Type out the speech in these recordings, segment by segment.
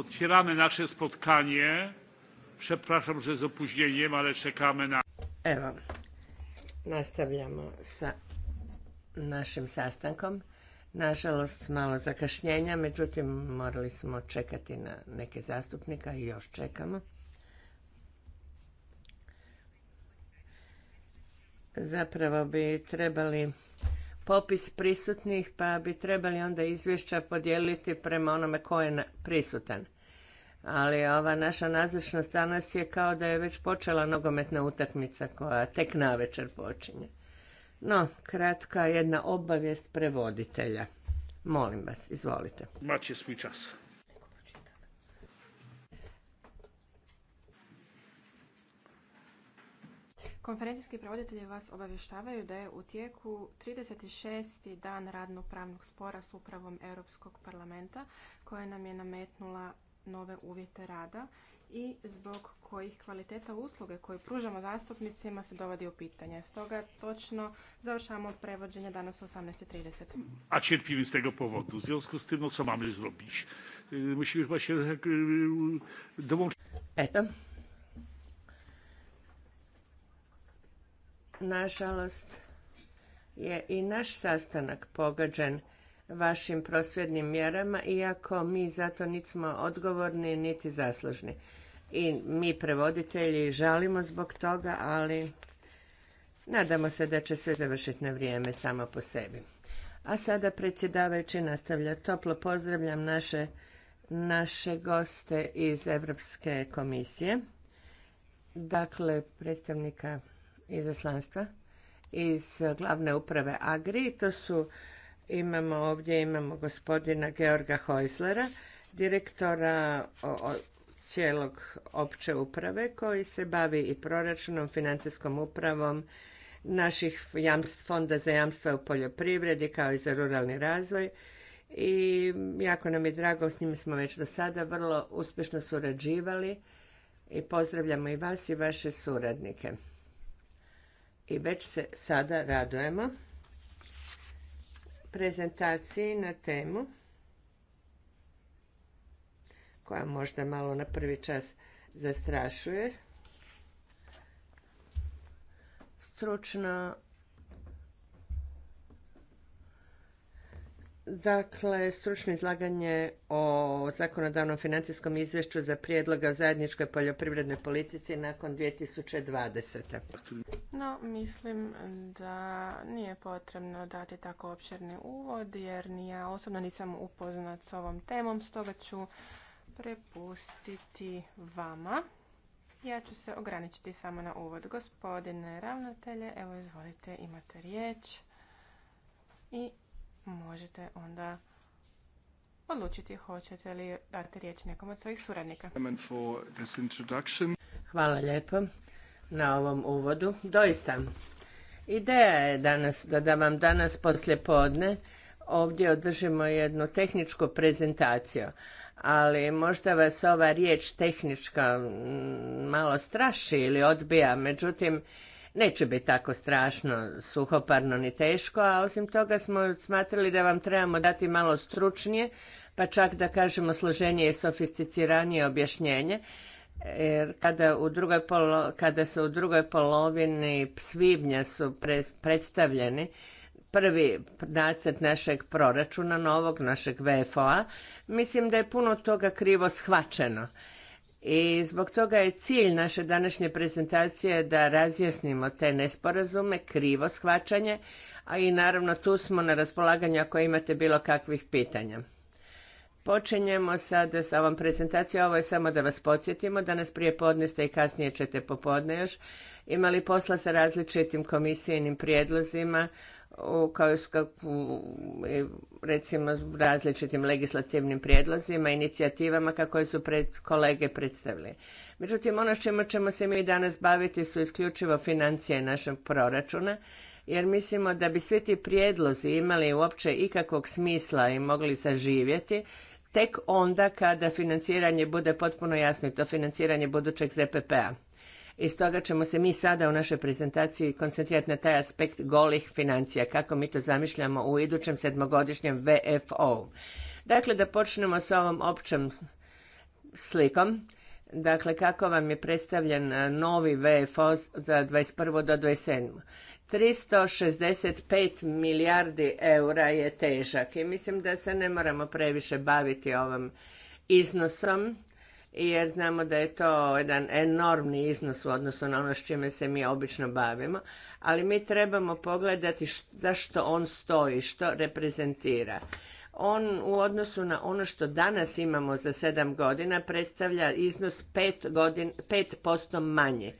Otwieramy nasze spotkanie. Przepraszam, że z opóźnieniem, ale czekamy na... Evo, nastavljamo sa našim sastankom. Nažalost, malo zakašnjenja, međutim, morali smo čekati na neke zastupnika i još čekamo. Zapravo bi trebali popis prisutnih pa bi trebali onda izvješća podijeliti prema onome ko je prisutan. Ali ova naša nazočnost danas je kao da je već počela nogometna utakmica koja tek večer počinje. No, kratka jedna obavijest prevoditelja. Molim vas, izvolite. Maće svi čas. Konferencijski prevoditelji vas obavještavaju da je u tijeku 36. dan radno-pravnog spora s upravom Europskog parlamenta koja nam je nametnula nove uvjete rada i zbog kojih kvaliteta usluge koju pružamo zastupnicima se dovodi u pitanje. Stoga točno završavamo prevođenje danas u 18.30. A nažalost je i naš sastanak pogađen vašim prosvjednim mjerama, iako mi zato nismo odgovorni, niti zaslužni. I mi prevoditelji žalimo zbog toga, ali nadamo se da će sve završiti na vrijeme samo po sebi. A sada predsjedavajući nastavlja. Toplo pozdravljam naše, naše goste iz Europske komisije. Dakle, predstavnika izaslanstva iz glavne uprave Agri. To su, imamo ovdje, imamo gospodina Georga Hojslera, direktora cijelog opće uprave koji se bavi i proračunom, financijskom upravom naših fonda za jamstva u poljoprivredi kao i za ruralni razvoj i jako nam je drago, s njim smo već do sada vrlo uspješno surađivali i pozdravljamo i vas i vaše suradnike i već se sada radujemo prezentaciji na temu koja možda malo na prvi čas zastrašuje. Stručno Dakle, stručno izlaganje o zakonodavnom financijskom izvješću za prijedloga zajedničkoj poljoprivrednoj politici nakon 2020. No, mislim da nije potrebno dati tako opširni uvod, jer ni ja osobno nisam upoznat s ovom temom, stoga ću prepustiti vama. Ja ću se ograničiti samo na uvod. Gospodine ravnatelje, evo izvolite, imate riječ. I možete onda odlučiti hoćete li dati riječ nekom od svojih suradnika. Hvala lijepo na ovom uvodu. Doista, ideja je danas da, vam danas poslje podne ovdje održimo jednu tehničku prezentaciju, ali možda vas ova riječ tehnička malo straši ili odbija, međutim neće biti tako strašno, suhoparno ni teško, a osim toga smo smatrali da vam trebamo dati malo stručnije, pa čak da kažemo složenije i sofisticiranije objašnjenje, jer kada, u drugoj kada se u drugoj polovini svibnja su predstavljeni prvi nacrt našeg proračuna novog, našeg VFO-a, mislim da je puno toga krivo shvaćeno i zbog toga je cilj naše današnje prezentacije da razjasnimo te nesporazume, krivo shvaćanje, a i naravno tu smo na raspolaganju ako imate bilo kakvih pitanja. Počinjemo sada sa ovom prezentacijom. Ovo je samo da vas podsjetimo. Danas prije podne ste i kasnije ćete popodne još imali posla sa različitim komisijenim prijedlozima kao recimo različitim legislativnim prijedlozima, inicijativama kako su pred kolege predstavili. Međutim, ono s čemu ćemo se mi danas baviti su isključivo financije našeg proračuna, jer mislimo da bi svi ti prijedlozi imali uopće ikakvog smisla i mogli saživjeti, tek onda kada financiranje bude potpuno jasno i to financiranje budućeg ZPP-a. I stoga ćemo se mi sada u našoj prezentaciji koncentrirati na taj aspekt golih financija, kako mi to zamišljamo u idućem sedmogodišnjem VFO. Dakle, da počnemo s ovom općom slikom. Dakle, kako vam je predstavljen novi VFO za 21. do 27. 365 milijardi eura je težak i mislim da se ne moramo previše baviti ovom iznosom jer znamo da je to jedan enormni iznos u odnosu na ono s čime se mi obično bavimo, ali mi trebamo pogledati zašto on stoji, što reprezentira. On u odnosu na ono što danas imamo za sedam godina predstavlja iznos 5%, godin, 5 manje.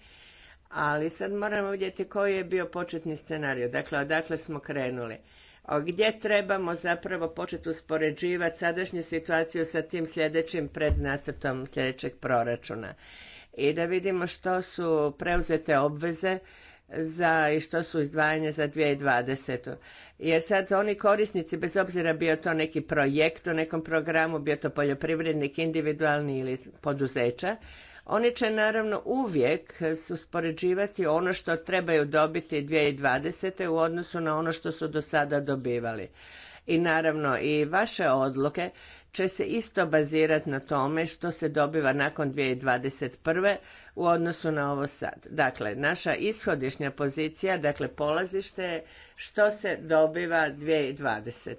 Ali sad moramo vidjeti koji je bio početni scenarij, dakle odakle smo krenuli gdje trebamo zapravo početi uspoređivati sadašnju situaciju sa tim sljedećim prednacrtom sljedećeg proračuna i da vidimo što su preuzete obveze za i što su izdvajanje za 2020. Jer sad oni korisnici, bez obzira bio to neki projekt u nekom programu, bio to poljoprivrednik individualni ili poduzeća, oni će naravno uvijek uspoređivati ono što trebaju dobiti 2020. u odnosu na ono što su do sada dobivali. I naravno i vaše odluke će se isto bazirati na tome što se dobiva nakon 2021. u odnosu na ovo sad. Dakle, naša ishodišnja pozicija, dakle polazište je što se dobiva 2020.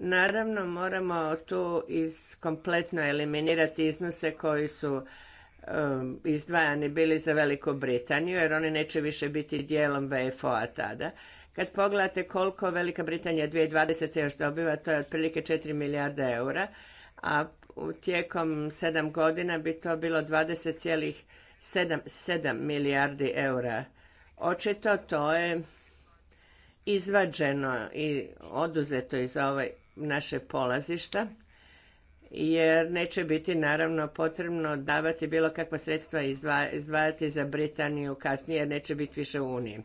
Naravno, moramo tu kompletno eliminirati iznose koji su um, izdvajani bili za Veliku Britaniju, jer oni neće više biti dijelom VFO-a tada. Kad pogledate koliko Velika Britanija 2020. još dobiva, to je otprilike 4 milijarde eura, a tijekom 7 godina bi to bilo 20,7 milijardi eura. Očito to je izvađeno i oduzeto iz ove naše polazišta jer neće biti naravno potrebno davati bilo kakva sredstva izdvajati za Britaniju kasnije jer neće biti više u Uniji.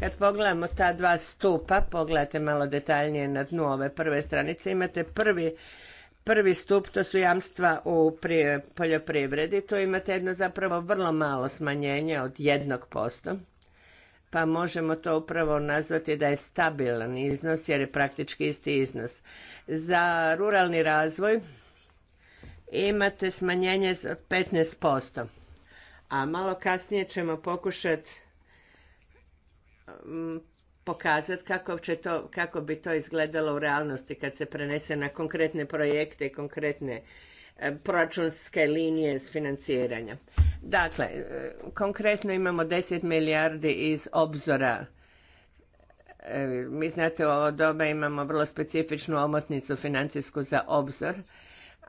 Kad pogledamo ta dva stupa, pogledajte malo detaljnije na dnu ove prve stranice, imate prvi, prvi stup, to su jamstva u poljoprivredi, tu imate jedno zapravo vrlo malo smanjenje od posto pa možemo to upravo nazvati da je stabilan iznos jer je praktički isti iznos. Za ruralni razvoj imate smanjenje od 15%, a malo kasnije ćemo pokušati mm, pokazati kako, će to, kako bi to izgledalo u realnosti kad se prenese na konkretne projekte i konkretne e, proračunske linije financiranja. Dakle, e, konkretno imamo 10 milijardi iz obzora. E, mi znate u ovo doba imamo vrlo specifičnu omotnicu financijsku za obzor,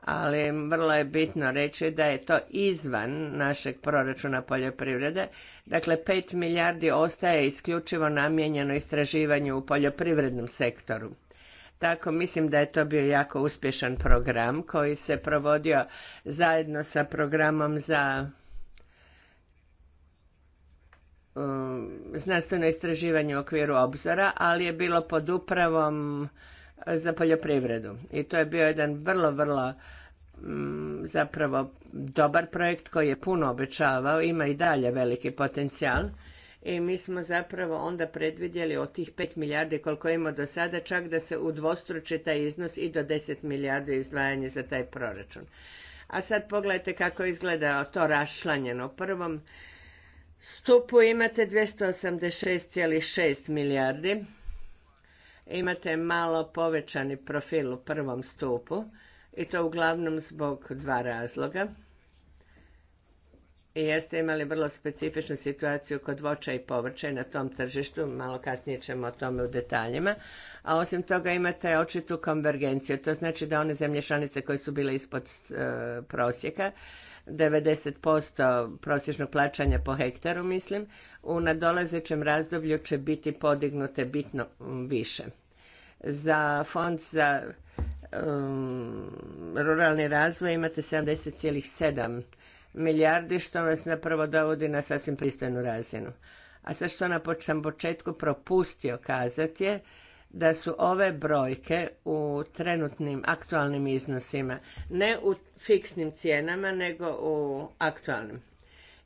ali vrlo je bitno reći da je to izvan našeg proračuna poljoprivrede. Dakle, 5 milijardi ostaje isključivo namijenjeno istraživanju u poljoprivrednom sektoru. Tako mislim da je to bio jako uspješan program koji se provodio zajedno sa programom za Um, znanstveno istraživanje u okviru obzora, ali je bilo pod upravom e, za poljoprivredu. I to je bio jedan vrlo, vrlo mm, zapravo dobar projekt koji je puno obećavao, ima i dalje veliki potencijal. I mi smo zapravo onda predvidjeli od tih 5 milijardi koliko imamo do sada, čak da se udvostruči taj iznos i do 10 milijardi izdvajanje za taj proračun. A sad pogledajte kako izgleda to rašlanjeno. U prvom stupu imate 286,6 milijardi. Imate malo povećani profil u prvom stupu i to uglavnom zbog dva razloga. I jeste imali vrlo specifičnu situaciju kod voća i povrća na tom tržištu, malo kasnije ćemo o tome u detaljima. A osim toga imate očitu konvergenciju, to znači da one zemlje koje su bile ispod e, prosjeka 90% prosječnog plaćanja po hektaru, mislim, u nadolazećem razdoblju će biti podignute bitno više. Za fond za um, ruralni razvoj imate 70,7 milijardi, što vas napravo dovodi na sasvim pristojnu razinu. A sve što na početku propustio kazati je da su ove brojke u trenutnim aktualnim iznosima, ne u fiksnim cijenama, nego u aktualnim.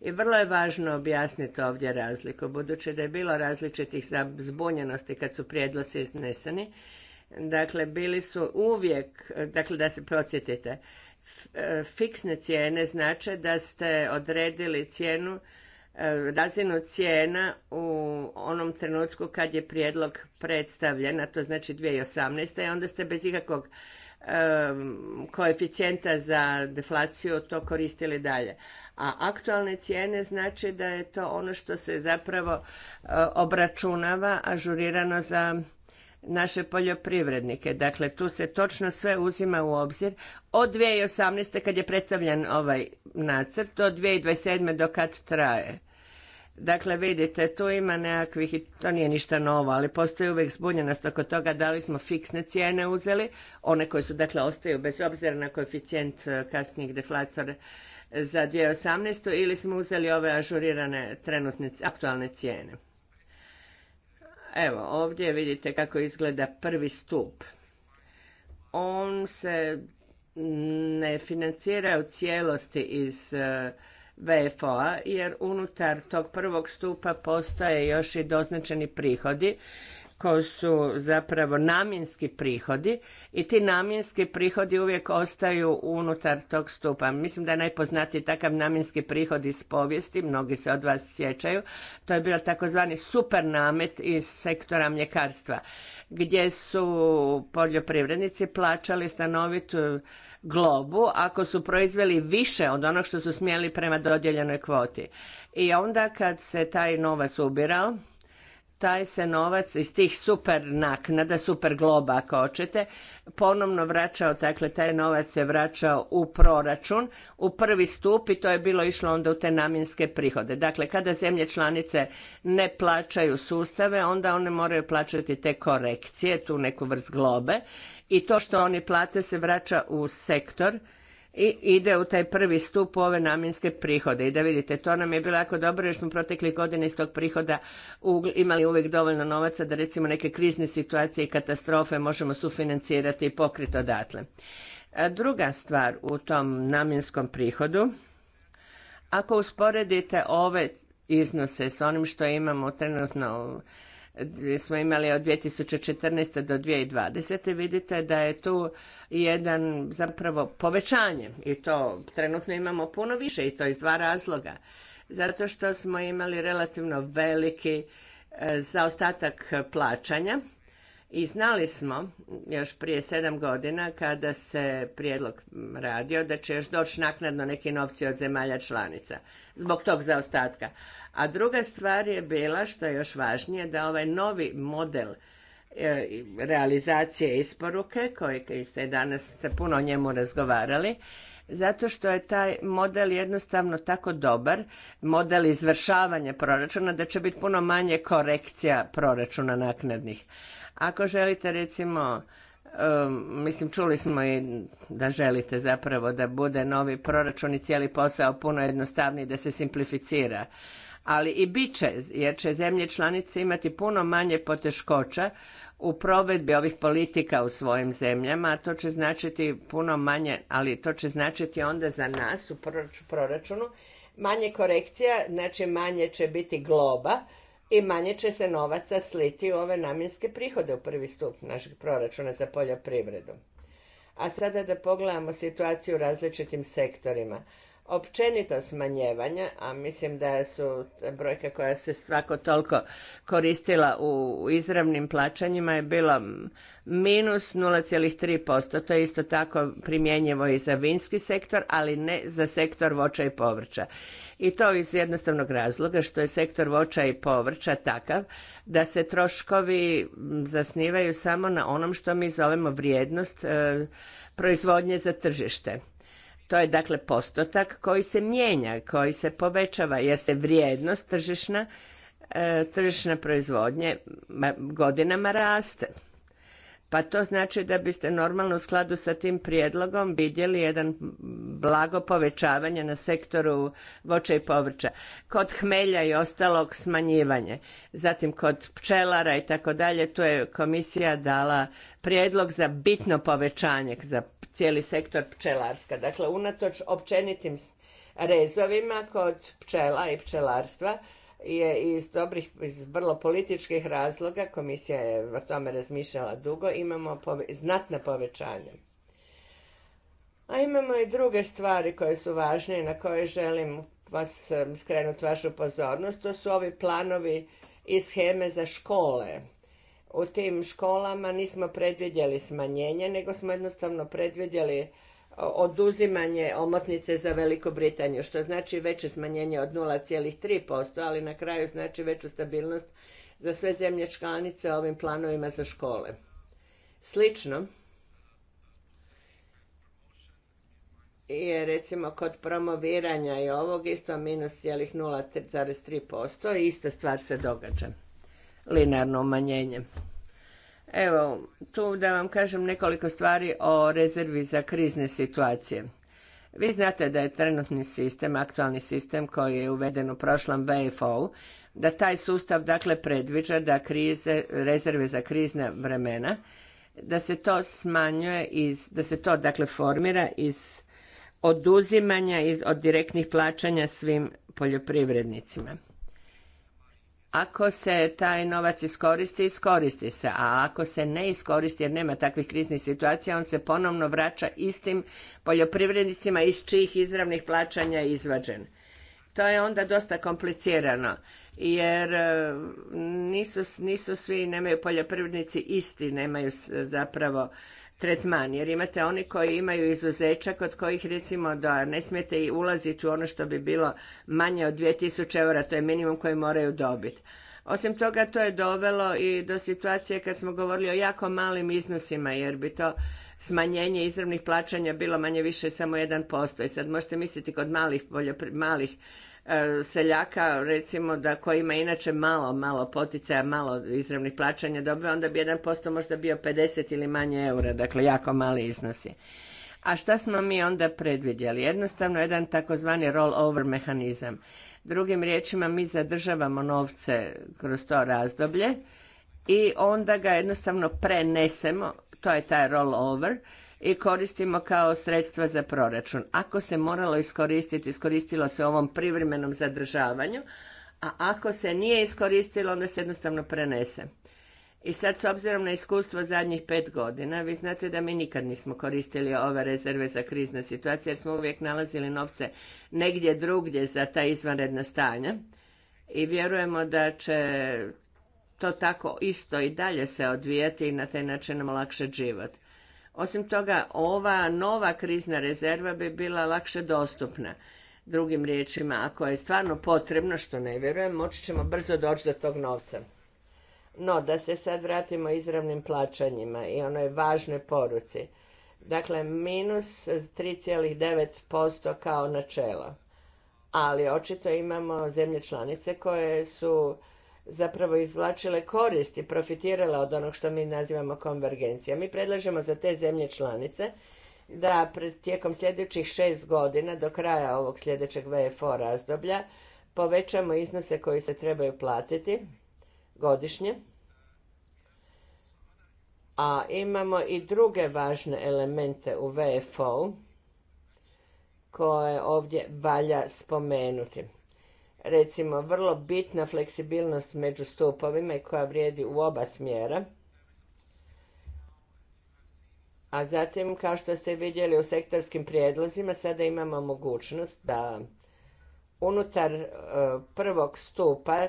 I vrlo je važno objasniti ovdje razliku, budući da je bilo različitih zbunjenosti kad su prijedlosi izneseni. Dakle, bili su uvijek, dakle da se podsjetite, e, fiksne cijene znače da ste odredili cijenu E, razinu cijena u onom trenutku kad je prijedlog predstavljen, a to znači 2018. i onda ste bez ikakvog e, koeficijenta za deflaciju to koristili dalje. A aktualne cijene znači da je to ono što se zapravo e, obračunava, ažurirano za naše poljoprivrednike. Dakle, tu se točno sve uzima u obzir od 2018. kad je predstavljen ovaj nacrt do 2027. do kad traje. Dakle, vidite, tu ima nekakvih, to nije ništa novo, ali postoji uvijek zbunjenost oko toga da li smo fiksne cijene uzeli, one koje su, dakle, ostaju bez obzira na koeficijent e, kasnijih deflatora za 2018. ili smo uzeli ove ažurirane trenutne, aktualne cijene. Evo, ovdje vidite kako izgleda prvi stup. On se ne financira u cijelosti iz e, VFO-a jer unutar tog prvog stupa postoje još i doznačeni prihodi koji su zapravo namjenski prihodi i ti namjenski prihodi uvijek ostaju unutar tog stupa. Mislim da je najpoznatiji takav namjenski prihod iz povijesti, mnogi se od vas sjećaju, to je bio takozvani super namet iz sektora mljekarstva, gdje su poljoprivrednici plaćali stanovitu globu ako su proizveli više od onog što su smjeli prema dodijeljenoj kvoti. I onda kad se taj novac ubirao, taj se novac iz tih super naknada, super globa ako hoćete, ponovno vraćao, dakle taj novac se vraćao u proračun, u prvi stup i to je bilo išlo onda u te namjenske prihode. Dakle, kada zemlje članice ne plaćaju sustave, onda one moraju plaćati te korekcije, tu neku vrst globe i to što oni plate se vraća u sektor i ide u taj prvi stup u ove namjenske prihode. I da vidite, to nam je bilo jako dobro jer smo protekli godine iz tog prihoda imali uvijek dovoljno novaca da recimo neke krizne situacije i katastrofe možemo sufinancirati i pokriti odatle. druga stvar u tom namjenskom prihodu, ako usporedite ove iznose s onim što imamo trenutno gdje smo imali od 2014. do 2020. vidite da je tu jedan zapravo povećanje i to trenutno imamo puno više i to iz dva razloga. Zato što smo imali relativno veliki e, zaostatak plaćanja i znali smo još prije sedam godina kada se prijedlog radio da će još doći naknadno neki novci od zemalja članica zbog tog zaostatka. A druga stvar je bila, što je još važnije, da ovaj novi model e, realizacije isporuke, koji ste danas puno o njemu razgovarali, zato što je taj model jednostavno tako dobar, model izvršavanja proračuna, da će biti puno manje korekcija proračuna naknadnih. Ako želite recimo, e, mislim čuli smo i da želite zapravo da bude novi proračun i cijeli posao puno jednostavniji, da se simplificira ali i bit će, jer će zemlje članice imati puno manje poteškoća u provedbi ovih politika u svojim zemljama, a to će značiti puno manje, ali to će značiti onda za nas u proračunu manje korekcija, znači manje će biti globa i manje će se novaca sliti u ove namjenske prihode u prvi stup našeg proračuna za poljoprivredu. A sada da pogledamo situaciju u različitim sektorima općenito smanjevanja, a mislim da su brojke koja se svako toliko koristila u izravnim plaćanjima je bilo minus 0,3%. To je isto tako primjenjivo i za vinski sektor, ali ne za sektor voća i povrća. I to iz jednostavnog razloga što je sektor voća i povrća takav da se troškovi zasnivaju samo na onom što mi zovemo vrijednost e, proizvodnje za tržište. To je dakle postotak koji se mijenja, koji se povećava jer se vrijednost tržišna, e, tržišne proizvodnje godinama raste. Pa to znači da biste normalno u skladu sa tim prijedlogom vidjeli jedan blago povećavanje na sektoru voća i povrća. Kod hmelja i ostalog smanjivanje. Zatim kod pčelara i tako dalje, tu je komisija dala prijedlog za bitno povećanje za cijeli sektor pčelarska. Dakle, unatoč općenitim rezovima kod pčela i pčelarstva, je iz dobrih, iz vrlo političkih razloga, komisija je o tome razmišljala dugo, imamo pove, znatna povećanja. A imamo i druge stvari koje su važne i na koje želim vas skrenuti vašu pozornost. To su ovi planovi i scheme za škole. U tim školama nismo predvidjeli smanjenje, nego smo jednostavno predvidjeli oduzimanje omotnice za Veliku Britaniju, što znači veće smanjenje od 0,3%, ali na kraju znači veću stabilnost za sve zemlje članice ovim planovima za škole. Slično je recimo kod promoviranja i ovog isto minus 0,3%, ista stvar se događa, linearno umanjenje. Evo, tu da vam kažem nekoliko stvari o rezervi za krizne situacije. Vi znate da je trenutni sistem, aktualni sistem koji je uveden u prošlom bfo da taj sustav dakle predviđa da krize, rezerve za krizna vremena, da se to smanjuje, iz, da se to dakle formira iz oduzimanja iz, od direktnih plaćanja svim poljoprivrednicima. Ako se taj novac iskoristi, iskoristi se, a ako se ne iskoristi jer nema takvih kriznih situacija, on se ponovno vraća istim poljoprivrednicima iz čijih izravnih plaćanja je izvađen. To je onda dosta komplicirano jer e, nisu, nisu svi, nemaju poljoprivrednici isti, nemaju zapravo tretman, jer imate oni koji imaju izuzeća kod kojih recimo da ne smijete i ulaziti u ono što bi bilo manje od 2000 eura, to je minimum koji moraju dobiti. Osim toga, to je dovelo i do situacije kad smo govorili o jako malim iznosima, jer bi to smanjenje izravnih plaćanja bilo manje više samo 1%. I sad možete misliti kod malih, malih E, seljaka recimo da koji ima inače malo, malo poticaja, malo izravnih plaćanja dobio onda bi 1% možda bio 50 ili manje eura, dakle jako mali iznosi A šta smo mi onda predvidjeli? Jednostavno jedan takozvani roll-over mehanizam. Drugim riječima mi zadržavamo novce kroz to razdoblje i onda ga jednostavno prenesemo, to je taj rollover, i koristimo kao sredstva za proračun. Ako se moralo iskoristiti, iskoristilo se ovom privremenom zadržavanju, a ako se nije iskoristilo, onda se jednostavno prenese. I sad, s obzirom na iskustvo zadnjih pet godina, vi znate da mi nikad nismo koristili ove rezerve za krizne situacije, jer smo uvijek nalazili novce negdje drugdje za ta izvanredna stanja. I vjerujemo da će to tako isto i dalje se odvijati i na taj način nam lakše život. Osim toga, ova nova krizna rezerva bi bila lakše dostupna. Drugim riječima, ako je stvarno potrebno, što ne vjerujem, moći ćemo brzo doći do tog novca. No, da se sad vratimo izravnim plaćanjima i onoj važnoj poruci. Dakle, minus 3,9% kao načelo. Ali očito imamo zemlje članice koje su zapravo izvlačile korist i profitirale od onog što mi nazivamo konvergencija. Mi predlažemo za te zemlje članice da pred, tijekom sljedećih šest godina do kraja ovog sljedećeg VFO razdoblja povećamo iznose koji se trebaju platiti godišnje. A imamo i druge važne elemente u VFO-u koje ovdje valja spomenuti recimo vrlo bitna fleksibilnost među stupovima i koja vrijedi u oba smjera. A zatim, kao što ste vidjeli u sektorskim prijedlozima, sada imamo mogućnost da unutar e, prvog stupa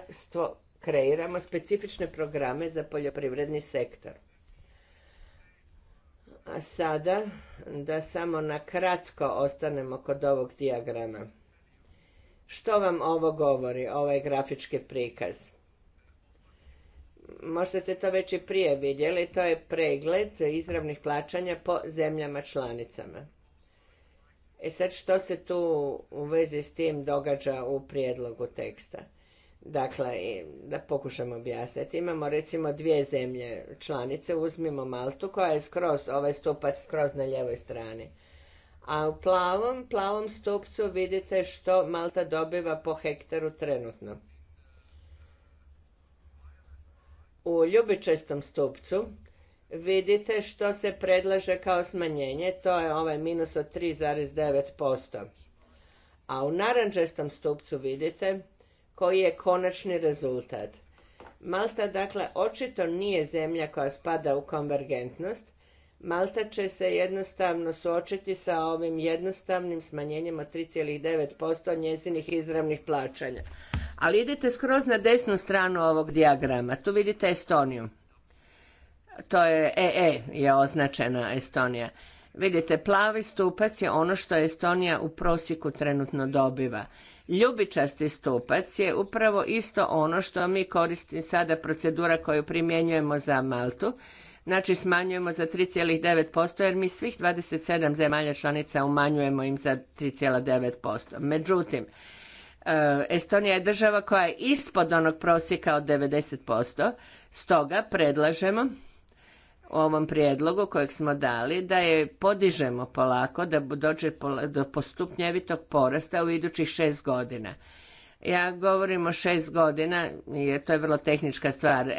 kreiramo specifične programe za poljoprivredni sektor. A sada, da samo na kratko ostanemo kod ovog dijagrama. Što vam ovo govori, ovaj grafički prikaz? Možda ste to već i prije vidjeli, to je pregled izravnih plaćanja po zemljama članicama. E sad što se tu u vezi s tim događa u prijedlogu teksta? Dakle, da pokušam objasniti. Imamo recimo dvije zemlje članice, uzmimo Maltu koja je skroz, ovaj stupac skroz na ljevoj strani a u plavom, plavom stupcu vidite što Malta dobiva po hektaru trenutno. U ljubičestom stupcu vidite što se predlaže kao smanjenje, to je ovaj minus od 3,9%. A u naranđestom stupcu vidite koji je konačni rezultat. Malta, dakle, očito nije zemlja koja spada u konvergentnost, Malta će se jednostavno suočiti sa ovim jednostavnim smanjenjem od 3,9% njezinih izravnih plaćanja. Ali idete skroz na desnu stranu ovog dijagrama. Tu vidite Estoniju. To je EE e je označena Estonija. Vidite, plavi stupac je ono što Estonija u prosjeku trenutno dobiva. Ljubičasti stupac je upravo isto ono što mi koristimo sada procedura koju primjenjujemo za Maltu Znači smanjujemo za 3,9% jer mi svih 27 zemalja članica umanjujemo im za 3,9%. Međutim, e, Estonija je država koja je ispod onog prosjeka od 90%, stoga predlažemo u ovom prijedlogu kojeg smo dali da je podižemo polako, da dođe do postupnjevitog porasta u idućih šest godina. Ja govorim o šest godina, jer to je vrlo tehnička stvar.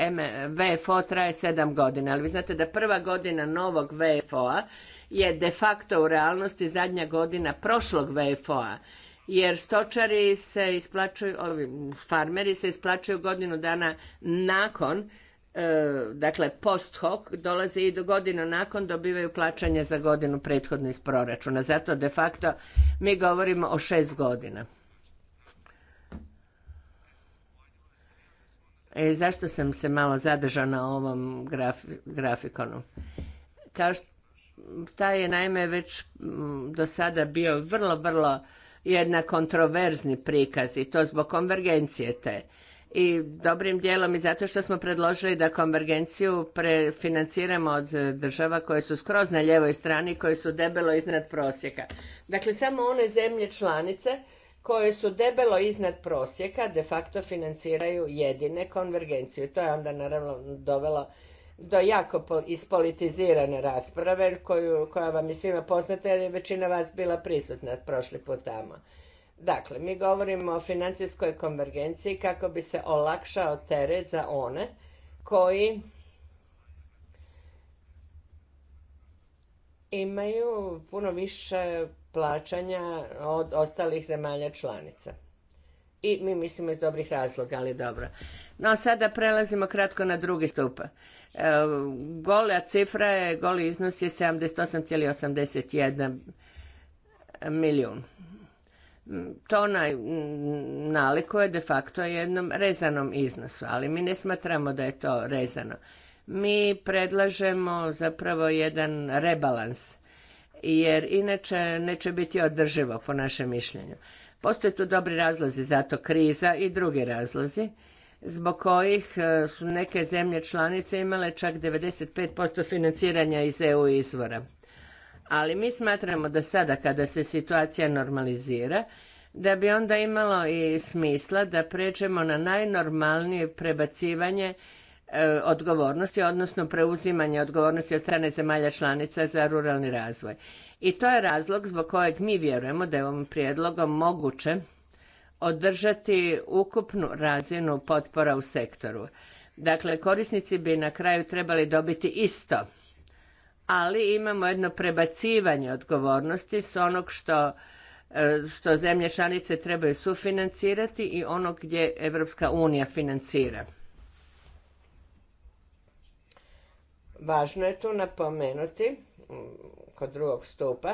VFO traje sedam godina, ali vi znate da prva godina novog VFO-a je de facto u realnosti zadnja godina prošlog VFO-a. Jer stočari se isplaćuju, ovi farmeri se isplaćuju godinu dana nakon, e, dakle post hoc, dolaze i do godinu nakon dobivaju plaćanje za godinu prethodno iz proračuna. Zato de facto mi govorimo o šest godina. E, zašto sam se malo zadržao na ovom graf, grafikonu? Kao što, taj je naime već do sada bio vrlo, vrlo jedna kontroverzni prikaz i to zbog konvergencije te. I dobrim dijelom i zato što smo predložili da konvergenciju prefinanciramo od država koje su skroz na ljevoj strani, koje su debelo iznad prosjeka. Dakle, samo one zemlje članice koje su debelo iznad prosjeka de facto financiraju jedine konvergenciju. To je onda naravno dovelo do jako ispolitizirane rasprave koju, koja vam je svima poznata jer je većina vas bila prisutna prošli put tamo. Dakle, mi govorimo o financijskoj konvergenciji kako bi se olakšao teret za one koji imaju puno više plaćanja od ostalih zemalja članica. I mi mislimo iz dobrih razloga, ali dobro. No sada prelazimo kratko na drugi stup. E, gola cifra je, goli iznos je 78,81 milijun. Mm, to na, je de facto jednom rezanom iznosu, ali mi ne smatramo da je to rezano. Mi predlažemo zapravo jedan rebalans jer inače neće biti održivo po našem mišljenju. Postoje tu dobri razlozi za to, kriza i drugi razlozi zbog kojih e, su neke zemlje članice imale čak 95% financiranja iz EU izvora. Ali mi smatramo da sada kada se situacija normalizira, da bi onda imalo i smisla da pređemo na najnormalnije prebacivanje E, odgovornosti, odnosno preuzimanje odgovornosti od strane zemalja članica za ruralni razvoj. I to je razlog zbog kojeg mi vjerujemo da je ovom prijedlogom moguće održati ukupnu razinu potpora u sektoru. Dakle, korisnici bi na kraju trebali dobiti isto, ali imamo jedno prebacivanje odgovornosti s onog što e, zemlje članice trebaju sufinancirati i onog gdje Evropska unija financira. Važno je tu napomenuti mm, kod drugog stupa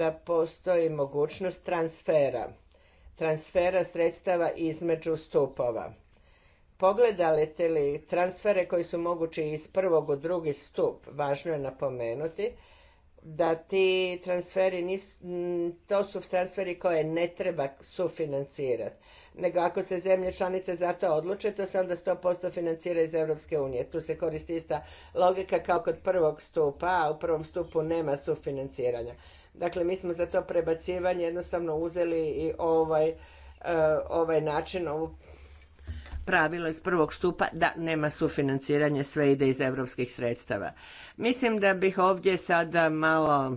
da postoji mogućnost transfera, transfera sredstava između stupova. Pogledajte li transfere koji su mogući iz prvog u drugi stup, važno je napomenuti da ti transferi to su transferi koje ne treba sufinancirati nego ako se zemlje članice za to odluče, to se onda 100% financira iz Europske unije. Tu se koristi ista logika kao kod prvog stupa, a u prvom stupu nema sufinanciranja. Dakle, mi smo za to prebacivanje jednostavno uzeli i ovaj, e, ovaj način, ovu pravilo iz prvog stupa da nema sufinanciranja, sve ide iz europskih sredstava. Mislim da bih ovdje sada malo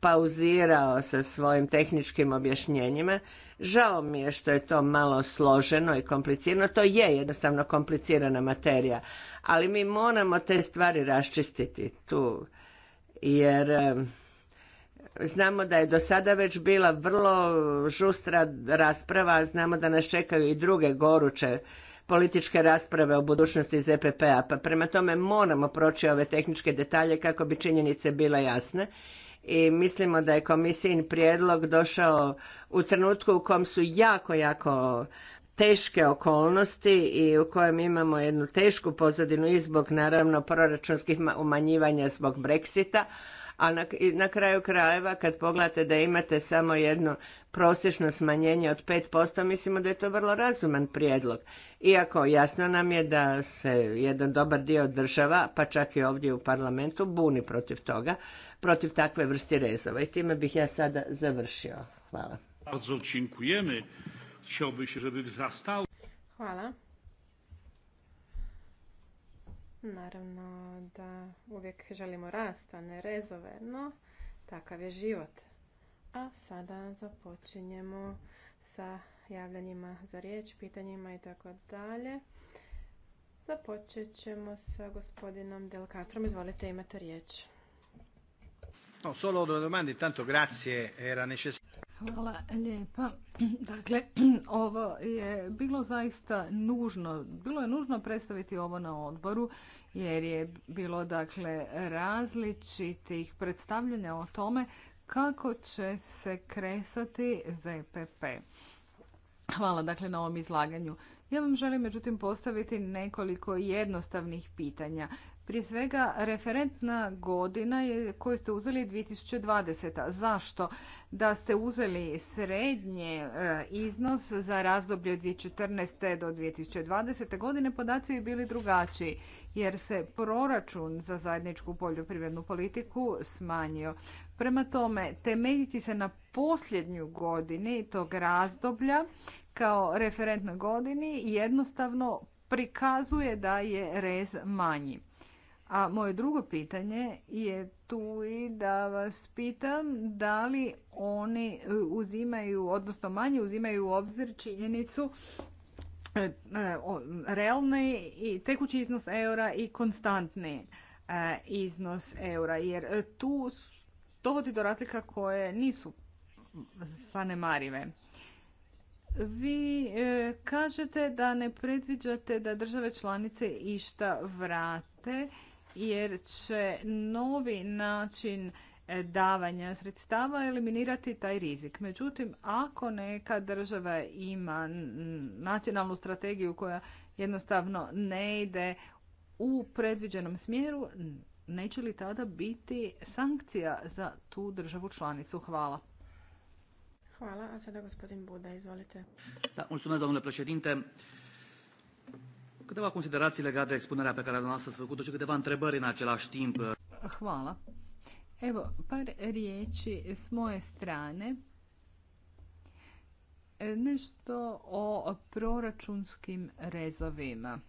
pauzirao sa svojim tehničkim objašnjenjima Žao mi je što je to malo složeno i komplicirano. To je jednostavno komplicirana materija, ali mi moramo te stvari raščistiti tu, jer znamo da je do sada već bila vrlo žustra rasprava, znamo da nas čekaju i druge goruće političke rasprave o budućnosti ZPP-a, pa prema tome moramo proći ove tehničke detalje kako bi činjenice bile jasne i mislimo da je komisijin prijedlog došao u trenutku u kom su jako, jako teške okolnosti i u kojem imamo jednu tešku pozadinu i zbog naravno proračunskih umanjivanja zbog Brexita, a na, na kraju krajeva kad pogledate da imate samo jednu prosječno smanjenje od 5%, mislimo da je to vrlo razuman prijedlog. Iako jasno nam je da se jedan dobar dio država, pa čak i ovdje u parlamentu, buni protiv toga, protiv takve vrsti rezova. I time bih ja sada završio. Hvala. Hvala. Naravno da uvijek želimo rast, a ne rezove, no takav je život. A sada započinjemo sa javljanjima za riječ, pitanjima i tako dalje. Započet ćemo sa gospodinom Del Castrom. Izvolite, imate riječ. solo Hvala lijepa. Dakle, ovo je bilo zaista nužno. Bilo je nužno predstaviti ovo na odboru jer je bilo dakle različitih predstavljanja o tome kako će se kresati ZPP. Hvala dakle na ovom izlaganju. Ja vam želim međutim postaviti nekoliko jednostavnih pitanja. Prije svega, referentna godina je, koju ste uzeli 2020. Zašto? Da ste uzeli srednje e, iznos za razdoblje od 2014. do 2020. godine, podaci bi bili drugačiji, jer se proračun za zajedničku poljoprivrednu politiku smanjio. Prema tome, temeljiti se na posljednju godini tog razdoblja kao referentnoj godini jednostavno prikazuje da je rez manji. A moje drugo pitanje je tu i da vas pitam da li oni e, uzimaju, odnosno manje uzimaju u obzir činjenicu e, e, realni i tekući iznos eura i konstantni iznos eura, jer tu dovodi do razlika koje nisu zanemarive. Vi kažete da ne predviđate da države članice išta vrate jer će novi način e, davanja sredstava eliminirati taj rizik. Međutim, ako neka država ima nacionalnu strategiju koja jednostavno ne ide u predviđenom smjeru, neće li tada biti sankcija za tu državu članicu? Hvala. Hvala, a sada gospodin Buda, izvolite. Da, Câteva considerații legate de expunerea pe care dumneavoastră ați făcut-o și câteva întrebări în același timp. Hvala. Evo, par riječi s moje strane. E, nešto o proračunskim rezovima.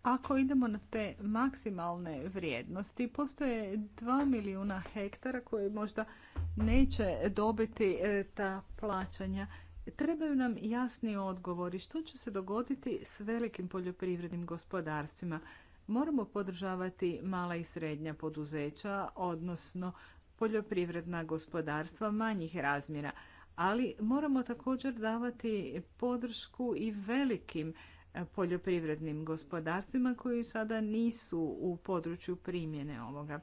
Ako idemo na te maksimalne vrijednosti, postoje 2 milijuna hektara koje možda neće dobiti e, ta plaćanja Trebaju nam jasni odgovori što će se dogoditi s velikim poljoprivrednim gospodarstvima. Moramo podržavati mala i srednja poduzeća, odnosno poljoprivredna gospodarstva manjih razmjera, ali moramo također davati podršku i velikim e, poljoprivrednim gospodarstvima koji sada nisu u području primjene ovoga.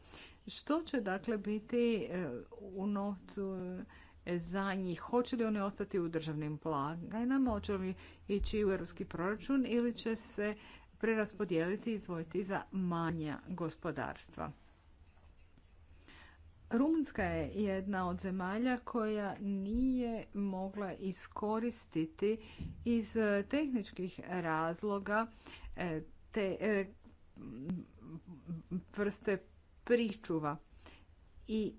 Što će dakle biti e, u novcu e, za njih. Hoće li oni ostati u državnim blagajnama, hoće li ići u europski proračun ili će se preraspodijeliti i izdvojiti za manja gospodarstva. Rumunska je jedna od zemalja koja nije mogla iskoristiti iz tehničkih razloga e, te e, vrste pričuva i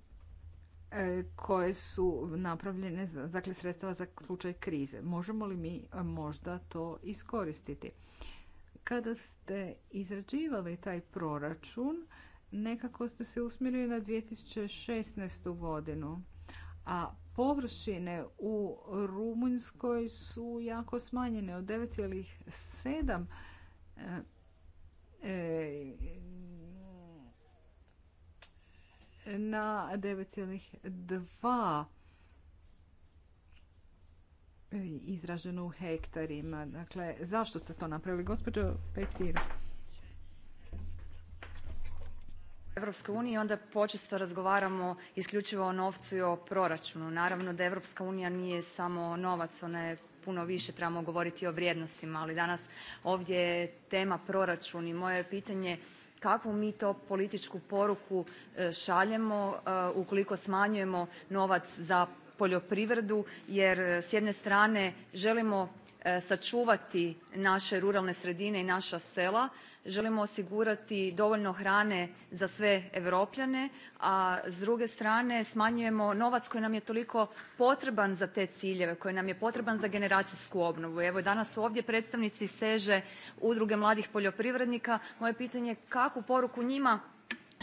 E, koje su napravljene dakle sredstva za slučaj krize. Možemo li mi e, možda to iskoristiti? Kada ste izrađivali taj proračun, nekako ste se usmjerili na 2016. godinu, a površine u Rumunjskoj su jako smanjene od 9,7 na 9,2 izraženo u hektarima. Dakle, zašto ste to napravili, gospođo Petir? Europske unije onda počesto razgovaramo isključivo o novcu i o proračunu. Naravno da Evropska unija nije samo novac, ona je puno više, trebamo govoriti o vrijednostima, ali danas ovdje je tema proračun i moje je pitanje kakvu mi to političku poruku e, šaljemo e, ukoliko smanjujemo novac za poljoprivredu jer e, s jedne strane želimo E, sačuvati naše ruralne sredine i naša sela, želimo osigurati dovoljno hrane za sve Europljane, a s druge strane smanjujemo novac koji nam je toliko potreban za te ciljeve, koji nam je potreban za generacijsku obnovu. Evo danas su ovdje predstavnici seže Udruge mladih poljoprivrednika. Moje pitanje je kakvu poruku njima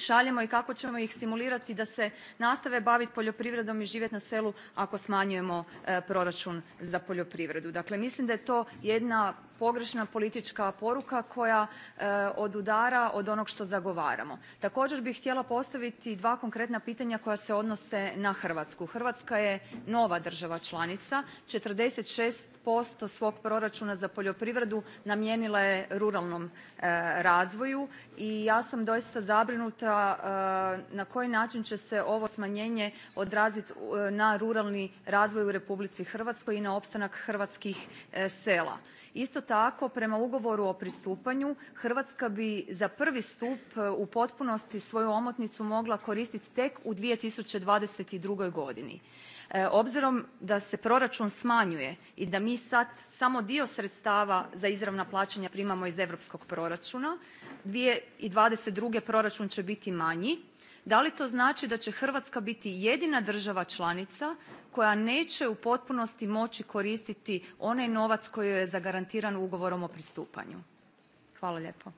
šaljemo i kako ćemo ih stimulirati da se nastave baviti poljoprivredom i živjeti na selu ako smanjujemo e, proračun za poljoprivredu. Dakle mislim da je to jedna pogrešna politička poruka koja e, odudara od onog što zagovaramo. Također bih htjela postaviti dva konkretna pitanja koja se odnose na Hrvatsku. Hrvatska je nova država članica, 46% svog proračuna za poljoprivredu namijenila je ruralnom e, razvoju i ja sam doista zabrinuta e, na koji način će se ovo smanjenje odraziti na ruralni razvoj u Republici Hrvatskoj i na opstanak hrvatskih sela. Isto tako prema ugovoru o pristupanju Hrvatska bi za prvi stup e, u potpunosti svoju omotnicu mogla koristiti tek u 2022. godini. E, obzirom da se proračun smanjuje i da mi sad samo dio sredstava za izravna plaćanja primamo iz europskog proračuna 2022. proračun će biti manji da li to znači da će hrvatska biti jedina država članica koja neće u potpunosti moći koristiti onaj novac koji joj je zagarantiran ugovorom o pristupanju? Hvala lijepo.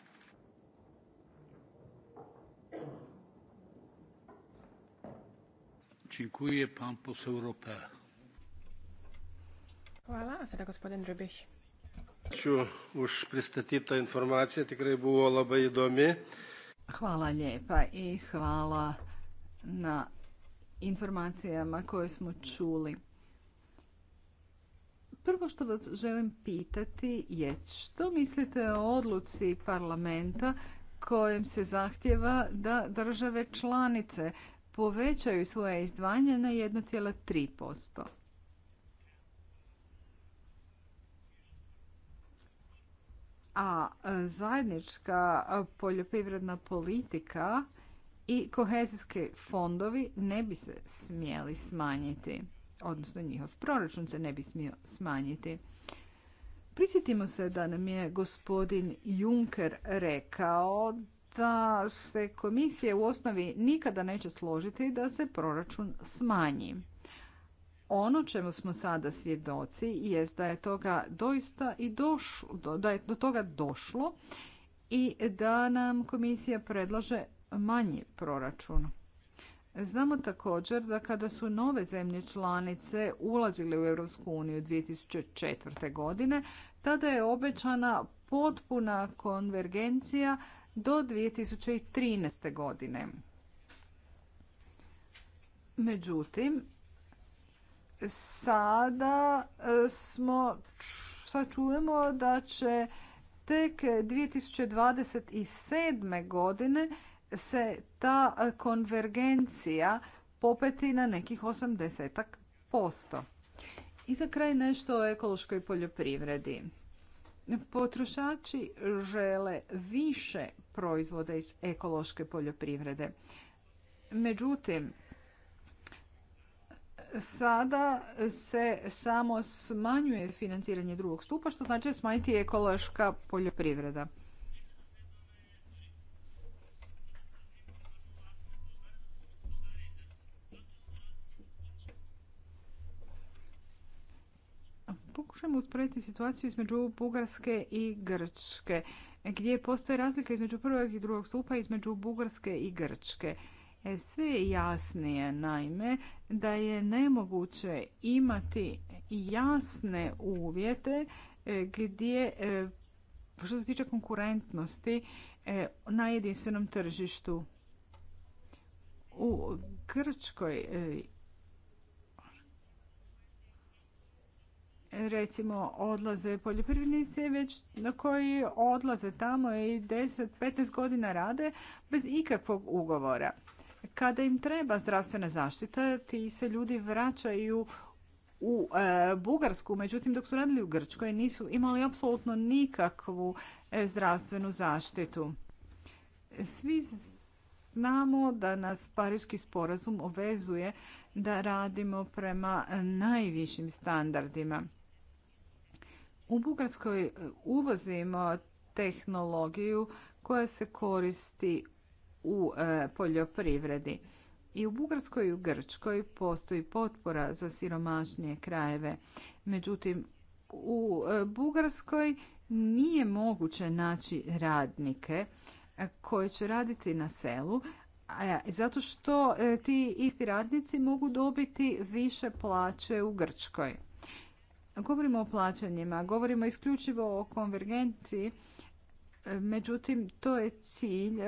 Hvala. A sada gospodin Hvala lijepa i hvala na informacijama koje smo čuli. Prvo što vas želim pitati je što mislite o odluci parlamenta kojem se zahtjeva da države članice povećaju svoje izdvajanje na 1,3%. a e, zajednička e, poljoprivredna politika i kohezijski fondovi ne bi se smjeli smanjiti, odnosno njihov proračun se ne bi smio smanjiti. Prisjetimo se da nam je gospodin Juncker rekao da se komisije u osnovi nikada neće složiti da se proračun smanji. Ono čemu smo sada svjedoci je da je toga doista i došlo, da je do toga došlo i da nam komisija predlaže manji proračun. Znamo također da kada su nove zemlje članice ulazile u EU 2004. godine, tada je obećana potpuna konvergencija do 2013. godine. Međutim, sada e, smo, sad čujemo da će tek 2027. godine se ta konvergencija popeti na nekih 80 posto. I za kraj nešto o ekološkoj poljoprivredi. Potrošači žele više proizvoda iz ekološke poljoprivrede. Međutim, sada se samo smanjuje financiranje drugog stupa, što znači smanjiti ekološka poljoprivreda. Pokušajmo usporediti situaciju između Bugarske i Grčke, gdje postoji razlika između prvog i drugog stupa, između Bugarske i Grčke. E, sve je jasnije, naime, da je nemoguće imati jasne uvjete e, gdje e, što se tiče konkurentnosti na jedinstvenom tržištu. U Grčkoj recimo odlaze poljoprivrednice, već na koji odlaze tamo i 10-15 godina rade bez ikakvog ugovora. Kada im treba zdravstvena zaštita, ti se ljudi vraćaju u e, Bugarsku, međutim dok su radili u Grčkoj nisu imali apsolutno nikakvu e, zdravstvenu zaštitu. Svi znamo da nas Pariški sporazum obvezuje da radimo prema najvišim standardima. U Bugarskoj e, uvozimo tehnologiju koja se koristi u e, poljoprivredi. I u Bugarskoj i u Grčkoj postoji potpora za siromašnije krajeve. Međutim, u e, Bugarskoj nije moguće naći radnike e, koji će raditi na selu, zato što ti isti radnici mogu dobiti više plaće u Grčkoj. Govorimo o plaćanjima, govorimo isključivo o konvergenciji, međutim to je cilj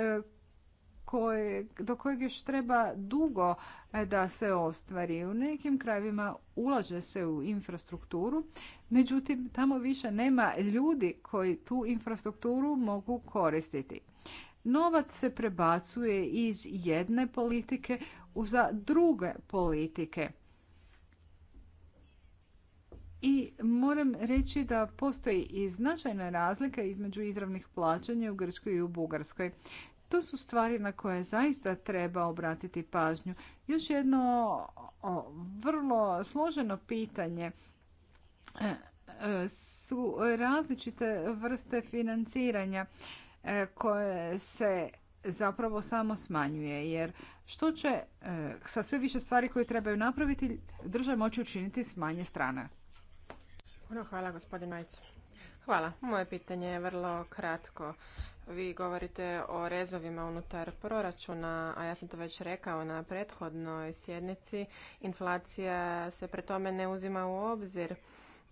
do kojeg još treba dugo e, da se ostvari. U nekim krajevima ulaže se u infrastrukturu, međutim tamo više nema ljudi koji tu infrastrukturu mogu koristiti. Novac se prebacuje iz jedne politike u za druge politike. I moram reći da postoji i značajna razlika između izravnih plaćanja u Grčkoj i u Bugarskoj. To su stvari na koje zaista treba obratiti pažnju. Još jedno vrlo složeno pitanje e, e, su različite vrste financiranja e, koje se zapravo samo smanjuje jer što će sa sve više stvari koje trebaju napraviti država moći učiniti s manje strana. Hvala gospodin Majc. Hvala. Moje pitanje je vrlo kratko. Vi govorite o rezovima unutar proračuna, a ja sam to već rekao na prethodnoj sjednici. Inflacija se pre tome ne uzima u obzir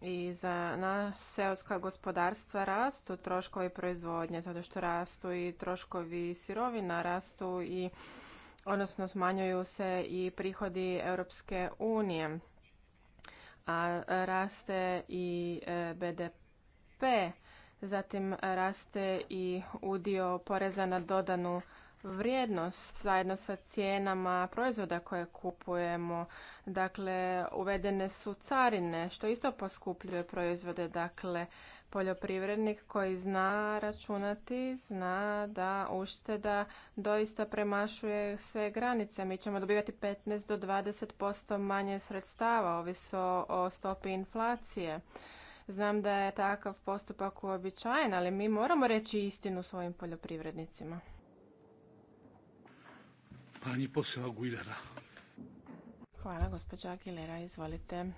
i za nas seoska gospodarstva rastu troškovi proizvodnje zato što rastu i troškovi sirovina rastu i odnosno smanjuju se i prihodi Europske unije a raste i e, BDP Zatim raste i udio poreza na dodanu vrijednost zajedno sa cijenama proizvoda koje kupujemo. Dakle, uvedene su carine, što isto poskupljuje proizvode. Dakle, poljoprivrednik koji zna računati, zna da ušteda doista premašuje sve granice. Mi ćemo dobivati 15 do 20% manje sredstava, ovisno o stopi inflacije. Znam da je takav postupak uobičajen, ali mi moramo reći istinu svojim poljoprivrednicima. Pani posao Aguilera. Hvala, gospođa Aguilera, izvolite.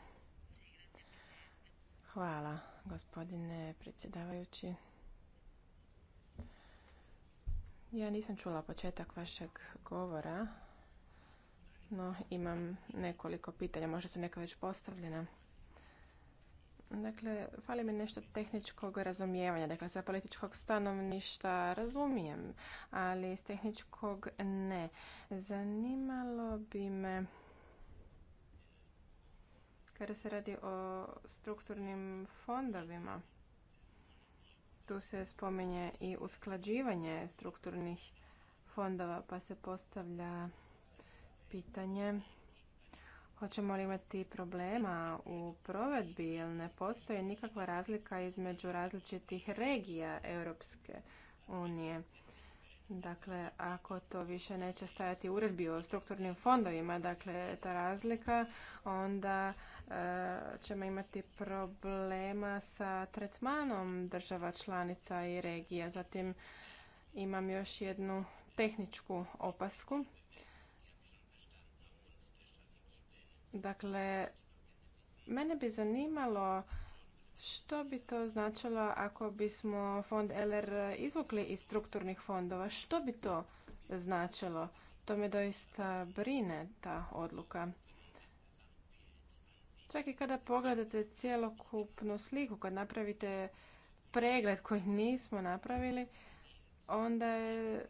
Hvala, gospodine predsjedavajući. Ja nisam čula početak vašeg govora, no imam nekoliko pitanja, možda su neka već postavljena. Dakle, fali mi nešto tehničkog razumijevanja. Dakle, sa političkog stanovništa razumijem, ali iz tehničkog ne. Zanimalo bi me kada se radi o strukturnim fondovima. Tu se spominje i usklađivanje strukturnih fondova, pa se postavlja pitanje Hoćemo li imati problema u provedbi jer ne postoji nikakva razlika između različitih regija Europske unije? Dakle, ako to više neće stajati u uredbi o strukturnim fondovima, dakle, ta razlika, onda e, ćemo imati problema sa tretmanom država članica i regija. Zatim imam još jednu tehničku opasku. Dakle, mene bi zanimalo što bi to značilo ako bismo fond LR izvukli iz strukturnih fondova? Što bi to značilo? To me doista brine ta odluka. Čak i kada pogledate cijelokupnu sliku, kad napravite pregled koji nismo napravili, onda je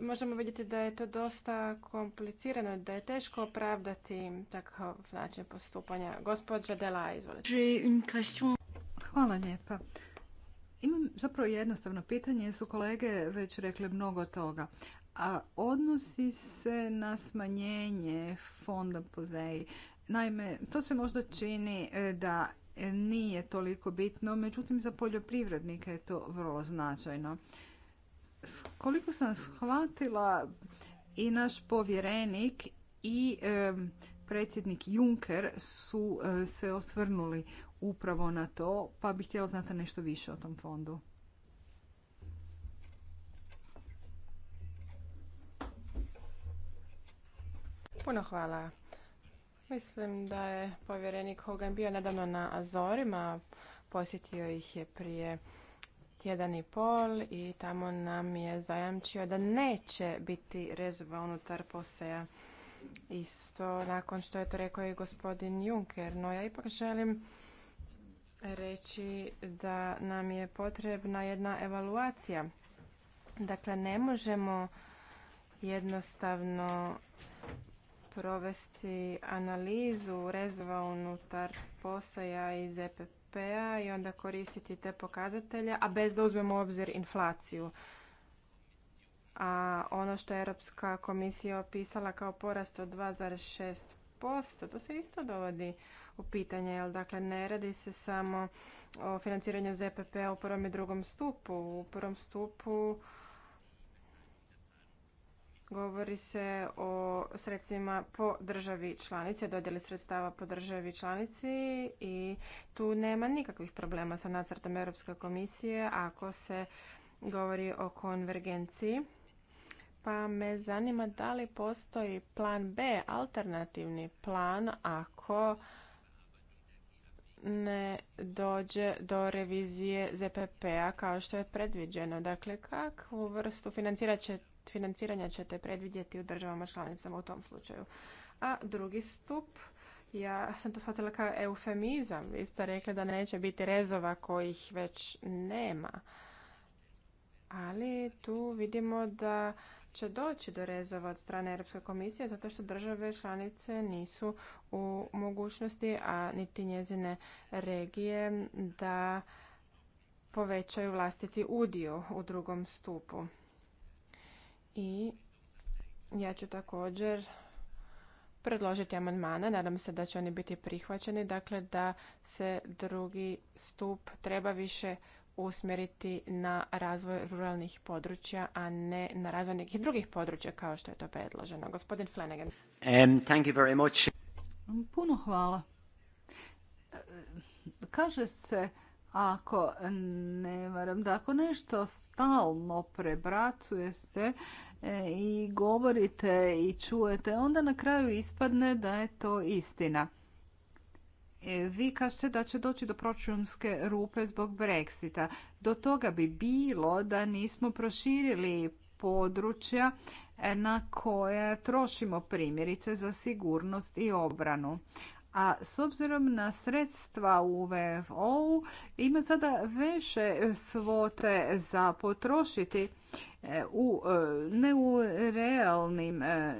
možemo vidjeti da je to dosta komplicirano, da je teško opravdati takav način postupanja. Gospodža Dela, izvolite. Hvala lijepa. Imam zapravo jednostavno pitanje, su kolege već rekli mnogo toga. A odnosi se na smanjenje fonda pozeji. Naime, to se možda čini e, da nije toliko bitno, međutim za poljoprivrednike je to vrlo značajno koliko sam shvatila i naš povjerenik i predsjednik Juncker su se osvrnuli upravo na to, pa bih htjela znati nešto više o tom fondu. Puno hvala. Mislim da je povjerenik Hogan bio nedavno na Azorima, posjetio ih je prije tjedan i pol i tamo nam je zajamčio da neće biti rezova unutar poseja. Isto nakon što je to rekao i gospodin Juncker, no ja ipak želim reći da nam je potrebna jedna evaluacija. Dakle, ne možemo jednostavno provesti analizu rezova unutar posaja iz EPP BDP-a i onda koristiti te pokazatelje, a bez da uzmemo u obzir inflaciju. A ono što je Europska komisija opisala kao porast od 2,6%, to se isto dovodi u pitanje, jel dakle ne radi se samo o financiranju ZPP-a u prvom i drugom stupu. U prvom stupu Govori se o sredstvima po državi članici, dodjeli sredstava po državi članici i tu nema nikakvih problema sa nacrtom Europske komisije ako se govori o konvergenciji. Pa me zanima da li postoji plan B, alternativni plan, ako ne dođe do revizije ZPP-a kao što je predviđeno. Dakle, kakvu vrstu financirat će financiranja ćete predvidjeti u državama članicama u tom slučaju. A drugi stup, ja sam to shvatila kao eufemizam. Vi ste rekli da neće biti rezova kojih već nema. Ali tu vidimo da će doći do rezova od strane Europske komisije zato što države članice nisu u mogućnosti, a niti njezine regije da povećaju vlastiti udio u drugom stupu i ja ću također predložiti amandmane. Nadam se da će oni biti prihvaćeni. Dakle, da se drugi stup treba više usmjeriti na razvoj ruralnih područja, a ne na razvoj nekih drugih područja kao što je to predloženo. Gospodin Flanagan. Puno hvala. Kaže se ako ne varam, da ako nešto stalno prebracujete e, i govorite i čujete, onda na kraju ispadne da je to istina. E, vi kažete da će doći do proračunske rupe zbog Brexita. Do toga bi bilo da nismo proširili područja e, na koje trošimo primjerice za sigurnost i obranu a s obzirom na sredstva u vfo ima sada veće svote za potrošiti e, u, e, ne u realnim e,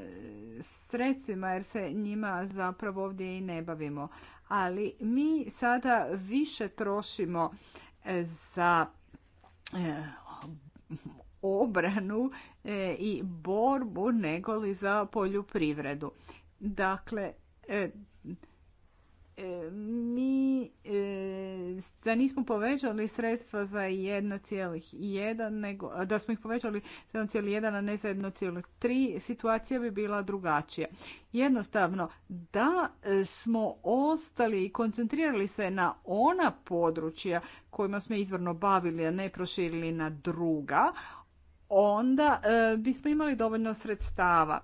sredstvima jer se njima zapravo ovdje i ne bavimo. Ali mi sada više trošimo za obranu i borbu nego li za poljoprivredu. Dakle, E, mi e, da nismo povećali sredstva za 1,1, nego da smo ih povećali 1,1, a ne za 1,3, situacija bi bila drugačija. Jednostavno, da e, smo ostali i koncentrirali se na ona područja kojima smo izvorno bavili, a ne proširili na druga, onda bismo imali dovoljno sredstava.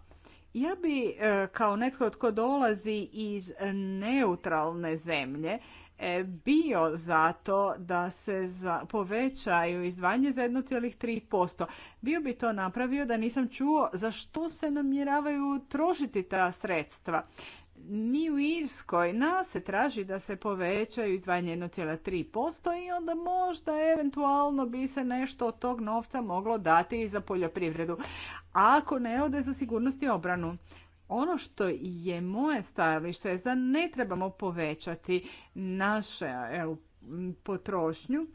Ja bi e, kao netko tko dolazi iz neutralne zemlje e, bio zato da se povećaju izdvajanje za 1,3%. Bio bi to napravio da nisam čuo za što se namjeravaju trošiti ta sredstva. Ni u Irskoj nas se traži da se povećaju izvan 1,3% i onda možda eventualno bi se nešto od tog novca moglo dati i za poljoprivredu. ako ne ode za sigurnost i obranu. Ono što je moje stajalište je da ne trebamo povećati našu potrošnju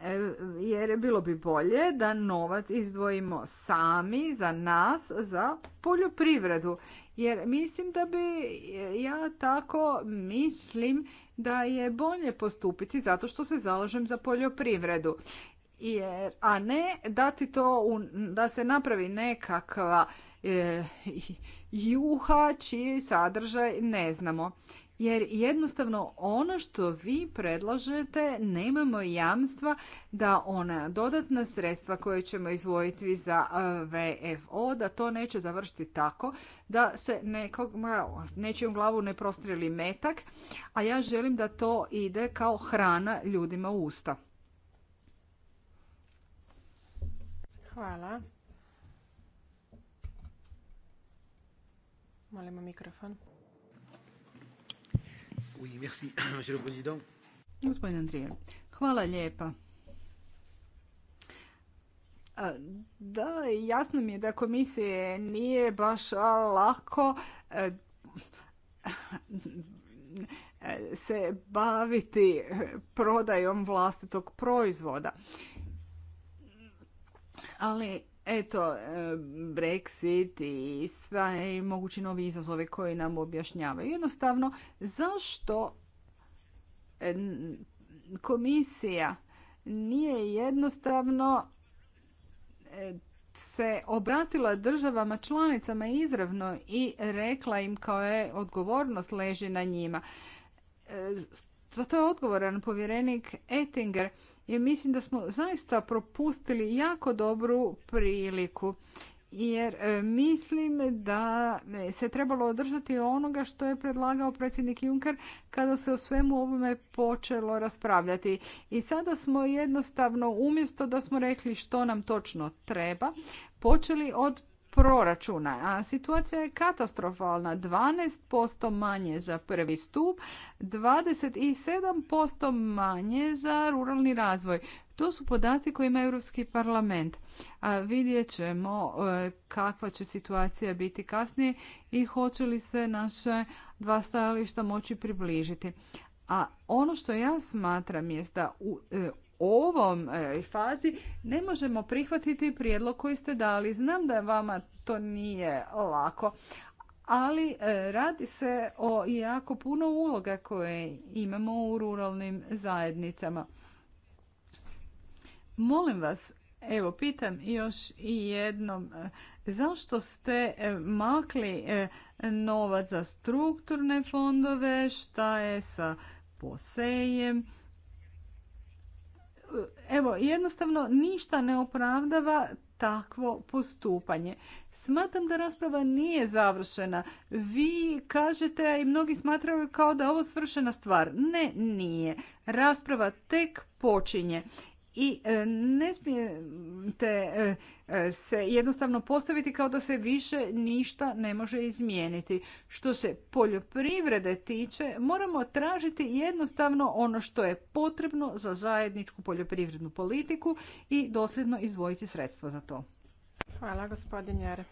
e, jer bilo bi bolje da novac izdvojimo sami za nas, za poljoprivredu jer mislim da bi e, ja tako mislim da je bolje postupiti zato što se zalažem za poljoprivredu. Jer, a ne dati to da se napravi nekakva e, juha čiji sadržaj ne znamo jer jednostavno ono što vi predlažete nemamo jamstva da ona dodatna sredstva koje ćemo izvojiti za e, VFO da to neće završiti tako da se nekog nečijom glavu ne prostreli metak, a ja želim da to ide kao hrana ljudima u usta. Hvala. Molimo mikrofon. Merci, monsieur le président. hvala lijepa. Da, jasno mi je da komisije nije baš lako e, e, se baviti prodajom vlastitog proizvoda. Ali Eto, e, Brexit i sve mogući novi izazove koje nam objašnjavaju. Jednostavno, zašto e, komisija nije jednostavno e, se obratila državama članicama izravno i rekla im kao je odgovornost leži na njima. Za to je odgovoran povjerenik Ettinger – jer mislim da smo zaista propustili jako dobru priliku jer e, mislim da se trebalo održati onoga što je predlagao predsjednik Juncker kada se o svemu ovome počelo raspravljati. I sada smo jednostavno umjesto da smo rekli što nam točno treba, počeli od proračuna, a situacija je katastrofalna. 12% manje za prvi stup, 27% manje za ruralni razvoj. To su podaci koje ima Europski parlament. A vidjet ćemo e, kakva će situacija biti kasnije i hoće li se naše dva stajališta moći približiti. A ono što ja smatram je da u e, ovom e, fazi ne možemo prihvatiti prijedlog koji ste dali. Znam da vama to nije lako, ali e, radi se o jako puno uloga koje imamo u ruralnim zajednicama. Molim vas, evo pitam još i jednom, e, zašto ste makli novac za strukturne fondove, šta je sa posejem, evo, jednostavno ništa ne opravdava takvo postupanje. Smatram da rasprava nije završena. Vi kažete, a i mnogi smatraju kao da je ovo svršena stvar. Ne, nije. Rasprava tek počinje i e, ne smijete e, e, se jednostavno postaviti kao da se više ništa ne može izmijeniti. Što se poljoprivrede tiče, moramo tražiti jednostavno ono što je potrebno za zajedničku poljoprivrednu politiku i dosljedno izdvojiti sredstva za to. Hvala gospodin Jare.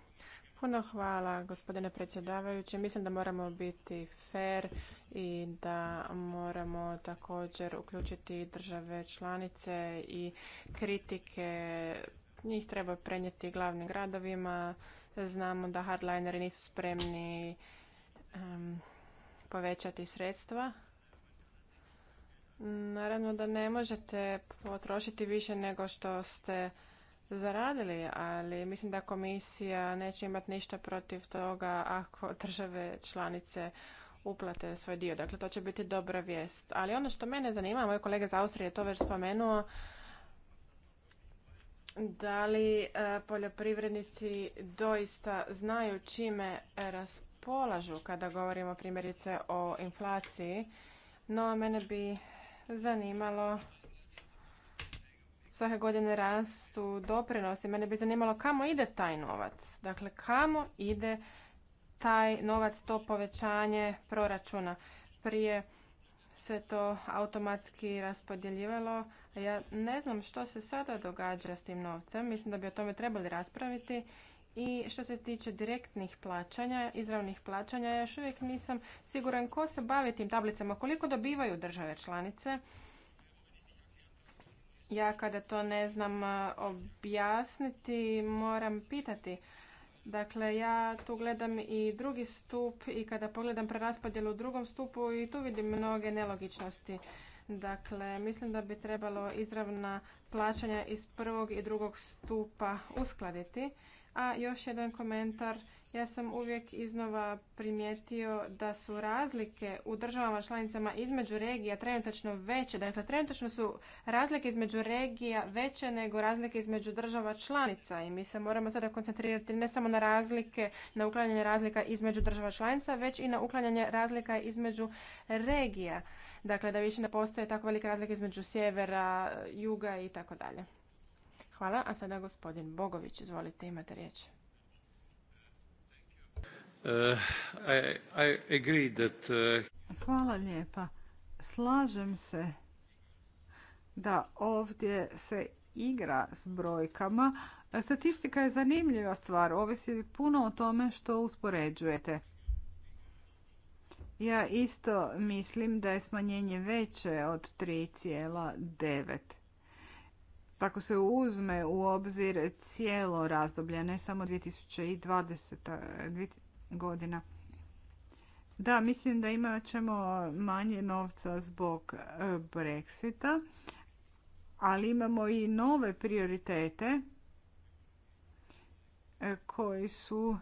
Puno hvala gospodine predsjedavajući. Mislim da moramo biti fair i da moramo također uključiti države članice i kritike njih treba prenijeti glavnim gradovima. Znamo da hardlineri nisu spremni um, povećati sredstva. Naravno da ne možete potrošiti više nego što ste zaradili, ali mislim da komisija neće imati ništa protiv toga ako države članice uplate svoj dio. Dakle, to će biti dobra vijest. Ali ono što mene zanima, moj kolega iz Austrije je to već spomenuo, da li e, poljoprivrednici doista znaju čime raspolažu kada govorimo primjerice o inflaciji, no mene bi zanimalo svake godine rastu doprinosi. Mene bi zanimalo kamo ide taj novac. Dakle, kamo ide taj novac, to povećanje proračuna. Prije se to automatski raspodjeljivalo. Ja ne znam što se sada događa s tim novcem. Mislim da bi o tome trebali raspraviti. I što se tiče direktnih plaćanja, izravnih plaćanja, ja još uvijek nisam siguran ko se bavi tim tablicama, koliko dobivaju države članice ja kada to ne znam objasniti, moram pitati. Dakle, ja tu gledam i drugi stup i kada pogledam preraspodjelu u drugom stupu i tu vidim mnoge nelogičnosti. Dakle, mislim da bi trebalo izravna plaćanja iz prvog i drugog stupa uskladiti. A još jedan komentar ja sam uvijek iznova primijetio da su razlike u državama članicama između regija trenutačno veće. Dakle, trenutačno su razlike između regija veće nego razlike između država članica i mi se moramo sada koncentrirati ne samo na razlike, na uklanjanje razlika između država članica, već i na uklanjanje razlika između regija. Dakle, da više ne postoje tako velike razlike između sjevera, juga i tako dalje. Hvala, a sada gospodin Bogović, izvolite, imate riječ. Uh, uh, Hvala lijepa. Slažem se da ovdje se igra s brojkama. Statistika je zanimljiva stvar, ovisi puno o tome što uspoređujete. Ja isto mislim da je smanjenje veće od 3,9. Tako se uzme u obzir cijelo razdoblje, ne samo 2020 godina. Da, mislim da imat ćemo manje novca zbog e, Brexita, ali imamo i nove prioritete e, koji su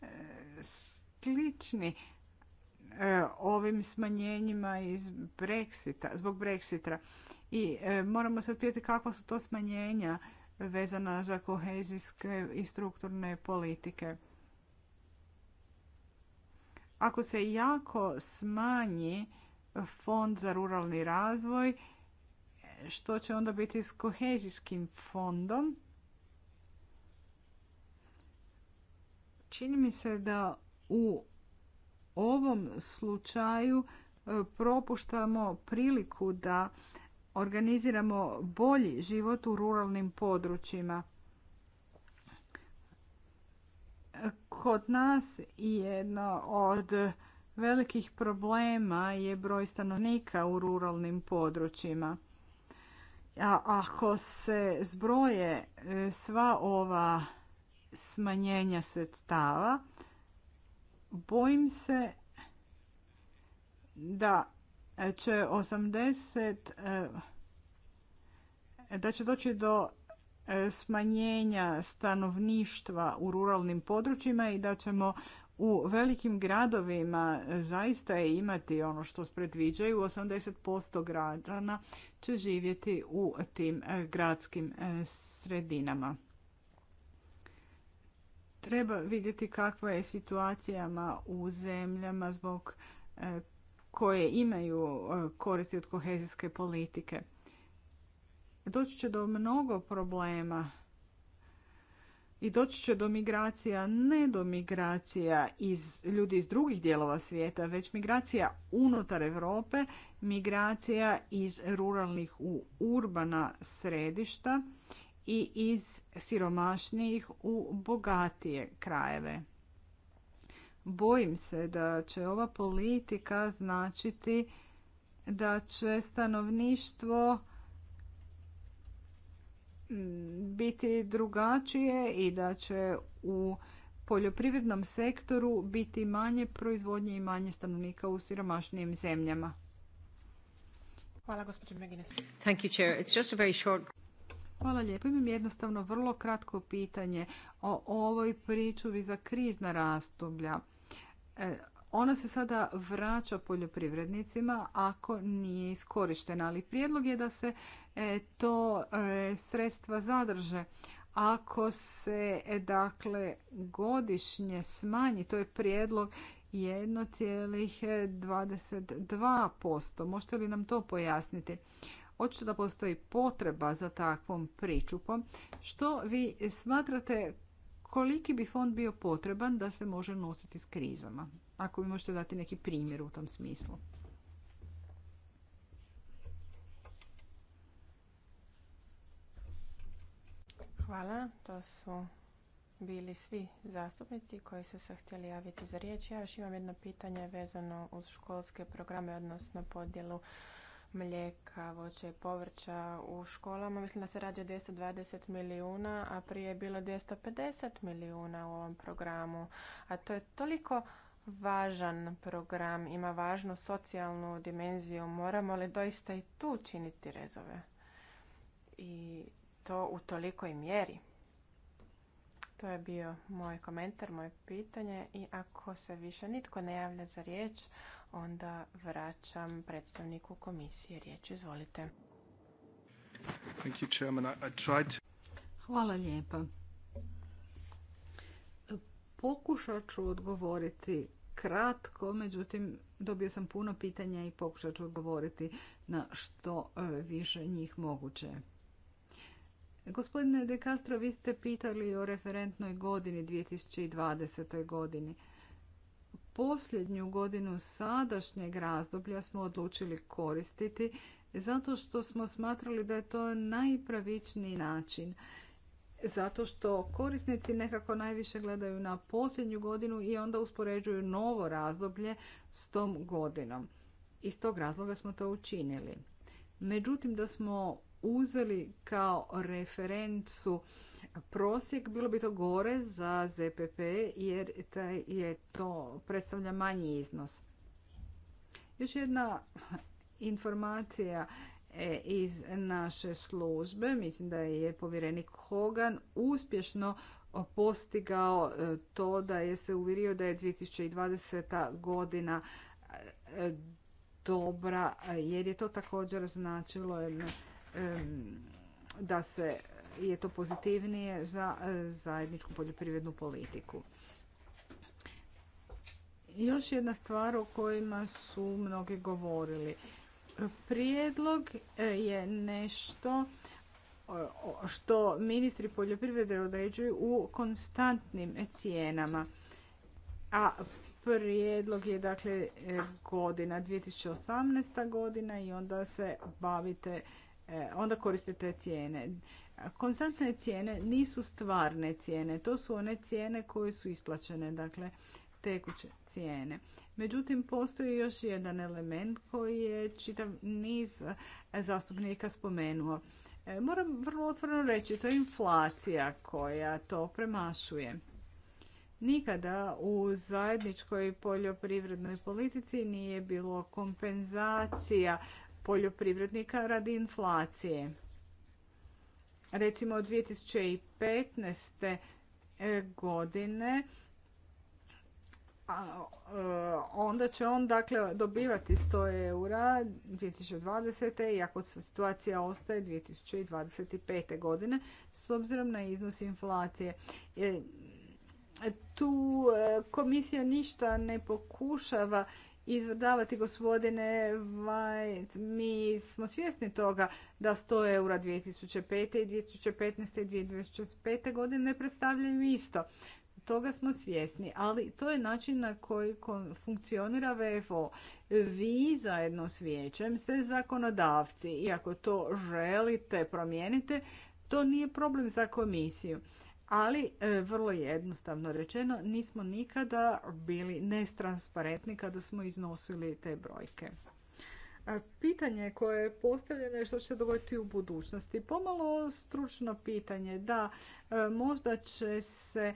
e, slični E, ovim smanjenjima iz Brexita, zbog Brexita. I e, moramo se otpijeti kakva su to smanjenja vezana za kohezijske i strukturne politike. Ako se jako smanji fond za ruralni razvoj, što će onda biti s kohezijskim fondom? Čini mi se da u ovom slučaju e, propuštamo priliku da organiziramo bolji život u ruralnim područjima. Kod nas jedno od velikih problema je broj stanovnika u ruralnim područjima. A ako se zbroje e, sva ova smanjenja sredstava, Bojim se da će 80 e, da će doći do e, smanjenja stanovništva u ruralnim područjima i da ćemo u velikim gradovima e, zaista imati ono što predviđaju. 80% građana će živjeti u tim gradskim sredinama. Treba vidjeti kakva je situacijama u zemljama zbog e, koje imaju e, koristi od kohezijske politike. Doći će do mnogo problema i doći će do migracija, ne do migracija iz ljudi iz drugih dijelova svijeta, već migracija unutar Europe, migracija iz ruralnih u urbana središta i iz siromašnijih u bogatije krajeve. Bojim se da će ova politika značiti da će stanovništvo biti drugačije i da će u poljoprivrednom sektoru biti manje proizvodnje i manje stanovnika u siromašnijim zemljama. Hvala, gospođo Thank you, Hvala lijepo. Imam jednostavno vrlo kratko pitanje o ovoj pričuvi za krizna rastoblja. E, ona se sada vraća poljoprivrednicima ako nije iskorištena, ali prijedlog je da se e, to e, sredstva zadrže. Ako se dakle godišnje smanji, to je prijedlog 1,22%. Možete li nam to pojasniti? Očito da postoji potreba za takvom pričupom. Što vi smatrate koliki bi fond bio potreban da se može nositi s krizama? Ako mi možete dati neki primjer u tom smislu. Hvala. To su bili svi zastupnici koji su se htjeli javiti za riječ. Ja još imam jedno pitanje vezano uz školske programe, odnosno podjelu mlijeka, voća i povrća u školama. Mislim da se radi o 220 milijuna, a prije je bilo 250 milijuna u ovom programu. A to je toliko važan program, ima važnu socijalnu dimenziju. Moramo li doista i tu činiti rezove? I to u tolikoj mjeri. To je bio moj komentar, moje pitanje i ako se više nitko ne javlja za riječ, onda vraćam predstavniku komisije riječ. Izvolite. Hvala lijepa. Pokušat ću odgovoriti kratko, međutim dobio sam puno pitanja i pokušat ću odgovoriti na što e, više njih moguće. Gospodine De Castro, vi ste pitali o referentnoj godini 2020. godini. Posljednju godinu sadašnjeg razdoblja smo odlučili koristiti zato što smo smatrali da je to najpravičniji način. Zato što korisnici nekako najviše gledaju na posljednju godinu i onda uspoređuju novo razdoblje s tom godinom. Iz tog razloga smo to učinili. Međutim, da smo uzeli kao referencu prosjek, bilo bi to gore za ZPP jer taj je to predstavlja manji iznos. Još jedna informacija e, iz naše službe, mislim da je povjerenik Hogan uspješno postigao e, to da je se uvjerio da je 2020. godina e, dobra jer je to također značilo jedno da se je to pozitivnije za e, zajedničku poljoprivrednu politiku. Još jedna stvar o kojima su mnogi govorili. Prijedlog e, je nešto što ministri poljoprivrede određuju u konstantnim cijenama. A prijedlog je dakle e, godina 2018. godina i onda se bavite E, onda koristite cijene. Konstantne cijene nisu stvarne cijene, to su one cijene koje su isplaćene, dakle tekuće cijene. Međutim, postoji još jedan element koji je čitav niz zastupnika spomenuo. E, moram vrlo otvoreno reći, to je inflacija koja to premašuje. Nikada u zajedničkoj poljoprivrednoj politici nije bilo kompenzacija poljoprivrednika radi inflacije. Recimo od 2015. E, godine e, onda će on dakle dobivati 100 eura 2020. i ako situacija ostaje 2025. godine s obzirom na iznos inflacije. E, tu komisija ništa ne pokušava izvrdavati gospodine Mi smo svjesni toga da 100 eura 2005. i 2015. i 2005. godine ne predstavljaju isto. Toga smo svjesni, ali to je način na koji funkcionira VFO. Vi zajedno s vijećem ste zakonodavci i ako to želite promijenite, to nije problem za komisiju ali e, vrlo jednostavno rečeno nismo nikada bili nestransparentni kada smo iznosili te brojke. E, pitanje koje je postavljeno je što će se dogoditi u budućnosti. Pomalo stručno pitanje, da e, možda će se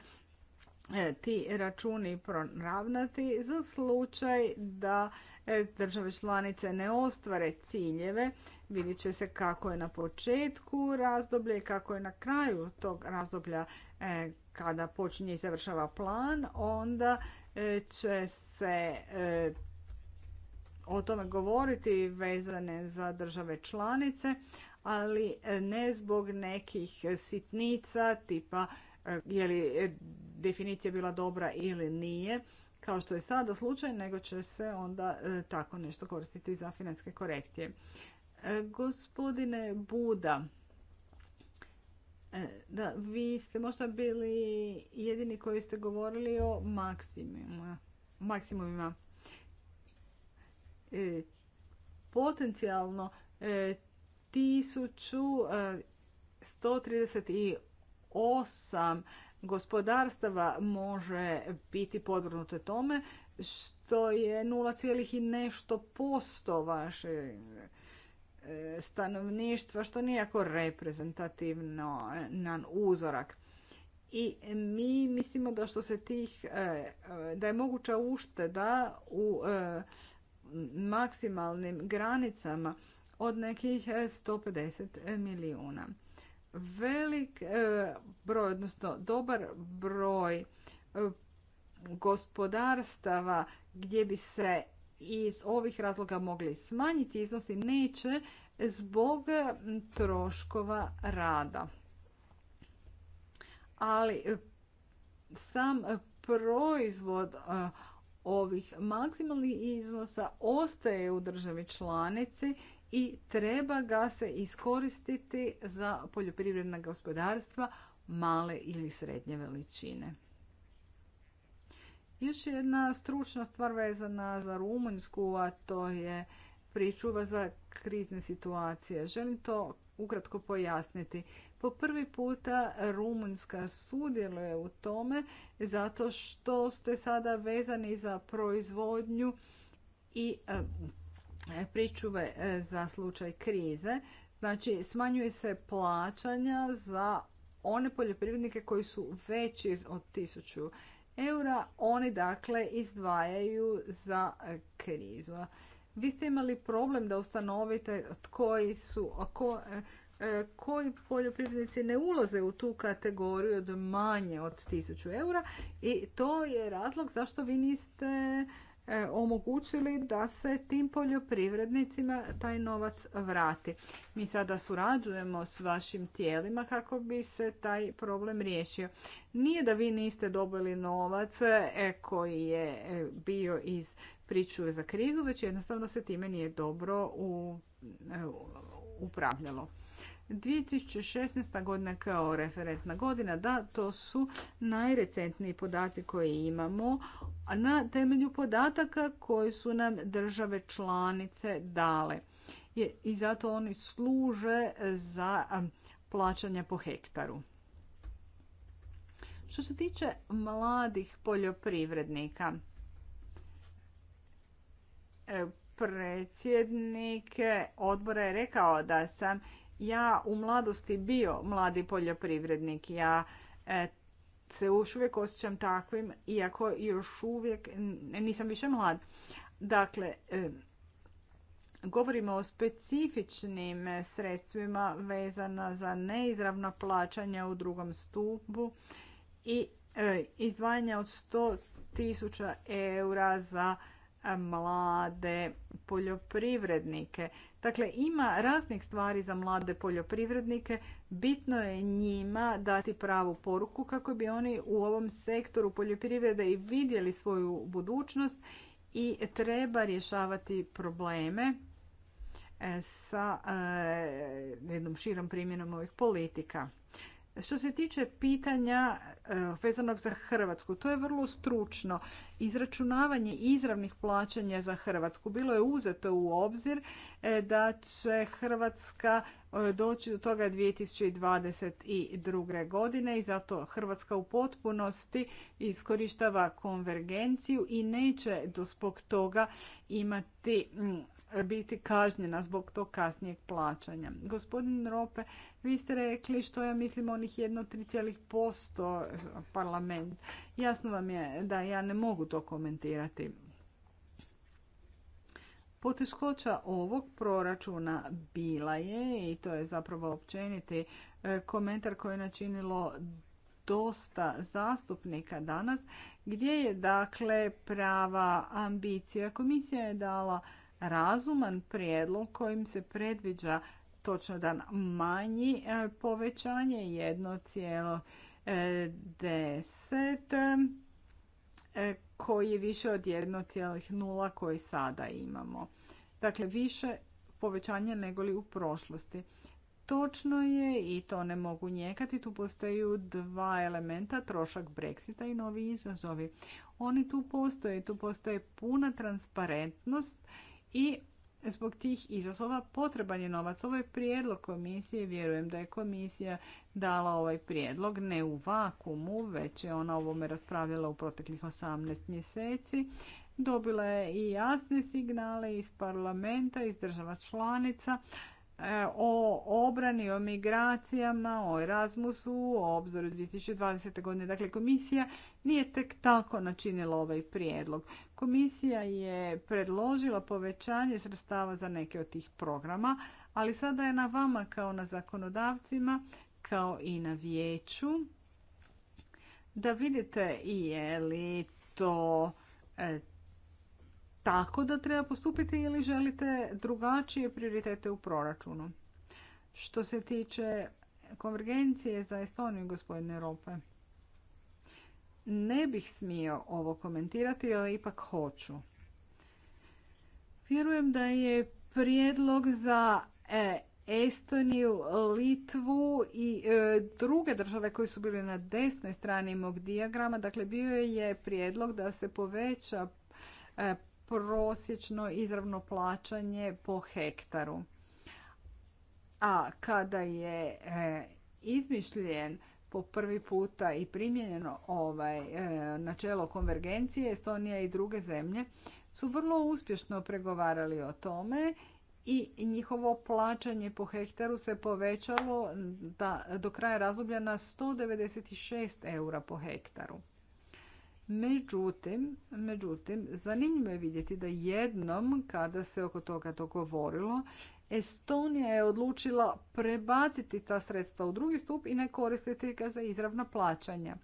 E, ti računi proravnati za slučaj da e, države članice ne ostvare ciljeve. Vidjet će se kako je na početku razdoblja i kako je na kraju tog razdoblja e, kada počinje i završava plan, onda će se o tome govoriti vezane za države članice, ali ne zbog nekih sitnica tipa E, je li e, definicija bila dobra ili nije, kao što je sada slučaj, nego će se onda e, tako nešto koristiti za financijske korekcije. Gospodine Buda, da, vi ste možda bili jedini koji ste govorili o maksimumima. maksimumima. E, potencijalno e, 1138 osam gospodarstava može biti podvrnuto tome što je 0, i nešto posto vaše e, stanovništva, što nije jako reprezentativno e, nam uzorak. I mi mislimo da što se tih, e, da je moguća ušteda u maksimalnim granicama od nekih 150 milijuna velik e, broj, odnosno dobar broj e, gospodarstava gdje bi se iz ovih razloga mogli smanjiti iznosi neće zbog troškova rada. Ali sam proizvod e, ovih maksimalnih iznosa ostaje u državi članici i treba ga se iskoristiti za poljoprivredna gospodarstva male ili srednje veličine. Još jedna stručna stvar vezana za Rumunjsku, a to je pričuva za krizne situacije. Želim to ukratko pojasniti. Po prvi puta Rumunjska sudjeluje u tome zato što ste sada vezani za proizvodnju i e, E, pričuve e, za slučaj krize. Znači, smanjuje se plaćanja za one poljoprivrednike koji su veći od 1000 eura. Oni, dakle, izdvajaju za e, krizu. Vi ste imali problem da ustanovite koji su, ko, koji poljoprivrednici ne ulaze u tu kategoriju od manje od 1000 eura i to je razlog zašto vi niste E, omogućili da se tim poljoprivrednicima taj novac vrati. Mi sada surađujemo s vašim tijelima kako bi se taj problem riješio. Nije da vi niste dobili novac e, koji je e, bio iz pričuve za krizu, već jednostavno se time nije dobro upravljalo. 2016. godina kao referentna godina, da, to su najrecentniji podaci koje imamo na temelju podataka koje su nam države članice dale. I zato oni služe za um, plaćanje po hektaru. Što se tiče mladih poljoprivrednika, predsjednik odbora je rekao da sam ja u mladosti bio mladi poljoprivrednik. Ja e, se još uvijek osjećam takvim, iako još uvijek nisam više mlad. Dakle, e, govorimo o specifičnim e, sredstvima vezana za neizravna plaćanja u drugom stupu i izdvajanja od 100 tisuća eura za mlade poljoprivrednike. Dakle, ima raznih stvari za mlade poljoprivrednike. Bitno je njima dati pravu poruku kako bi oni u ovom sektoru poljoprivrede i vidjeli svoju budućnost i treba rješavati probleme e, sa e, jednom širom primjenom ovih politika. Što se tiče pitanja e, vezanog za Hrvatsku, to je vrlo stručno. Izračunavanje izravnih plaćanja za Hrvatsku bilo je uzeto u obzir e, da će Hrvatska E, doći do toga 2022. godine i zato Hrvatska u potpunosti iskorištava konvergenciju i neće zbog toga imati biti kažnjena zbog tog kasnijeg plaćanja. Gospodin Rope, vi ste rekli što ja mislim onih 1,3% e, parlament. Jasno vam je da ja ne mogu to komentirati. Poteškoća ovog proračuna bila je, i to je zapravo općeniti e, komentar koji je načinilo dosta zastupnika danas, gdje je dakle prava ambicija. Komisija je dala razuman prijedlog kojim se predviđa točno da manji e, povećanje 1,10 koji je više od nula koji sada imamo. Dakle, više povećanje nego li u prošlosti. Točno je i to ne mogu njekati, tu postoju dva elementa, trošak Brexita i novi izazovi. Oni tu postoje, tu postoje puna transparentnost i zbog tih izazova potreban je novac. Ovo je prijedlog komisije, vjerujem da je komisija dala ovaj prijedlog, ne u vakumu, već je ona ovome raspravljala u proteklih 18 mjeseci. Dobila je i jasne signale iz parlamenta, iz država članica, E, o obrani, o migracijama, o Erasmusu, o obzoru 2020. godine. Dakle, komisija nije tek tako načinila ovaj prijedlog. Komisija je predložila povećanje sredstava za neke od tih programa, ali sada je na vama kao na zakonodavcima, kao i na vijeću, da vidite je li to e, tako da treba postupiti ili želite drugačije prioritete u proračunu? Što se tiče konvergencije za Estoniju, gospodine Rope, ne bih smio ovo komentirati, ali ipak hoću. Vjerujem da je prijedlog za e, Estoniju, Litvu i e, druge države koje su bile na desnoj strani mog dijagrama, dakle bio je prijedlog da se poveća e, prosječno izravno plaćanje po hektaru. A kada je e, izmišljen po prvi puta i primijenjeno ovaj e, načelo konvergencije, Estonija i druge zemlje su vrlo uspješno pregovarali o tome i njihovo plaćanje po hektaru se povećalo do kraja razdoblja na 196 eura po hektaru. Međutim, međutim, zanimljivo je vidjeti da jednom kada se oko toga govorilo, Estonija je odlučila prebaciti ta sredstva u drugi stup i ne koristiti ga za izravna plaćanja.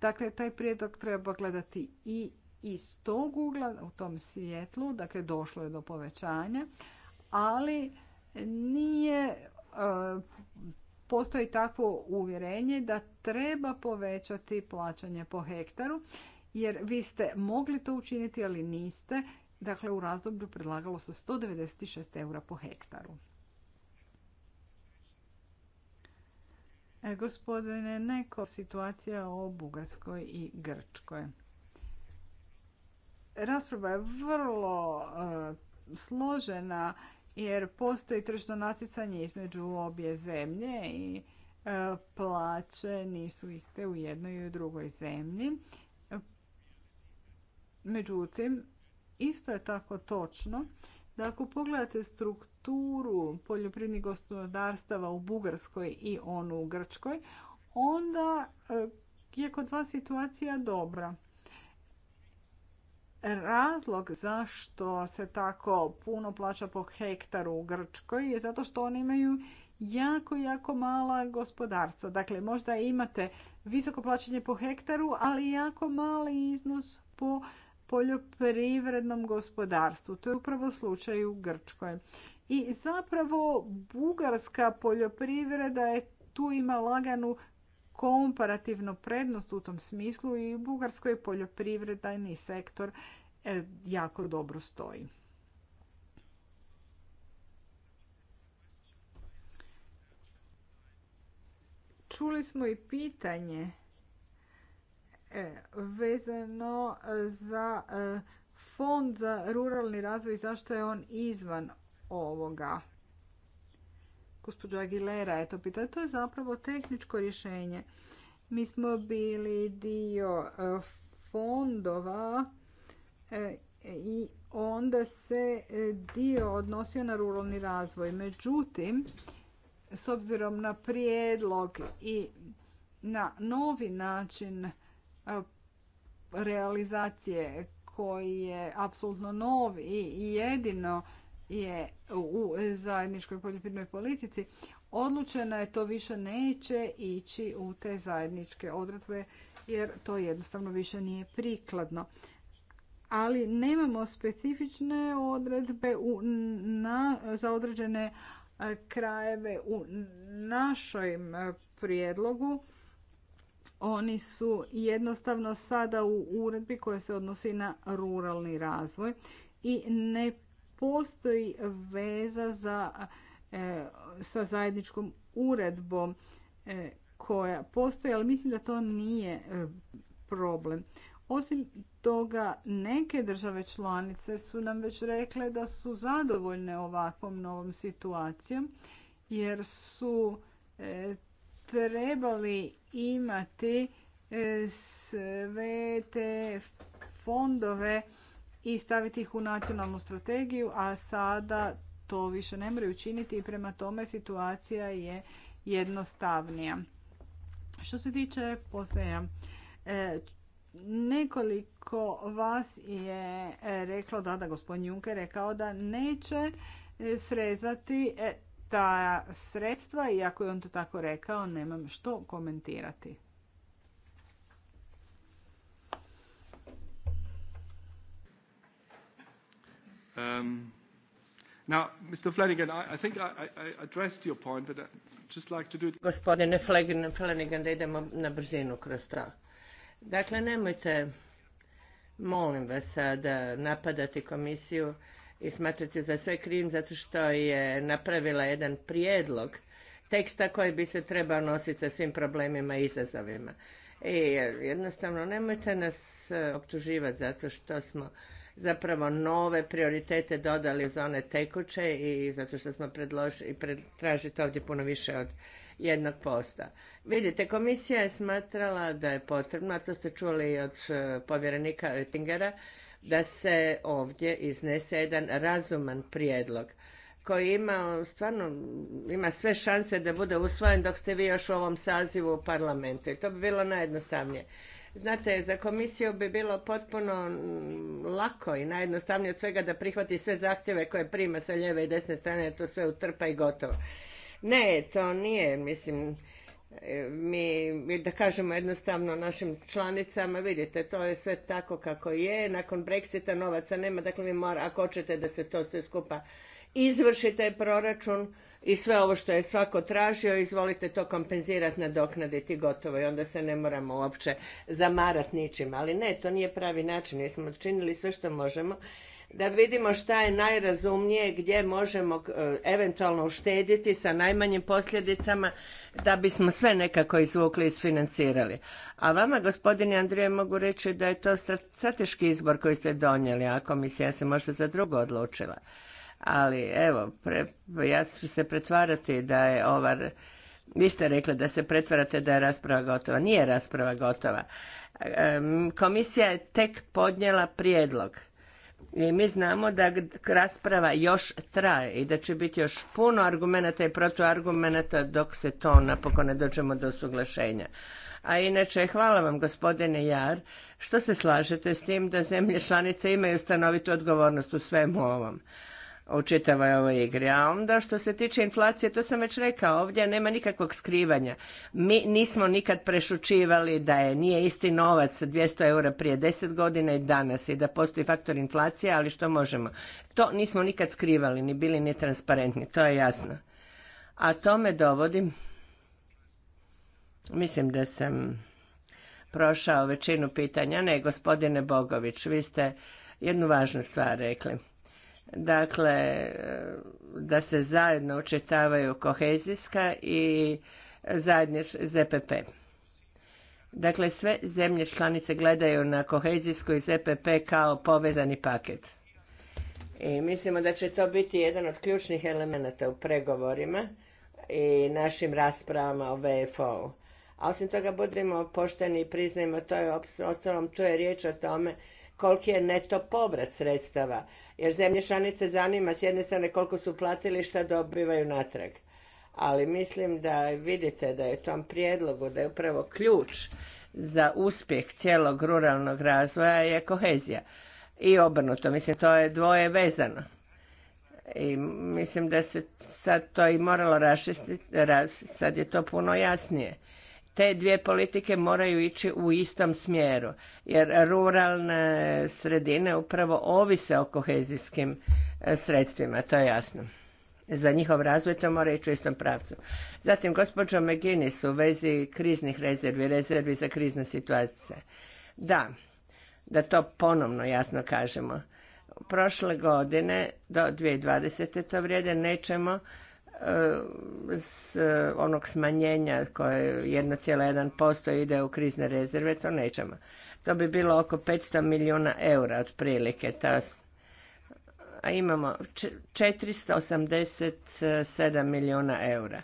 Dakle, taj prijedlog treba gledati i iz tog ugla, u tom svijetlu, dakle došlo je do povećanja, ali nije e, postoji takvo uvjerenje da treba povećati plaćanje po hektaru jer vi ste mogli to učiniti, ali niste. Dakle, u razdoblju predlagalo se 196 eura po hektaru. E, gospodine Neko, situacija o Bugarskoj i Grčkoj. Rasprava je vrlo e, složena jer postoji tržno natjecanje između obje zemlje i e, plaće nisu iste u jednoj i u drugoj zemlji. Međutim, isto je tako točno da ako pogledate strukturu poljoprivrednih gospodarstava u Bugarskoj i onu u Grčkoj, onda eh, je kod vas situacija dobra. Razlog zašto se tako puno plaća po hektaru u Grčkoj je zato što oni imaju jako, jako mala gospodarstva. Dakle, možda imate visoko plaćanje po hektaru, ali jako mali iznos po poljoprivrednom gospodarstvu. To je upravo slučaj u Grčkoj. I zapravo bugarska poljoprivreda je tu ima laganu komparativnu prednost u tom smislu i u bugarskoj poljoprivredni sektor e, jako dobro stoji. Čuli smo i pitanje E, vezano e, za e, fond za ruralni razvoj zašto je on izvan ovoga. Gospođo Aguilera je to pitala. To je zapravo tehničko rješenje. Mi smo bili dio fondova i onda se dio odnosio na ruralni razvoj. Međutim, s obzirom na prijedlog i na novi način realizacije koji je apsolutno nov i jedino je u zajedničkoj poljoprivrednoj politici, odlučeno je to više neće ići u te zajedničke odredbe jer to jednostavno više nije prikladno. Ali nemamo specifične odredbe u, na, za određene e, krajeve u našoj e, prijedlogu oni su jednostavno sada u uredbi koja se odnosi na ruralni razvoj i ne postoji veza za, e, sa zajedničkom uredbom e, koja postoji, ali mislim da to nije e, problem. Osim toga, neke države članice su nam već rekle da su zadovoljne ovakvom novom situacijom jer su trebali imati e, sve te fondove i staviti ih u nacionalnu strategiju, a sada to više ne moraju učiniti i prema tome situacija je jednostavnija. Što se tiče poseja, e, nekoliko vas je e, reklo da, da gospodin Juncker rekao da neće srezati ta sredstva iako je on to tako rekao, nemam što komentirati. Um, now, Mr. Gospodine Flanagan, da idemo na brzinu kroz to. Dakle, nemojte, molim vas, da napadati komisiju i smatrati za sve krivim zato što je napravila jedan prijedlog teksta koji bi se trebao nositi sa svim problemima i izazovima. I e, jednostavno nemojte nas e, optuživati zato što smo zapravo nove prioritete dodali uz one tekuće i zato što smo predložili i tražiti ovdje puno više od jednog posta. Vidite, komisija je smatrala da je potrebno, a to ste čuli i od e, povjerenika Oettingera, da se ovdje iznese jedan razuman prijedlog koji ima stvarno ima sve šanse da bude usvojen dok ste vi još u ovom sazivu u parlamentu i to bi bilo najjednostavnije. Znate, za komisiju bi bilo potpuno mm, lako i najjednostavnije od svega da prihvati sve zahtjeve koje prima sa lijeve i desne strane, to sve utrpa i gotovo. Ne, to nije, mislim, E, mi da kažemo jednostavno našim članicama, vidite, to je sve tako kako je, nakon Brexita novaca nema, dakle mora, ako hoćete da se to sve skupa izvrši taj proračun i sve ovo što je svako tražio, izvolite to kompenzirati, nadoknaditi gotovo i onda se ne moramo uopće zamarati ničim. Ali ne, to nije pravi način, jer smo činili sve što možemo da vidimo šta je najrazumnije gdje možemo e, eventualno uštediti sa najmanjim posljedicama da bismo sve nekako izvukli i isfinancirali. A vama, gospodine Andrije, mogu reći da je to strateški izbor koji ste donijeli, a komisija se možda za drugo odlučila. Ali evo, ja ću se pretvarati da je ova... Vi ste rekli da se pretvarate da je rasprava gotova. Nije rasprava gotova. E, komisija je tek podnijela prijedlog mi znamo da rasprava još traje i da će biti još puno argumenata i protuargumenata dok se to napokon ne dođemo do suglašenja. A inače, hvala vam gospodine Jar, što se slažete s tim da zemlje članice imaju stanovitu odgovornost u svemu ovom u čitavoj ovoj igri. A onda što se tiče inflacije, to sam već rekao, ovdje nema nikakvog skrivanja. Mi nismo nikad prešučivali da je nije isti novac 200 eura prije 10 godina i danas i da postoji faktor inflacije, ali što možemo. To nismo nikad skrivali, ni bili ni transparentni, to je jasno. A to me dovodi, mislim da sam prošao većinu pitanja, ne gospodine Bogović, vi ste jednu važnu stvar rekli dakle eh, da se zajedno očitavaju kohezijska i zajednje ZPP. Dakle, sve zemlje članice gledaju na kohezijsku i ZPP kao povezani paket. I mislimo da će to biti jedan od ključnih elemenata u pregovorima i našim raspravama o vfo A osim toga budimo pošteni i priznajmo, to je ostalom, tu je riječ o tome koliki je neto povrat sredstava, jer zemlje članice zanima s jedne strane koliko su platili i šta dobivaju natrag. Ali mislim da vidite da je u tom prijedlogu, da je upravo ključ za uspjeh cijelog ruralnog razvoja je kohezija. I obrnuto, mislim, to je dvoje vezano. I mislim da se sad to i moralo raščistiti, sad je to puno jasnije te dvije politike moraju ići u istom smjeru, jer ruralne sredine upravo ovise o kohezijskim e, sredstvima, to je jasno. Za njihov razvoj to mora ići u istom pravcu. Zatim, gospođo McGinnis, u vezi kriznih rezervi, rezervi za krizne situacije. Da, da to ponovno jasno kažemo. Prošle godine, do 2020. to vrijede, nećemo s onog smanjenja koje 1,1% ide u krizne rezerve, to nećemo. To bi bilo oko 500 milijuna eura otprilike. Ta, a imamo 487 milijuna eura.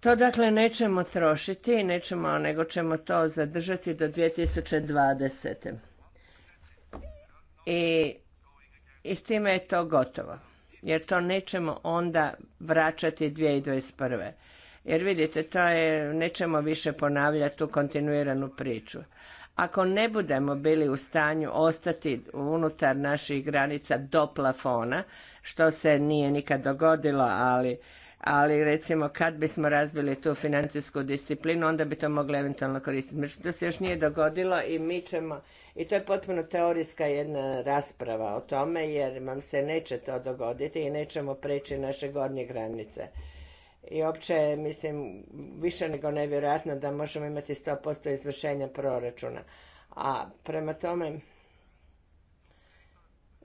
To dakle nećemo trošiti, nećemo, nego ćemo to zadržati do 2020. I, i s time je to gotovo jer to nećemo onda vraćati 2021. Jer vidite, to je, nećemo više ponavljati tu kontinuiranu priču. Ako ne budemo bili u stanju ostati unutar naših granica do plafona, što se nije nikad dogodilo, ali ali recimo kad bismo razbili tu financijsku disciplinu, onda bi to mogli eventualno koristiti. Međutim, to se još nije dogodilo i mi ćemo i to je potpuno teorijska jedna rasprava o tome, jer vam se neće to dogoditi i nećemo preći naše gornje granice. I opće, mislim, više nego nevjerojatno da možemo imati 100% izvršenja proračuna. A prema tome,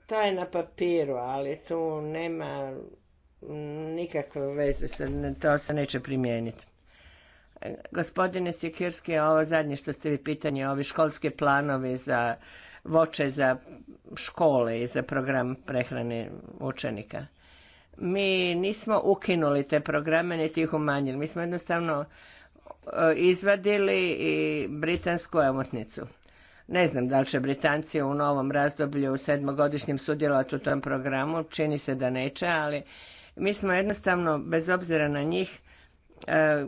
to je na papiru, ali tu nema nikakve veze, to se neće primijeniti. Gospodine Sikirski, ovo zadnje što ste vi pitanje, ovi školski planovi za voče za škole i za program prehrane učenika. Mi nismo ukinuli te programe, niti ih umanjili. Mi smo jednostavno e, izvadili i britansku omotnicu. Ne znam da li će Britanci u novom razdoblju u sedmogodišnjem sudjelovati u tom programu, čini se da neće, ali mi smo jednostavno, bez obzira na njih, e,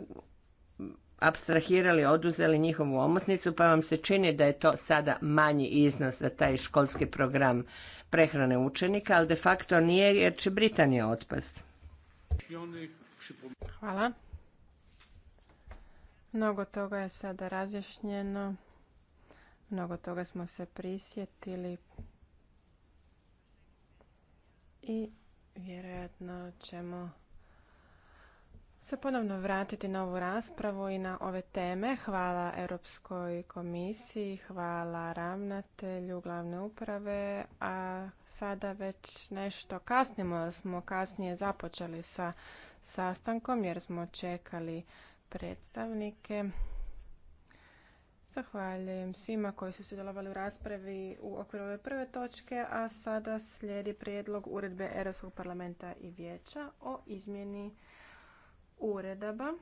abstrahirali, oduzeli njihovu omotnicu, pa vam se čini da je to sada manji iznos za taj školski program prehrane učenika, ali de facto nije jer će Britanija otpast. Hvala. Mnogo toga je sada razjašnjeno. Mnogo toga smo se prisjetili. I vjerojatno ćemo se ponovno vratiti na ovu raspravu i na ove teme. Hvala Europskoj komisiji, hvala ravnatelju glavne uprave, a sada već nešto kasnimo, smo kasnije započeli sa sastankom jer smo čekali predstavnike. Zahvaljujem svima koji su sudjelovali u raspravi u okviru ove prve točke, a sada slijedi prijedlog uredbe Europskog parlamenta i vijeća o izmjeni uredaba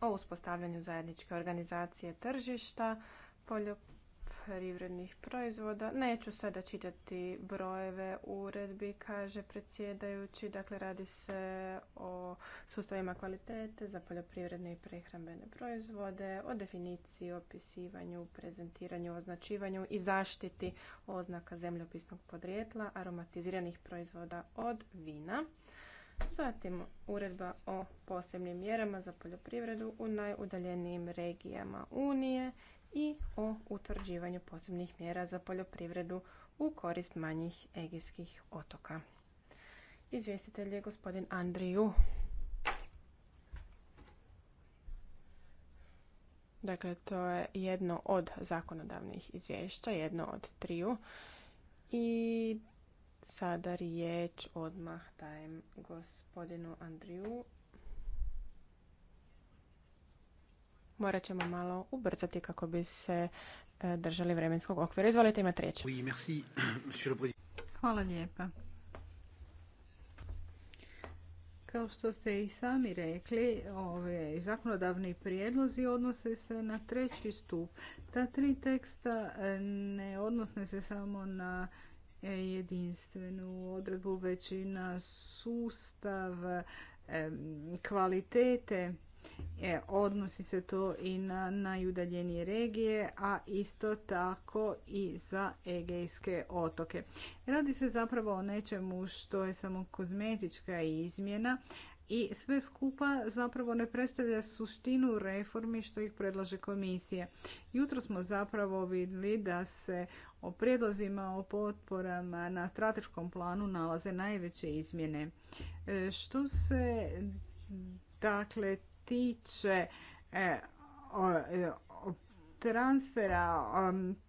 o uspostavljanju zajedničke organizacije tržišta poljoprivrednih proizvoda. Neću sada čitati brojeve uredbi, kaže predsjedajući. Dakle, radi se o sustavima kvalitete za poljoprivredne i prehrambene proizvode, o definiciji, opisivanju, prezentiranju, označivanju i zaštiti oznaka zemljopisnog podrijetla aromatiziranih proizvoda od vina. Zatim uredba o posebnim mjerama za poljoprivredu u najudaljenijim regijama Unije i o utvrđivanju posebnih mjera za poljoprivredu u korist manjih egijskih otoka. Izvjestitelj je gospodin Andriju. Dakle, to je jedno od zakonodavnih izvješća, jedno od triju. I Sada riječ odmah dajem gospodinu Andriju. Morat ćemo malo ubrzati kako bi se e, držali vremenskog okvira. Izvolite, imate riječ. Hvala lijepa. Kao što ste i sami rekli, ove zakonodavni prijedlozi odnose se na treći stup. Ta tri teksta e, ne odnose se samo na jedinstvenu odredbu većina sustav kvalitete e, odnosi se to i na najudaljenije regije, a isto tako i za Egejske otoke. Radi se zapravo o nečemu što je samo kozmetička izmjena, i sve skupa zapravo ne predstavlja suštinu reformi što ih predlaže komisije. Jutro smo zapravo vidjeli da se o prijedlozima o potporama na strateškom planu nalaze najveće izmjene. E, što se dakle tiče e, e, transfera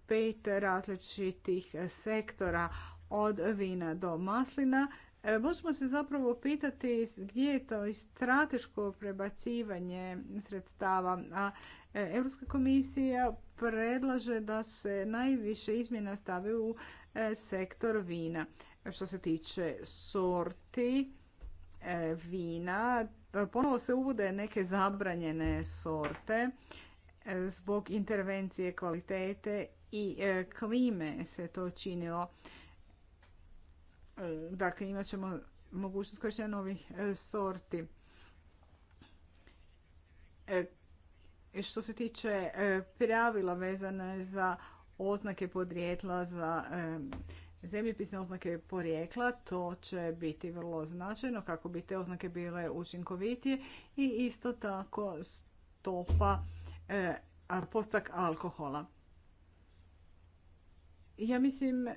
pet različitih sektora od vina do maslina, E, možemo se zapravo pitati gdje je to strateško prebacivanje sredstava, a e, Europska komisija predlaže da se najviše izmjena stavi u e, sektor vina. Što se tiče sorti vina, ponovo se uvode neke zabranjene sorte zbog intervencije kvalitete i klime se to činilo. E, dakle, imat ćemo mogućnost korištenja novih e, sorti. E, što se tiče pravila vezane za oznake podrijetla, za zemljepisne oznake porijekla, to će biti vrlo značajno kako bi te oznake bile učinkovitije i isto tako stopa postak alkohola. Ja mislim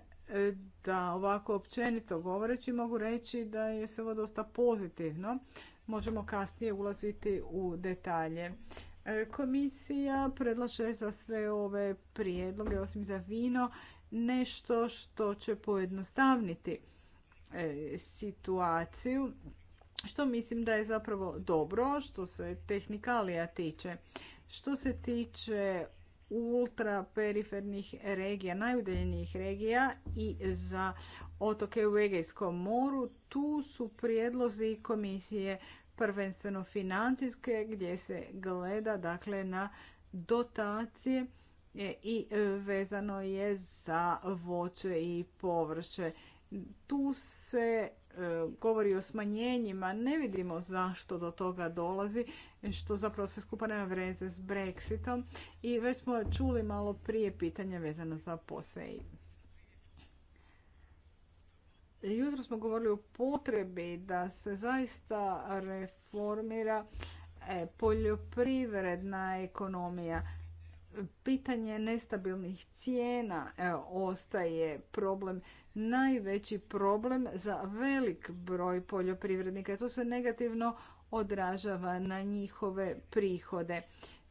da ovako općenito govoreći mogu reći da je sve ovo dosta pozitivno. Možemo kasnije ulaziti u detalje. E, komisija predlaže za sve ove prijedloge, osim za vino, nešto što će pojednostavniti e, situaciju, što mislim da je zapravo dobro što se tehnikalija tiče. Što se tiče ultraperifernih regija, najudeljenijih regija i za otoke u Egejskom moru. Tu su prijedlozi komisije prvenstveno financijske gdje se gleda dakle na dotacije e, i vezano je za voće i povrće. Tu se e, govori o smanjenjima, ne vidimo zašto do toga dolazi što zapravo sve skupa nema veze s Brexitom. I već smo čuli malo prije pitanje vezano za posej. Jutro smo govorili o potrebi da se zaista reformira e, poljoprivredna ekonomija. Pitanje nestabilnih cijena e, ostaje problem, najveći problem za velik broj poljoprivrednika. To se negativno odražava na njihove prihode.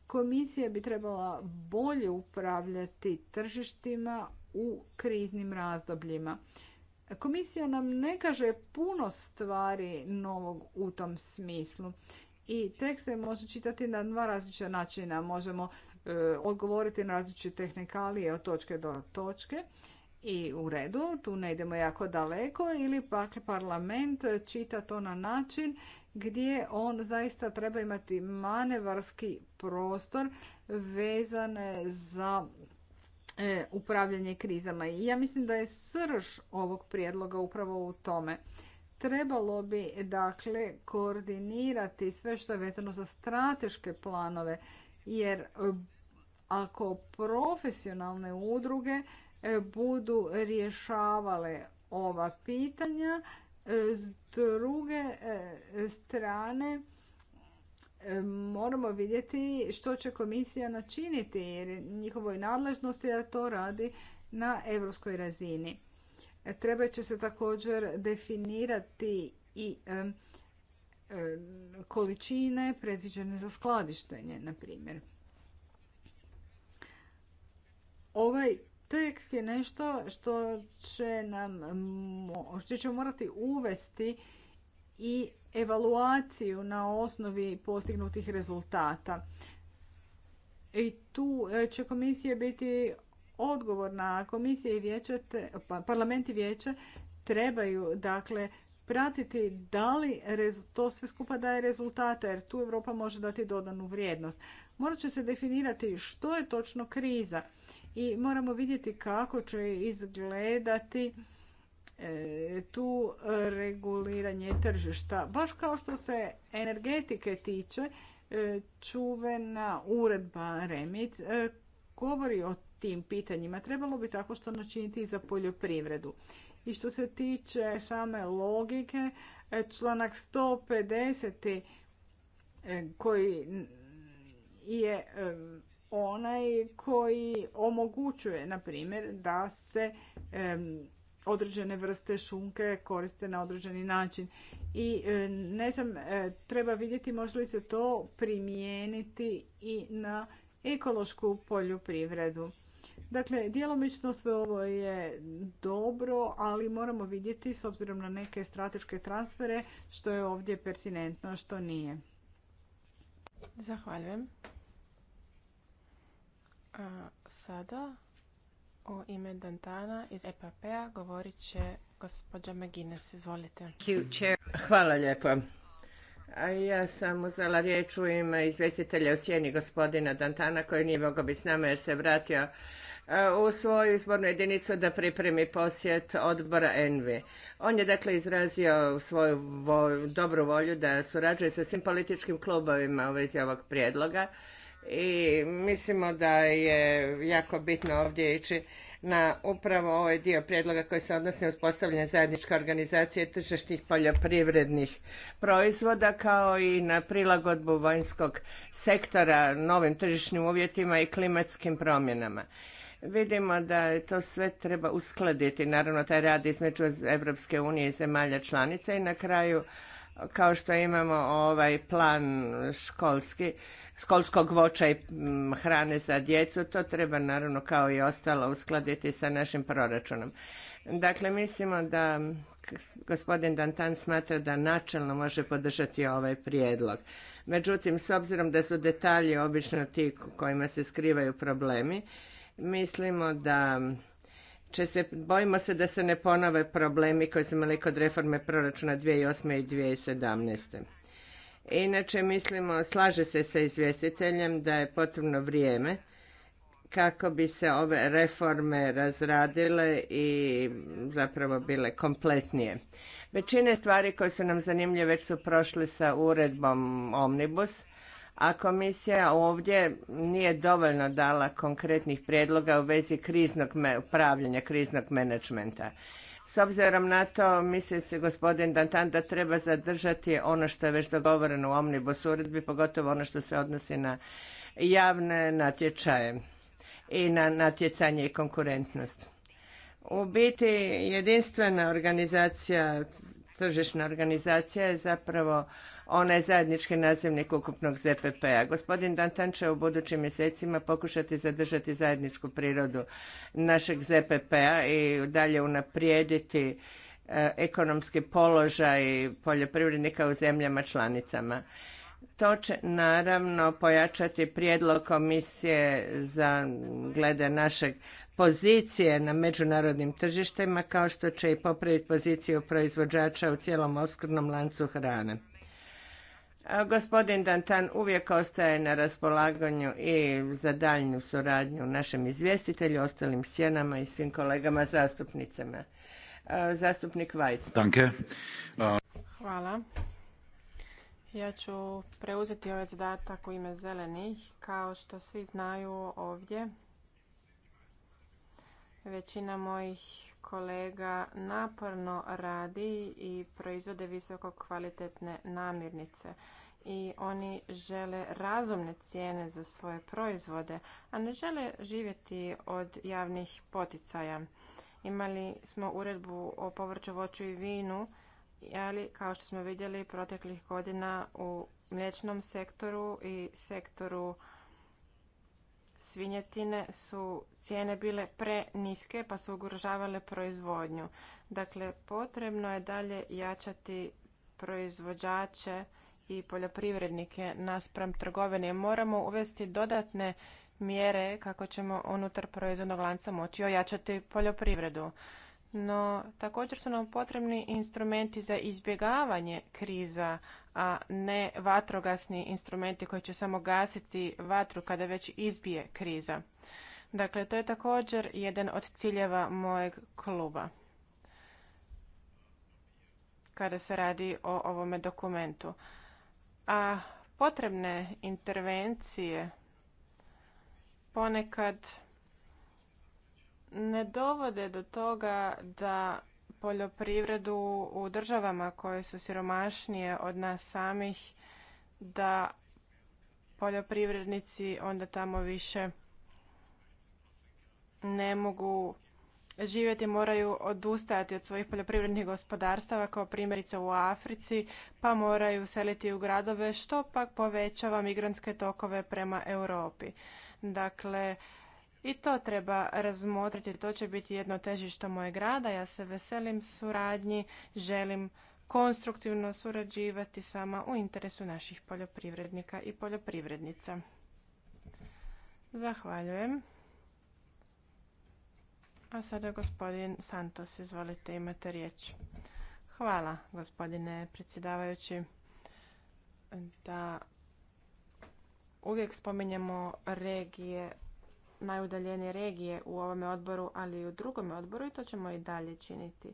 Komisija bi trebala bolje upravljati tržištima u kriznim razdobljima. Komisija nam ne kaže puno stvari novog u tom smislu. I tekst se može čitati na dva različita načina. Možemo e, odgovoriti na različite tehnikalije od točke do točke i u redu, tu ne idemo jako daleko, ili pak parlament čita to na način gdje on zaista treba imati manevarski prostor vezane za e, upravljanje krizama. I ja mislim da je srž ovog prijedloga upravo u tome. Trebalo bi dakle koordinirati sve što je vezano za strateške planove jer e, ako profesionalne udruge e, budu rješavale ova pitanja, s druge e, strane, e, moramo vidjeti što će komisija načiniti jer njihovoj nadležnosti da to radi na europskoj razini. E, Treba će se također definirati i količine predviđene za skladištenje, na primjer. Ovaj Tekst je nešto što će nam, što ćemo morati uvesti i evaluaciju na osnovi postignutih rezultata. I tu e, će komisija biti odgovorna. Komisija i vijeće, pa, parlament i vijeće trebaju dakle pratiti da li to sve skupa daje rezultate, jer tu Europa može dati dodanu vrijednost. Morat će se definirati što je točno kriza i moramo vidjeti kako će izgledati e, tu reguliranje tržišta. Baš kao što se energetike tiče, e, čuvena uredba REMIT e, govori o tim pitanjima. Trebalo bi tako što načiniti i za poljoprivredu. I što se tiče same logike, e, članak 150. E, koji je e, onaj koji omogućuje, na primjer, da se određene vrste šunke koriste na određeni način. I ne znam, treba vidjeti može li se to primijeniti i na ekološku poljoprivredu. Dakle, djelomično sve ovo je dobro, ali moramo vidjeti s obzirom na neke strateške transfere što je ovdje pertinentno, a što nije. Zahvaljujem. A sada o ime Dantana iz EPP-a govorit će gospođa Megines. Izvolite. Hvala lijepo ja sam uzela riječ u ime izvjestitelja u sjeni gospodina Dantana koji nije mogao biti s nama jer se vratio e, u svoju izbornu jedinicu da pripremi posjet odbora Envi. On je dakle izrazio svoju dobru volju da surađuje sa svim političkim klubovima u vezi ovog prijedloga i mislimo da je jako bitno ovdje ići na upravo ovaj dio prijedloga koji se odnosi na uspostavljanje zajedničke organizacije tržišnih poljoprivrednih proizvoda kao i na prilagodbu vanjskog sektora novim tržišnim uvjetima i klimatskim promjenama. Vidimo da to sve treba uskladiti, naravno taj rad između Evropske unije i zemalja članica i na kraju kao što imamo ovaj plan školski školskog voća i hrane za djecu, to treba naravno kao i ostalo uskladiti sa našim proračunom. Dakle, mislimo da gospodin Dantan smatra da načelno može podržati ovaj prijedlog. Međutim, s obzirom da su detalji obično ti kojima se skrivaju problemi, mislimo da će se, bojimo se da se ne ponove problemi koji smo imali kod reforme proračuna 2008. i 2017. Inače, mislimo, slaže se sa izvjestiteljem da je potrebno vrijeme kako bi se ove reforme razradile i zapravo bile kompletnije. Većine stvari koje su nam zanimljive već su prošle sa uredbom Omnibus, a komisija ovdje nije dovoljno dala konkretnih prijedloga u vezi kriznog upravljanja, kriznog menadžmenta. S obzirom na to, misli se gospodin Dantan da treba zadržati ono što je već dogovoreno u Omnibus uredbi, pogotovo ono što se odnosi na javne natječaje i na natjecanje i konkurentnost. U biti jedinstvena organizacija, tržišna organizacija je zapravo onaj zajednički nazivnik ukupnog ZPP-a. Gospodin Dantan će u budućim mjesecima pokušati zadržati zajedničku prirodu našeg ZPP-a i dalje unaprijediti e, ekonomski položaj poljoprivrednika u zemljama članicama. To će naravno pojačati prijedlog komisije za glede našeg pozicije na međunarodnim tržištima kao što će i popraviti poziciju proizvođača u cijelom opskrbnom lancu hrane. Gospodin Dantan uvijek ostaje na raspolaganju i za daljnju suradnju našem izvjestitelju, ostalim sjenama i svim kolegama zastupnicama. Zastupnik Vajc. Danke. Hvala. Ja ću preuzeti ovaj zadatak u ime zelenih. Kao što svi znaju ovdje, Većina mojih kolega naporno radi i proizvode visoko kvalitetne namirnice i oni žele razumne cijene za svoje proizvode, a ne žele živjeti od javnih poticaja. Imali smo uredbu o povrću, voću i vinu, ali kao što smo vidjeli proteklih godina u mliječnom sektoru i sektoru svinjetine su cijene bile preniske pa su ugrožavale proizvodnju. Dakle, potrebno je dalje jačati proizvođače i poljoprivrednike naspram trgovine. Moramo uvesti dodatne mjere kako ćemo unutar proizvodnog lanca moći ojačati poljoprivredu no također su nam potrebni instrumenti za izbjegavanje kriza, a ne vatrogasni instrumenti koji će samo gasiti vatru kada već izbije kriza. Dakle, to je također jedan od ciljeva mojeg kluba kada se radi o ovome dokumentu. A potrebne intervencije ponekad ne dovode do toga da poljoprivredu u državama koje su siromašnije od nas samih da poljoprivrednici onda tamo više ne mogu živjeti moraju odustajati od svojih poljoprivrednih gospodarstava kao primjerice u Africi pa moraju seliti u gradove što pak povećava migrantske tokove prema Europi. Dakle, i to treba razmotriti, to će biti jedno težište mojeg grada. Ja se veselim suradnji, želim konstruktivno surađivati s vama u interesu naših poljoprivrednika i poljoprivrednica. Zahvaljujem. A sada gospodin Santos, izvolite, imate riječ. Hvala, gospodine predsjedavajući, da uvijek spominjemo regije najudaljenije regije u ovome odboru, ali i u drugome odboru i to ćemo i dalje činiti.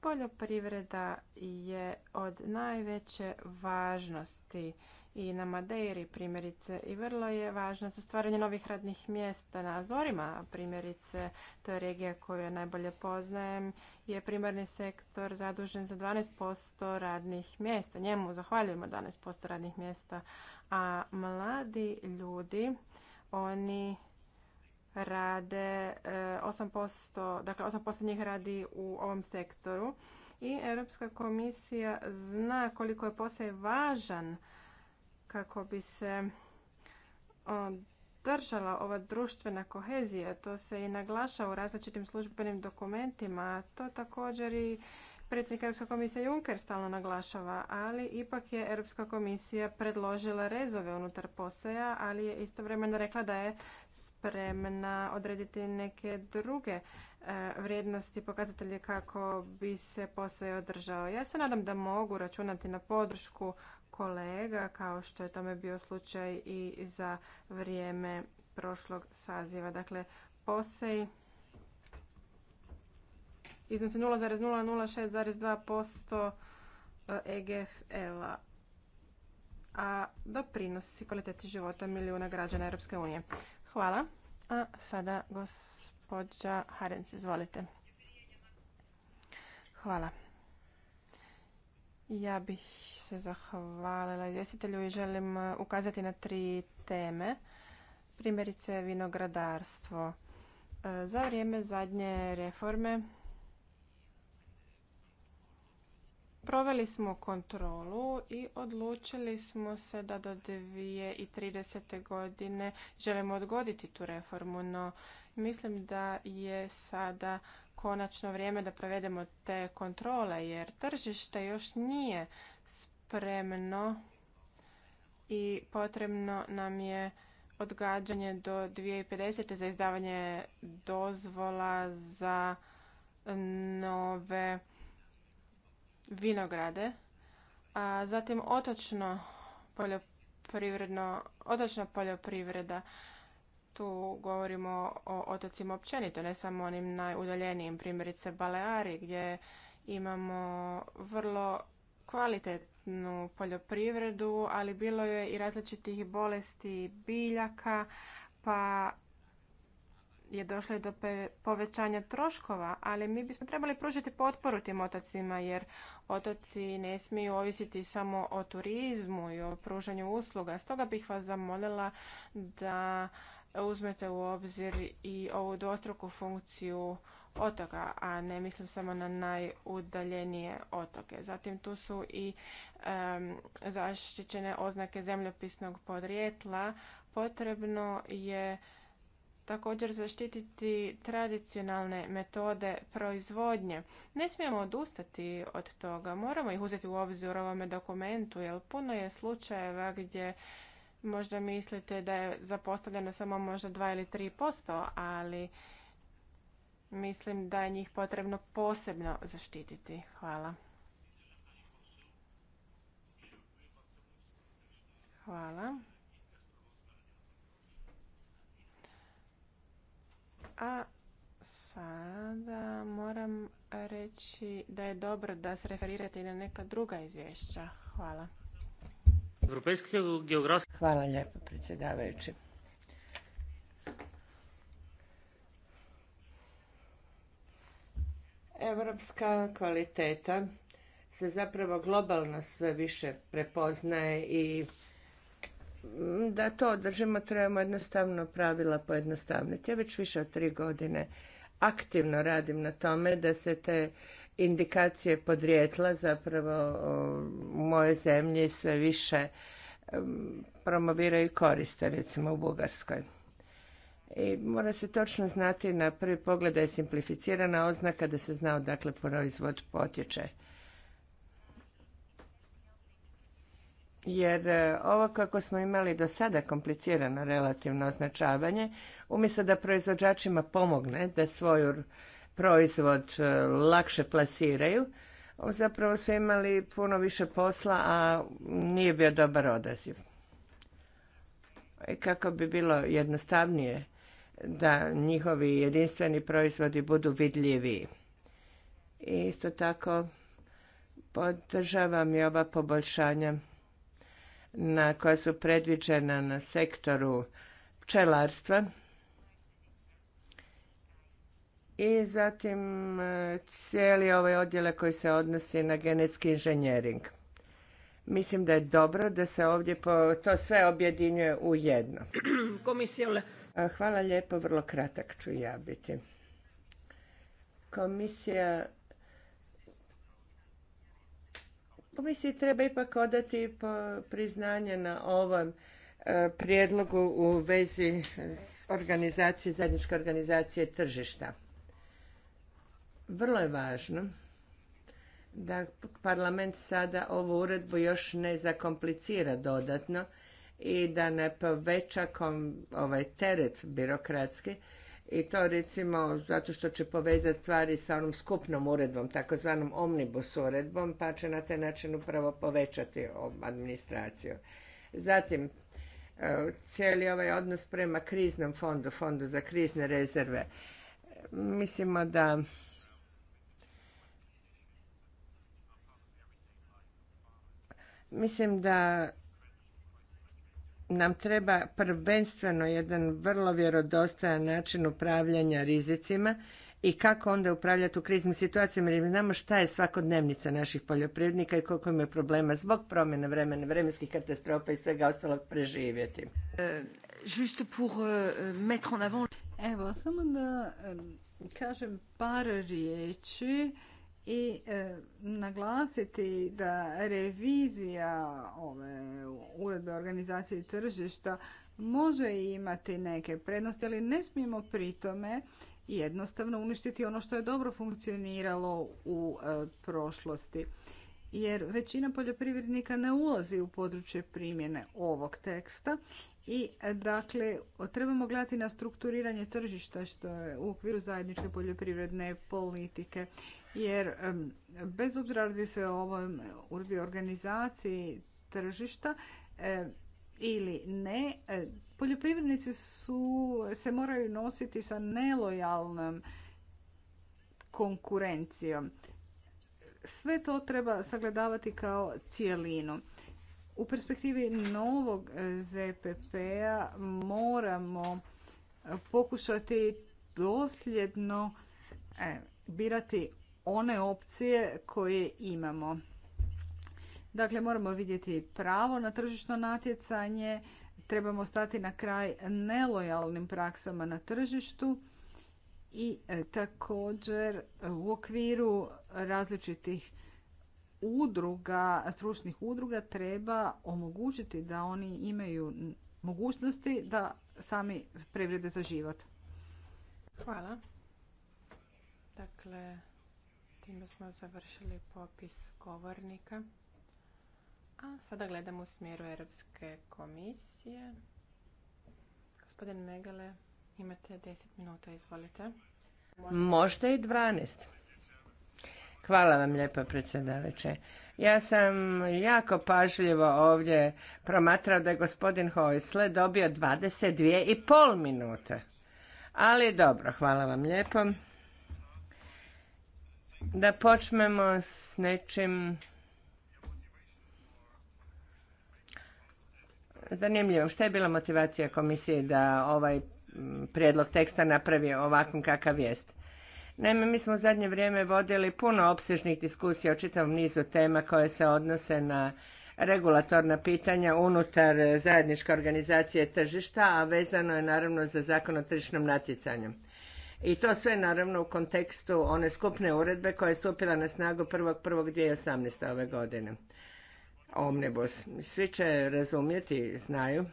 Poljoprivreda je od najveće važnosti i na Madeiri primjerice i vrlo je važna za stvaranje novih radnih mjesta na Azorima primjerice, to je regija koju ja najbolje poznajem, je primarni sektor zadužen za 12% radnih mjesta. Njemu zahvaljujemo 12% radnih mjesta, a mladi ljudi oni rade 8%, eh, dakle 8% njih radi u ovom sektoru i Europska komisija zna koliko je posao važan kako bi se držala ova društvena kohezija. To se i naglaša u različitim službenim dokumentima. To također i predsjednik Europske komisije Juncker stalno naglašava, ali ipak je Europska komisija predložila rezove unutar poseja, ali je istovremeno rekla da je spremna odrediti neke druge e, vrijednosti, pokazatelje kako bi se posao održao. Ja se nadam da mogu računati na podršku kolega, kao što je tome bio slučaj i za vrijeme prošlog saziva. Dakle, posej iznosi 0,006,2% EGFL-a e, e a doprinosi kvaliteti života milijuna građana Europske unije. Hvala. A sada gospođa Harens, izvolite. Hvala. Ja bih se zahvalila izvjestitelju i želim e, ukazati na tri teme. Primjerice vinogradarstvo. Za vrijeme zadnje reforme Proveli smo kontrolu i odlučili smo se da do 2030. godine želimo odgoditi tu reformu, no mislim da je sada konačno vrijeme da provedemo te kontrole, jer tržište još nije spremno i potrebno nam je odgađanje do 2050. za izdavanje dozvola za nove vinograde, a zatim otočno poljoprivredno, otočna poljoprivreda. Tu govorimo o otocima općenito, ne samo onim najudaljenijim, primjerice Baleari, gdje imamo vrlo kvalitetnu poljoprivredu, ali bilo je i različitih bolesti biljaka, pa je došlo i do povećanja troškova, ali mi bismo trebali pružiti potporu tim otocima jer otoci ne smiju ovisiti samo o turizmu i o pružanju usluga. Stoga bih vas zamolila da uzmete u obzir i ovu dvostruku funkciju otoka, a ne mislim samo na najudaljenije otoke. Zatim tu su i zaštićene oznake zemljopisnog podrijetla. Potrebno je također zaštititi tradicionalne metode proizvodnje. Ne smijemo odustati od toga, moramo ih uzeti u obzir u ovome dokumentu, jer puno je slučajeva gdje možda mislite da je zapostavljeno samo možda 2 ili 3 posto, ali mislim da je njih potrebno posebno zaštititi. Hvala. Hvala. A sada moram reći da je dobro da se referirate i na neka druga izvješća. Hvala. Hvala lijepo, predsjedavajući. Europska kvaliteta se zapravo globalno sve više prepoznaje i Mm, da to održimo trebamo jednostavno pravila pojednostavniti. Ja već više od tri godine aktivno radim na tome da se te indikacije podrijetla zapravo u moje zemlji sve više promoviraju i koriste, recimo u Bugarskoj. I mora se točno znati na prvi pogled da je simplificirana oznaka da se zna odakle proizvod potječe. jer e, ovo kako smo imali do sada komplicirano relativno označavanje, umjesto da proizvođačima pomogne da svoj proizvod e, lakše plasiraju, zapravo su imali puno više posla, a nije bio dobar odaziv. kako bi bilo jednostavnije da njihovi jedinstveni proizvodi budu vidljiviji. I isto tako podržavam i ova poboljšanja na, koja su predviđena na sektoru pčelarstva. I zatim e, cijeli ovaj odjele koji se odnosi na genetski inženjering. Mislim da je dobro da se ovdje to sve objedinjuje u jedno. E, hvala lijepo, vrlo kratak ću ja biti. Komisija Komisiji treba ipak odati priznanje na ovom e, prijedlogu u vezi organizacije, zajedničke organizacije tržišta. Vrlo je važno da parlament sada ovu uredbu još ne zakomplicira dodatno i da ne poveća ovaj teret birokratski, i to recimo zato što će povezati stvari sa onom skupnom uredbom, takozvanom omnibus uredbom, pa će na taj način upravo povećati administraciju. Zatim, e, cijeli ovaj odnos prema kriznom fondu, fondu za krizne rezerve. Mislimo da Mislim da nam treba prvenstveno jedan vrlo vjerodostojan način upravljanja rizicima i kako onda upravljati u kriznim situacijama jer znamo šta je svakodnevnica naših poljoprivrednika i koliko im je problema zbog promjene vremena, vremenskih katastrofa i svega ostalog preživjeti. Eh, eh, Evo, samo da kažem par riječi i e, naglasiti da revizija ove uredbe organizacije tržišta može imati neke prednosti, ali ne smijemo pri tome jednostavno uništiti ono što je dobro funkcioniralo u e, prošlosti. Jer većina poljoprivrednika ne ulazi u područje primjene ovog teksta i e, dakle trebamo gledati na strukturiranje tržišta što je u okviru zajedničke poljoprivredne politike jer bez obzira radi se o urbi organizaciji tržišta ili ne, poljoprivrednici su, se moraju nositi sa nelojalnom konkurencijom. Sve to treba sagledavati kao cijelinu. U perspektivi novog eh, ZPP-a moramo eh, pokušati dosljedno eh, birati one opcije koje imamo. Dakle, moramo vidjeti pravo na tržišno natjecanje, trebamo stati na kraj nelojalnim praksama na tržištu i e, također u okviru različitih udruga, stručnih udruga treba omogućiti da oni imaju mogućnosti da sami prevrede za život. Hvala. Dakle, Time smo završili popis govornika. A sada gledamo u smjeru Europske komisije. Gospodin Megale, imate 10 minuta, izvolite. Možda i 12. Hvala vam lijepa, predsjedavajuće. Ja sam jako pažljivo ovdje promatrao da je gospodin Hojsle dobio 22,5 i minute. Ali dobro, hvala vam lijepo da počnemo s nečim zanimljivo. Šta je bila motivacija komisije da ovaj prijedlog teksta napravi ovakvom kakav jest? Naime, mi smo u zadnje vrijeme vodili puno opsežnih diskusija o čitavom nizu tema koje se odnose na regulatorna pitanja unutar zajedničke organizacije tržišta, a vezano je naravno za zakon o tržišnom natjecanju. I to sve naravno u kontekstu one skupne uredbe koja je stupila na snagu 1.1.2018. ove godine. Omnibus. Svi će razumjeti, znaju,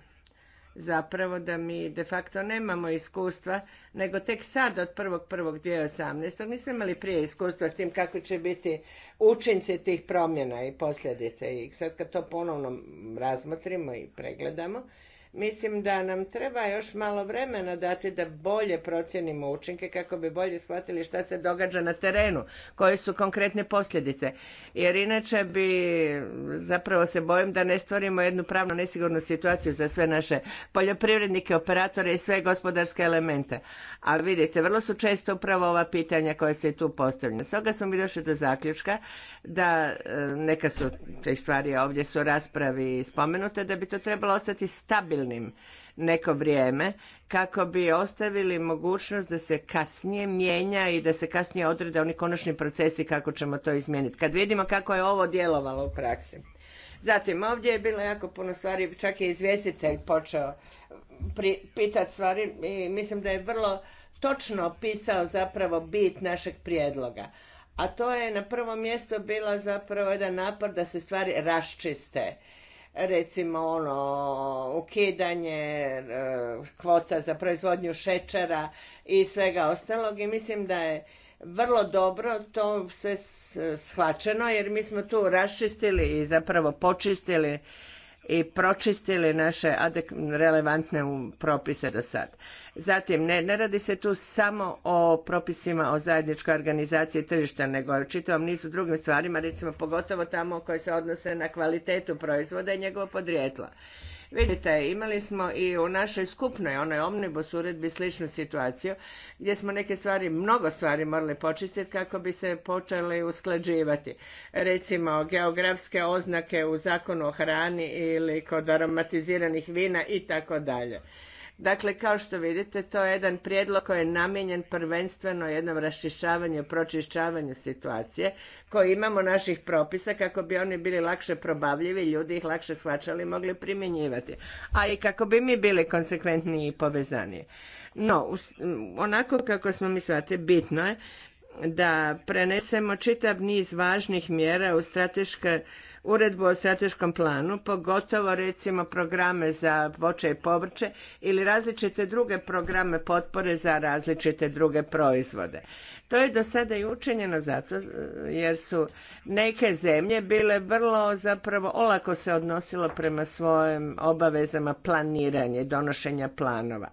zapravo da mi de facto nemamo iskustva, nego tek sad od 1.1.2018. Nismo imali prije iskustva s tim kako će biti učinci tih promjena i posljedice. I sad kad to ponovno razmotrimo i pregledamo, Mislim da nam treba još malo vremena dati da bolje procjenimo učinke kako bi bolje shvatili šta se događa na terenu, koje su konkretne posljedice. Jer inače bi zapravo se bojim da ne stvorimo jednu pravno nesigurnu situaciju za sve naše poljoprivrednike, operatore i sve gospodarske elemente. A vidite, vrlo su često upravo ova pitanja koja se tu postavljaju. Stoga smo mi došli do zaključka da e, neka su te stvari ovdje su raspravi spomenute, da bi to trebalo ostati stabilno stabilnim neko vrijeme kako bi ostavili mogućnost da se kasnije mijenja i da se kasnije odrede oni konačni procesi kako ćemo to izmijeniti. Kad vidimo kako je ovo djelovalo u praksi. Zatim, ovdje je bilo jako puno stvari, čak je izvjestitelj počeo pitati stvari i mislim da je vrlo točno opisao zapravo bit našeg prijedloga. A to je na prvo mjestu bilo zapravo jedan napor da se stvari raščiste recimo ono ukidanje e, kvota za proizvodnju šećera i svega ostalog i mislim da je vrlo dobro to sve shvaćeno jer mi smo tu raščistili i zapravo počistili i pročistili naše relevantne propise do sad. Zatim, ne, ne radi se tu samo o propisima o zajedničkoj organizaciji tržišta, nego o čitavom nizu drugim stvarima, recimo pogotovo tamo koje se odnose na kvalitetu proizvoda i njegovo podrijetla. Vidite, imali smo i u našoj skupnoj, onoj omnibus uredbi, sličnu situaciju, gdje smo neke stvari, mnogo stvari morali počistiti kako bi se počeli usklađivati. Recimo, geografske oznake u zakonu o hrani ili kod aromatiziranih vina i tako dalje. Dakle, kao što vidite, to je jedan prijedlog koji je namijenjen prvenstveno jednom raščišćavanju, pročišćavanju situacije koje imamo naših propisa kako bi oni bili lakše probavljivi, ljudi ih lakše shvaćali i mogli primjenjivati. A i kako bi mi bili konsekventniji i povezaniji. No, mm, onako kako smo mi shvatili, bitno je da prenesemo čitav niz važnih mjera u strateške uredbu o strateškom planu, pogotovo recimo programe za voće i povrće ili različite druge programe potpore za različite druge proizvode. To je do sada i učinjeno zato jer su neke zemlje bile vrlo zapravo olako se odnosilo prema svojim obavezama planiranje, donošenja planova.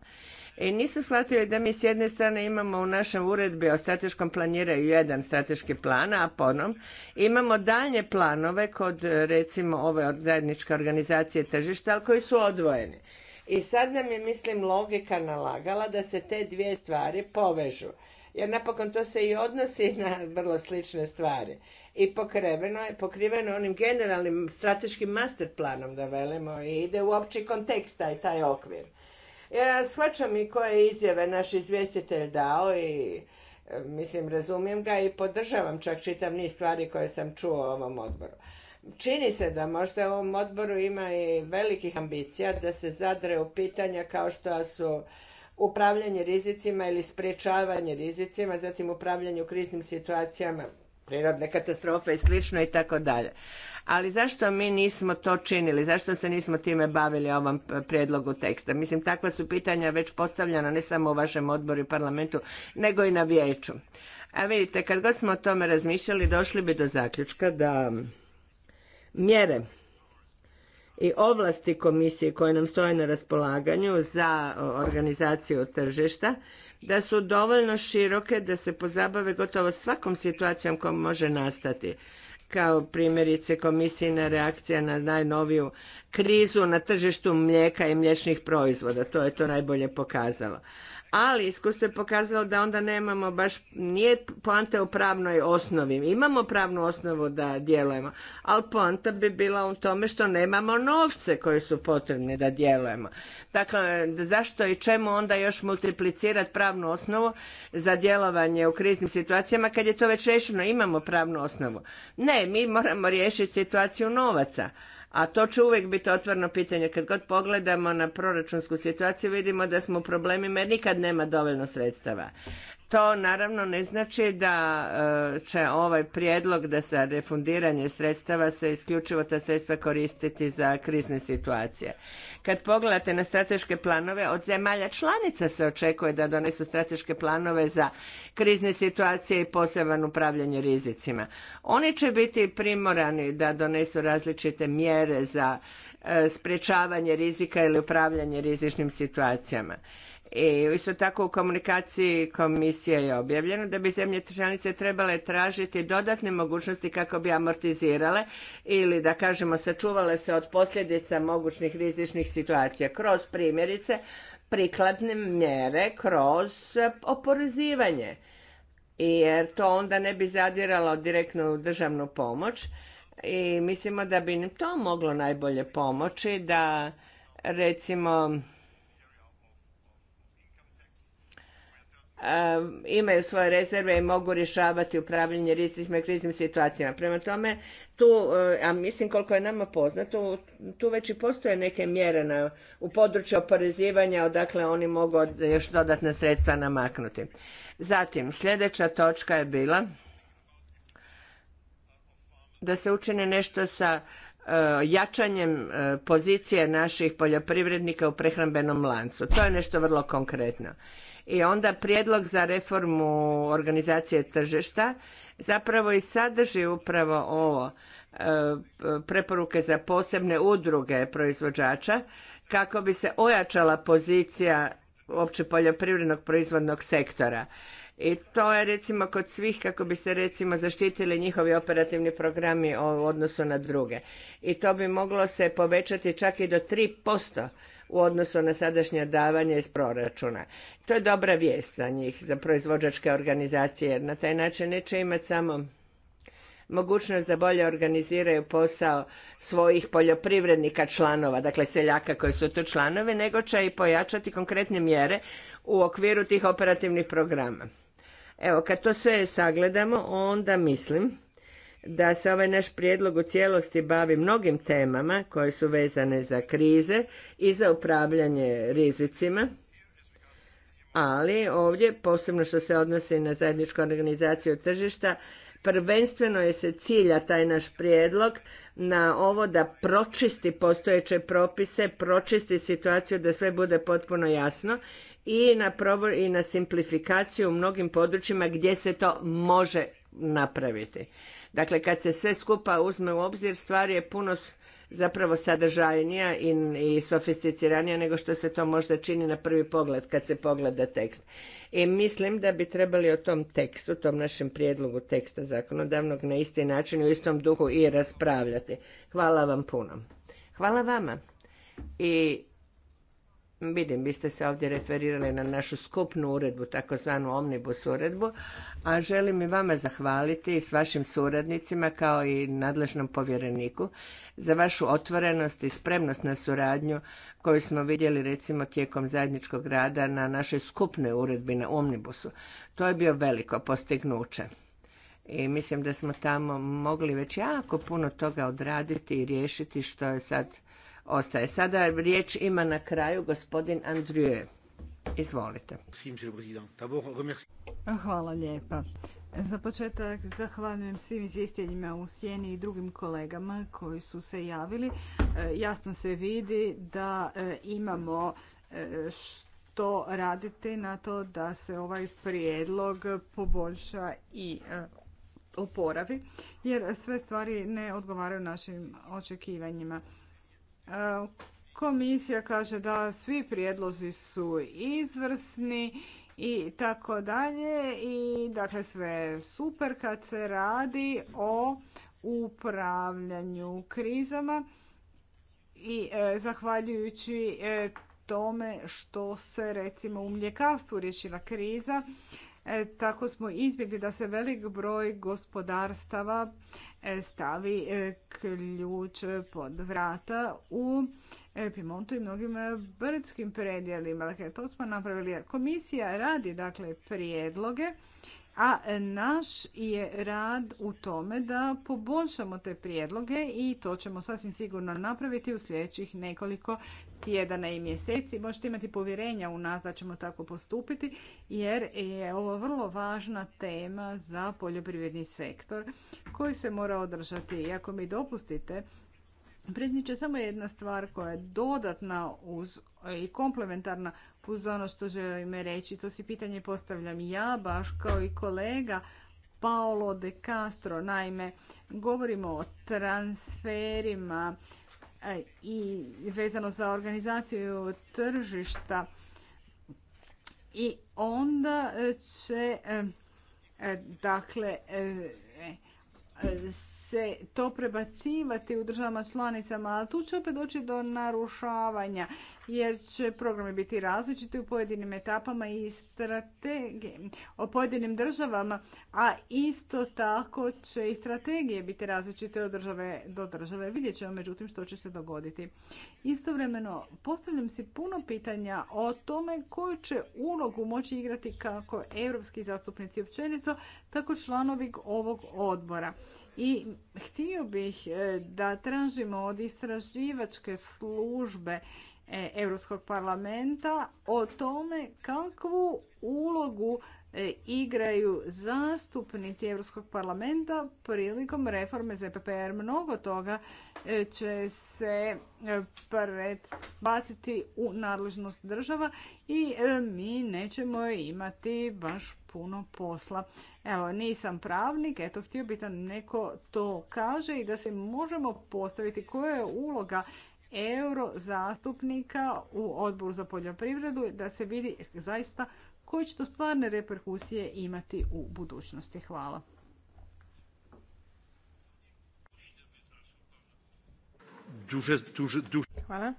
I nisu shvatili da mi s jedne strane imamo u našem uredbi o strateškom planiraju jedan strateški plan, a ponovno imamo dalje planove kod recimo ove zajedničke organizacije tržišta, ali koji su odvojeni. I sad nam je, mislim, logika nalagala da se te dvije stvari povežu. Jer napokon to se i odnosi na vrlo slične stvari. I pokriveno je pokriveno onim generalnim strateškim master planom, da velimo, i ide u opći kontekst taj, taj okvir. Ja shvaćam i koje izjave naš izvjestitelj dao i e, mislim razumijem ga i podržavam čak čitav niz stvari koje sam čuo o ovom odboru. Čini se da možda u ovom odboru ima i velikih ambicija da se zadre u pitanja kao što su upravljanje rizicima ili sprječavanje rizicima, zatim upravljanje u kriznim situacijama prirodne katastrofe i slično i tako dalje. Ali zašto mi nismo to činili? Zašto se nismo time bavili ovom prijedlogu teksta? Mislim, takva su pitanja već postavljena ne samo u vašem odboru i parlamentu, nego i na vijeću. A vidite, kad god smo o tome razmišljali, došli bi do zaključka da mjere i ovlasti komisije koje nam stoje na raspolaganju za organizaciju tržišta da su dovoljno široke da se pozabave gotovo svakom situacijom koja može nastati kao primjerice komisijna reakcija na najnoviju krizu na tržištu mlijeka i mliječnih proizvoda. To je to najbolje pokazalo ali iskustvo je pokazalo da onda nemamo baš, nije poanta u pravnoj osnovi. Imamo pravnu osnovu da djelujemo, ali poanta bi bila u tome što nemamo novce koji su potrebni da djelujemo. Dakle, zašto i čemu onda još multiplicirati pravnu osnovu za djelovanje u kriznim situacijama kad je to već rešeno, imamo pravnu osnovu. Ne, mi moramo riješiti situaciju novaca a to će uvijek biti otvorno pitanje. Kad god pogledamo na proračunsku situaciju vidimo da smo u problemima jer nikad nema dovoljno sredstava to naravno ne znači da e, će ovaj prijedlog da za refundiranje sredstava se isključivo ta sredstva koristiti za krizne situacije. Kad pogledate na strateške planove, od zemalja članica se očekuje da donesu strateške planove za krizne situacije i poseban upravljanje rizicima. Oni će biti primorani da donesu različite mjere za e, sprječavanje rizika ili upravljanje rizičnim situacijama. I isto tako u komunikaciji komisije je objavljeno da bi zemlje članice trebale tražiti dodatne mogućnosti kako bi amortizirale ili da kažemo sačuvale se od posljedica mogućnih rizičnih situacija kroz primjerice prikladne mjere kroz oporezivanje jer to onda ne bi zadiralo direktno u državnu pomoć i mislimo da bi im to moglo najbolje pomoći da recimo imaju svoje rezerve i mogu rješavati upravljanje rizicima i kriznim situacijama. Prema tome, tu, eh, a mislim koliko je nama poznato, tu već i postoje neke mjere na, u području oporezivanja odakle oni mogu još dodatna sredstva namaknuti. Zatim, sljedeća točka je bila da se učini nešto sa eh, jačanjem eh, pozicije naših poljoprivrednika u prehrambenom lancu. To je nešto vrlo konkretno. I onda prijedlog za reformu organizacije tržišta zapravo i sadrži upravo ovo e, preporuke za posebne udruge proizvođača kako bi se ojačala pozicija uopće poljoprivrednog proizvodnog sektora. I to je recimo kod svih kako bi se recimo zaštitili njihovi operativni programi u odnosu na druge. I to bi moglo se povećati čak i do 3% u odnosu na sadašnja davanja iz proračuna. To je dobra vijest za njih, za proizvođačke organizacije, jer na taj način neće imati samo mogućnost da bolje organiziraju posao svojih poljoprivrednika članova, dakle seljaka koji su tu članovi, nego će i pojačati konkretne mjere u okviru tih operativnih programa. Evo, kad to sve sagledamo, onda mislim da se ovaj naš prijedlog u cijelosti bavi mnogim temama koje su vezane za krize i za upravljanje rizicima, ali ovdje, posebno što se odnosi na zajedničku organizaciju tržišta, prvenstveno je se cilja taj naš prijedlog na ovo da pročisti postojeće propise, pročisti situaciju da sve bude potpuno jasno i na, i na simplifikaciju u mnogim područjima gdje se to može napraviti. Dakle, kad se sve skupa uzme u obzir, stvar je puno zapravo sadržajnija i, i sofisticiranija nego što se to možda čini na prvi pogled kad se pogleda tekst. I mislim da bi trebali o tom tekstu, tom našem prijedlogu teksta zakonodavnog na isti način i u istom duhu i raspravljati. Hvala vam puno. Hvala vama. I Vidim, vi ste se ovdje referirali na našu skupnu uredbu, takozvanu omnibus uredbu, a želim i vama zahvaliti i s vašim suradnicima kao i nadležnom povjereniku za vašu otvorenost i spremnost na suradnju koju smo vidjeli recimo tijekom zajedničkog rada na našoj skupnoj uredbi na omnibusu. To je bio veliko postignuće. I mislim da smo tamo mogli već jako puno toga odraditi i riješiti što je sad ostaje. Sada riječ ima na kraju gospodin Andrije. Izvolite. Hvala lijepa. Za početak zahvaljujem svim izvjestiteljima u Sjeni i drugim kolegama koji su se javili. E, jasno se vidi da e, imamo e, što raditi na to da se ovaj prijedlog poboljša i oporavi, jer sve stvari ne odgovaraju našim očekivanjima. Komisija kaže da svi prijedlozi su izvrsni i tako dalje i dakle sve super kad se radi o upravljanju krizama i e, zahvaljujući e, tome što se recimo u mljekarstvu riješila kriza E, tako smo izbjegli da se velik broj gospodarstava e, stavi e, ključ pod vrata u Pimontu i mnogim brdskim predjelima. Dakle, to smo napravili. Komisija radi dakle prijedloge a e, naš je rad u tome da poboljšamo te prijedloge i to ćemo sasvim sigurno napraviti u sljedećih nekoliko tjedana i mjeseci. Možete imati povjerenja u nas da ćemo tako postupiti jer je ovo vrlo važna tema za poljoprivredni sektor koji se mora održati. I ako mi dopustite, Predniče, samo jedna stvar koja je dodatna uz, i komplementarna uz ono što želim reći. To si pitanje postavljam ja, baš kao i kolega Paolo de Castro. Naime, govorimo o transferima e, i vezano za organizaciju tržišta i onda će e, e, dakle se to prebacivati u državama članicama, ali tu će opet doći do narušavanja jer će programe biti različiti u pojedinim etapama i strategije o pojedinim državama, a isto tako će i strategije biti različite od države do države. Vidjet ćemo međutim što će se dogoditi. Istovremeno postavljam si puno pitanja o tome koju će ulogu moći igrati kako europski zastupnici općenito, tako članovi ovog odbora. I htio bih e, da tražimo od istraživačke službe E, Europskog parlamenta o tome kakvu ulogu e, igraju zastupnici Europskog parlamenta prilikom reforme ZPPR. Mnogo toga e, će se baciti u nadležnost država i mi nećemo imati baš puno posla. Evo, nisam pravnik, eto, htio bi da neko to kaže i da se možemo postaviti koja je uloga euro zastupnika u odboru za poljoprivredu da se vidi zaista koje će to stvarne reperkusije imati u budućnosti. Hvala. Hvala.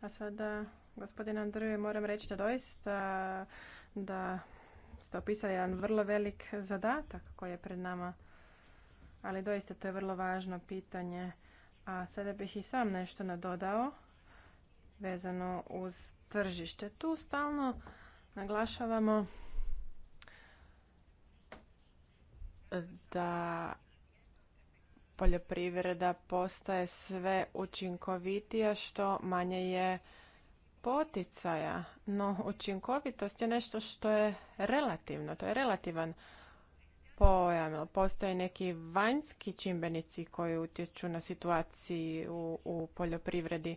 A sada, gospodin Andrije, moram reći da doista da ste opisali jedan vrlo velik zadatak koji je pred nama. Ali doista to je vrlo važno pitanje a sada bih i sam nešto nadodao vezano uz tržište. Tu stalno naglašavamo da poljoprivreda postaje sve učinkovitija što manje je poticaja, no učinkovitost je nešto što je relativno, to je relativan pojam, postoje neki vanjski čimbenici koji utječu na situaciji u, u poljoprivredi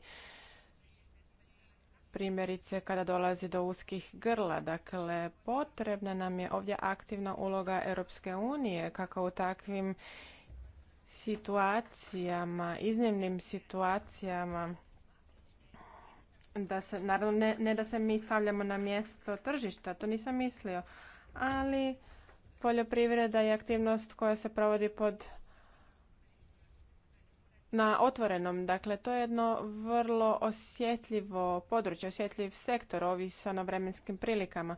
primjerice kada dolazi do uskih grla. Dakle, potrebna nam je ovdje aktivna uloga Europske unije kako u takvim situacijama, iznimnim situacijama da se, naravno ne, ne da se mi stavljamo na mjesto tržišta, to nisam mislio, ali poljoprivreda je aktivnost koja se provodi pod na otvorenom. Dakle, to je jedno vrlo osjetljivo područje, osjetljiv sektor, ovisan o vremenskim prilikama.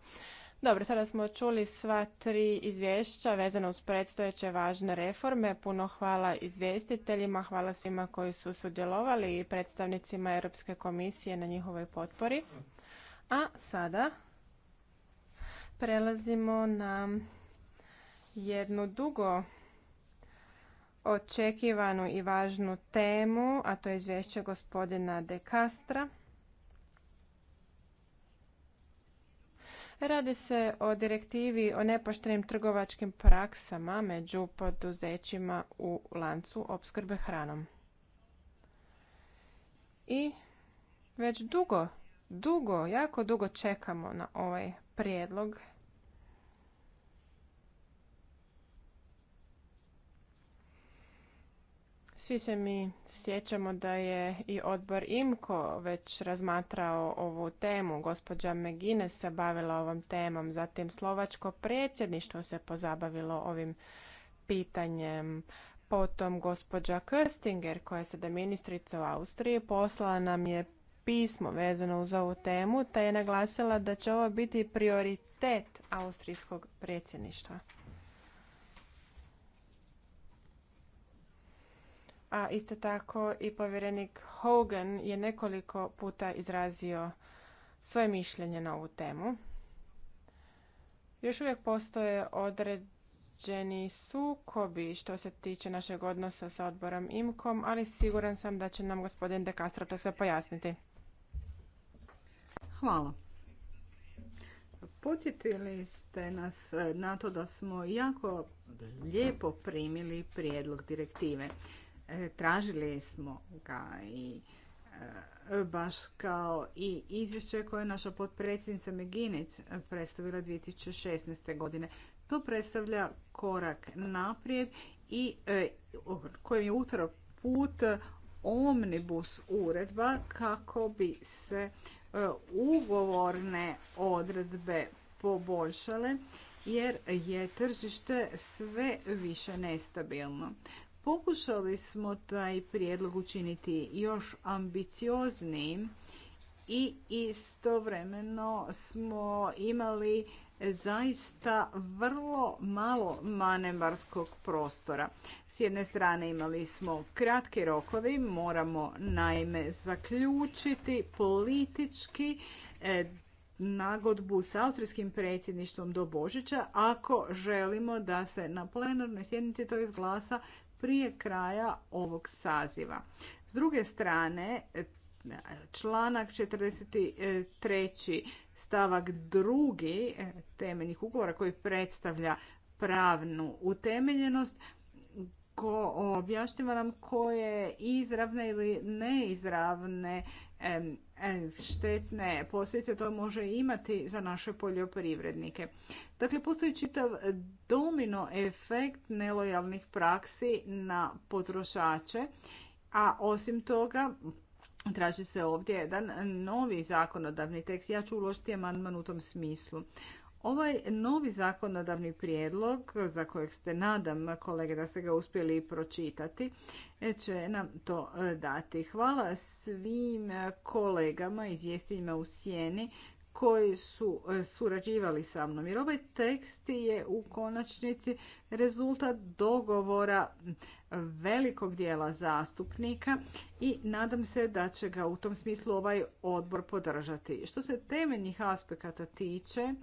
Dobro, sada smo čuli sva tri izvješća vezana uz predstojeće važne reforme. Puno hvala izvjestiteljima, hvala svima koji su sudjelovali i predstavnicima Europske komisije na njihovoj potpori. A sada prelazimo na jednu dugo očekivanu i važnu temu, a to je izvješće gospodina De Castra. Radi se o direktivi o nepoštenim trgovačkim praksama među poduzećima u lancu opskrbe hranom. I već dugo, dugo, jako dugo čekamo na ovaj prijedlog Svi se mi sjećamo da je i odbor IMKO već razmatrao ovu temu. Gospođa Megine se bavila ovom temom, zatim slovačko predsjedništvo se pozabavilo ovim pitanjem. Potom gospođa Köstinger, koja je sada ministrica u Austriji, poslala nam je pismo vezano uz ovu temu, ta je naglasila da će ovo biti prioritet austrijskog predsjedništva. a isto tako i povjerenik Hogan je nekoliko puta izrazio svoje mišljenje na ovu temu. Još uvijek postoje određeni sukobi što se tiče našeg odnosa sa odborom IMKOM, ali siguran sam da će nam gospodin De Castro to sve pojasniti. Hvala. Podsjetili ste nas eh, na to da smo jako lijepo primili prijedlog direktive. E, tražili smo ga i e, baš kao i izvješće koje je naša potpredsjednica Meginic predstavila 2016. godine. To predstavlja korak naprijed i e, kojim je utro put omnibus uredba kako bi se ugovorne odredbe poboljšale jer je tržište sve više nestabilno. Pokušali smo taj prijedlog učiniti još ambicioznijim i istovremeno smo imali zaista vrlo malo manevarskog prostora. S jedne strane imali smo kratke rokovi, moramo naime zaključiti politički e, nagodbu s austrijskim predsjedništvom do Božića ako želimo da se na plenarnoj sjednici to izglasa prije kraja ovog saziva. S druge strane, članak 43. stavak 2. E, temeljnih ugovora koji predstavlja pravnu utemeljenost ko objašnjava nam koje izravne ili neizravne E, štetne posljedice to može imati za naše poljoprivrednike. Dakle, postoji čitav domino efekt nelojalnih praksi na potrošače, a osim toga traži se ovdje jedan novi zakonodavni tekst. Ja ću uložiti amandman u tom smislu. Ovaj novi zakonodavni prijedlog, za kojeg ste nadam kolege da ste ga uspjeli pročitati, e, će nam to e, dati. Hvala svim e, kolegama, izvjestiteljima u sjeni koji su surađivali sa mnom. Jer ovaj tekst je u konačnici rezultat dogovora velikog dijela zastupnika i nadam se da će ga u tom smislu ovaj odbor podržati. Što se temeljnih aspekata tiče,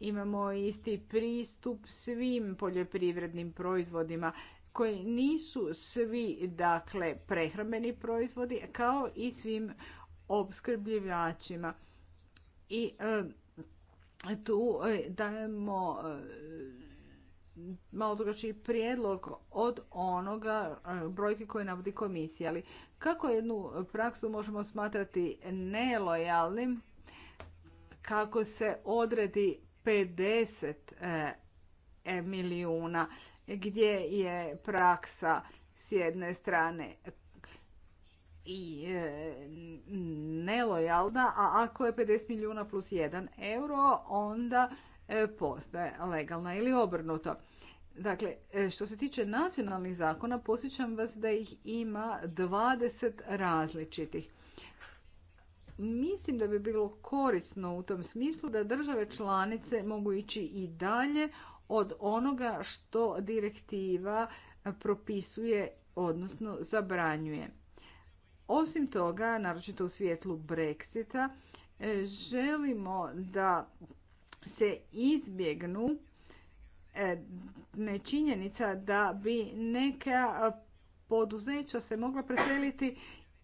imamo isti pristup svim poljoprivrednim proizvodima koji nisu svi dakle prehrambeni proizvodi kao i svim opskrbljivačima. I e, tu e, dajemo e, malo drugačiji prijedlog od onoga brojke koje navodi komisija. Ali kako jednu praksu možemo smatrati nelojalnim kako se odredi 50 e, e, milijuna gdje je praksa s jedne strane i e, nelojalna, a ako je 50 milijuna plus 1 euro, onda postaje legalna ili obrnuto. Dakle, što se tiče nacionalnih zakona, posjećam vas da ih ima 20 različitih mislim da bi bilo korisno u tom smislu da države članice mogu ići i dalje od onoga što direktiva propisuje odnosno zabranjuje. Osim toga, naročito u svijetlu Brexita, želimo da se izbjegnu e, nečinjenica da bi neka poduzeća se mogla preseliti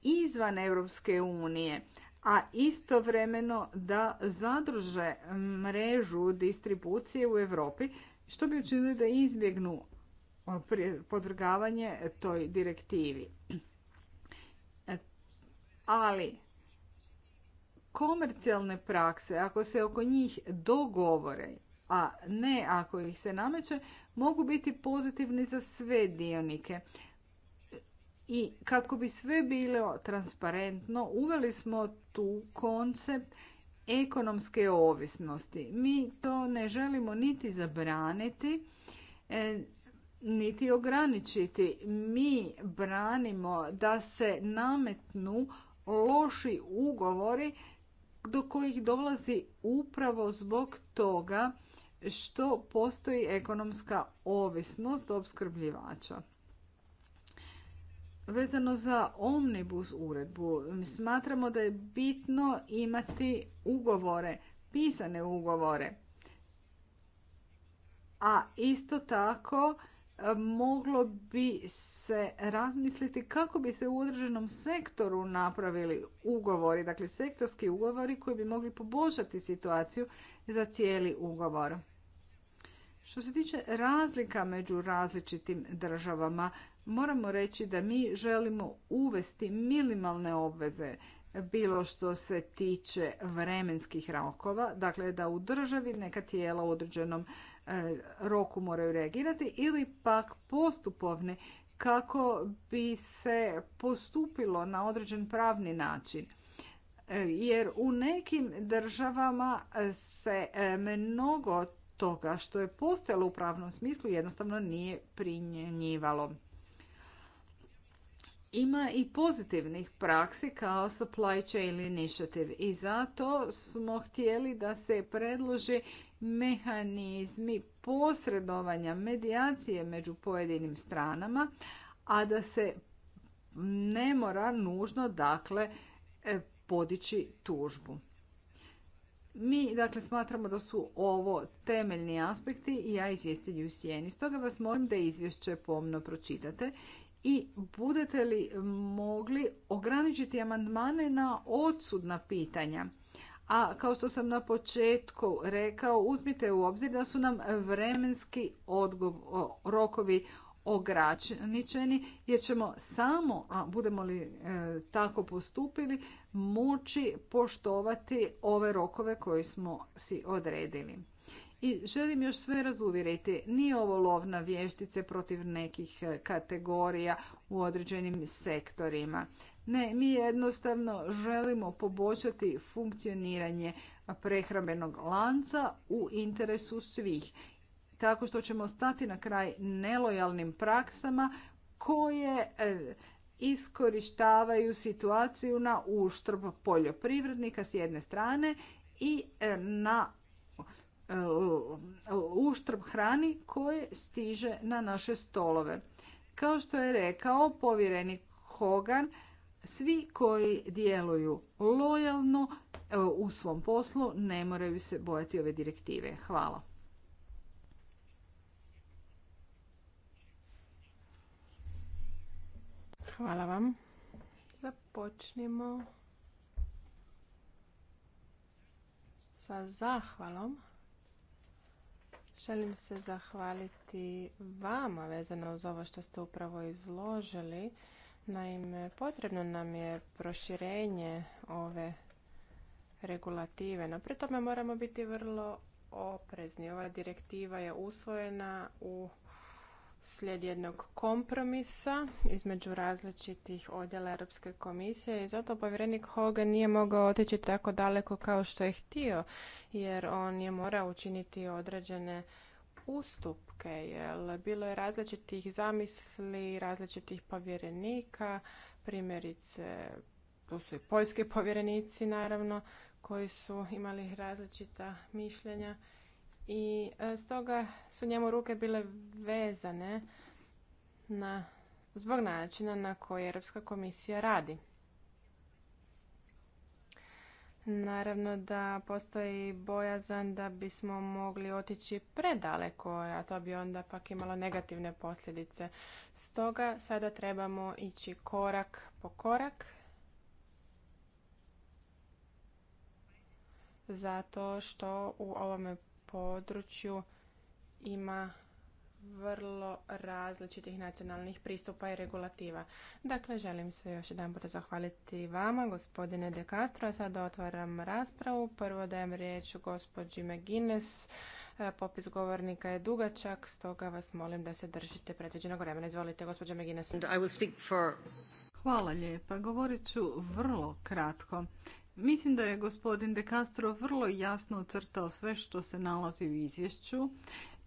izvan Europske unije, a istovremeno da zadrže mrežu distribucije u Europi što bi učinili da izbjegnu podvrgavanje toj direktivi. E, ali komercijalne prakse, ako se oko njih dogovore, a ne ako ih se nameće, mogu biti pozitivni za sve dionike. I kako bi sve bilo transparentno, uveli smo tu koncept ekonomske ovisnosti. Mi to ne želimo niti zabraniti, e, niti ograničiti. Mi branimo da se nametnu loši ugovori do kojih dolazi upravo zbog toga što postoji ekonomska ovisnost opskrbljivača. Vezano za omnibus uredbu, smatramo da je bitno imati ugovore, pisane ugovore. A isto tako e, moglo bi se razmisliti kako bi se u određenom sektoru napravili ugovori, dakle sektorski ugovori koji bi mogli poboljšati situaciju za cijeli ugovor. Što se tiče razlika među različitim državama, moramo reći da mi želimo uvesti minimalne obveze bilo što se tiče vremenskih rokova, dakle da u državi neka tijela u određenom e, roku moraju reagirati ili pak postupovne kako bi se postupilo na određen pravni način. E, jer u nekim državama se e, mnogo toga što je postojalo u pravnom smislu jednostavno nije primjenjivalo. Ima i pozitivnih praksi kao supply chain initiative i zato smo htjeli da se predloži mehanizmi posredovanja medijacije među pojedinim stranama, a da se ne mora nužno dakle e, podići tužbu. Mi, dakle, smatramo da su ovo temeljni aspekti i ja izvjestitelji u sjeni. Stoga vas molim da izvješće pomno pročitate i budete li mogli ograničiti amandmane na odsudna pitanja. A kao što sam na početku rekao, uzmite u obzir da su nam vremenski odgovor, rokovi ograničeni jer ćemo samo, a budemo li e, tako postupili, moći poštovati ove rokove koje smo si odredili. I želim još sve razuvjeriti, nije ovo lovna vještice protiv nekih e, kategorija u određenim sektorima. Ne, mi jednostavno želimo poboljšati funkcioniranje prehrambenog lanca u interesu svih tako što ćemo stati na kraj nelojalnim praksama koje e, iskorištavaju situaciju na uštrb poljoprivrednika s jedne strane i e, na e, uštrb hrani koje stiže na naše stolove. Kao što je rekao povjerenik Hogan, svi koji djeluju lojalno u svom poslu ne moraju se bojati ove direktive. Hvala. Hvala vam. Započnimo sa zahvalom. Želim se zahvaliti vama vezano uz ovo što ste upravo izložili. Naime, potrebno nam je proširenje ove regulative, no pri tome moramo biti vrlo oprezni. Ova direktiva je usvojena u slijed jednog kompromisa između različitih odjela Europske komisije i zato povjerenik Hogan nije mogao otići tako daleko kao što je htio jer on je morao učiniti određene ustupke jer bilo je različitih zamisli, različitih povjerenika, primjerice tu su i poljski povjerenici naravno koji su imali različita mišljenja i e, stoga su njemu ruke bile vezane na, zbog načina na koji Europska komisija radi. Naravno da postoji bojazan da bismo mogli otići predaleko, a to bi onda pak imalo negativne posljedice. Stoga sada trebamo ići korak po korak. Zato što u ovome području ima vrlo različitih nacionalnih pristupa i regulativa. Dakle, želim se još jedan put zahvaliti vama, gospodine De Castro. Sada otvaram raspravu. Prvo dajem riječ gospođi McGuinness. E, popis govornika je dugačak, stoga vas molim da se držite predviđenog vremena. Izvolite, gospođa McGuinness. Hvala lijepa. Govorit ću vrlo kratko. Mislim da je gospodin De Castro vrlo jasno ocrtao sve što se nalazi u izvješću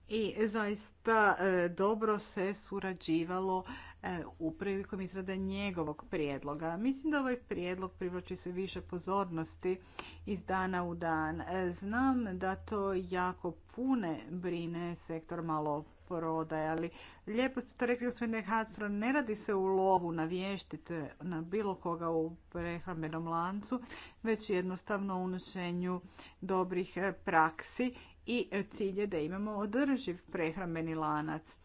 i zaista e, dobro se surađivalo e, u prilikom izrade njegovog prijedloga. Mislim da ovaj prijedlog privlači se više pozornosti iz dana u dan. E, znam da to jako pune brine sektor malo prodaje, ali lijepo ste to rekli svojim Hacron, ne radi se u lovu na vještite na bilo koga u prehrambenom lancu, već jednostavno unošenju dobrih eh, praksi i eh, cilje da imamo održiv prehrambeni lanac.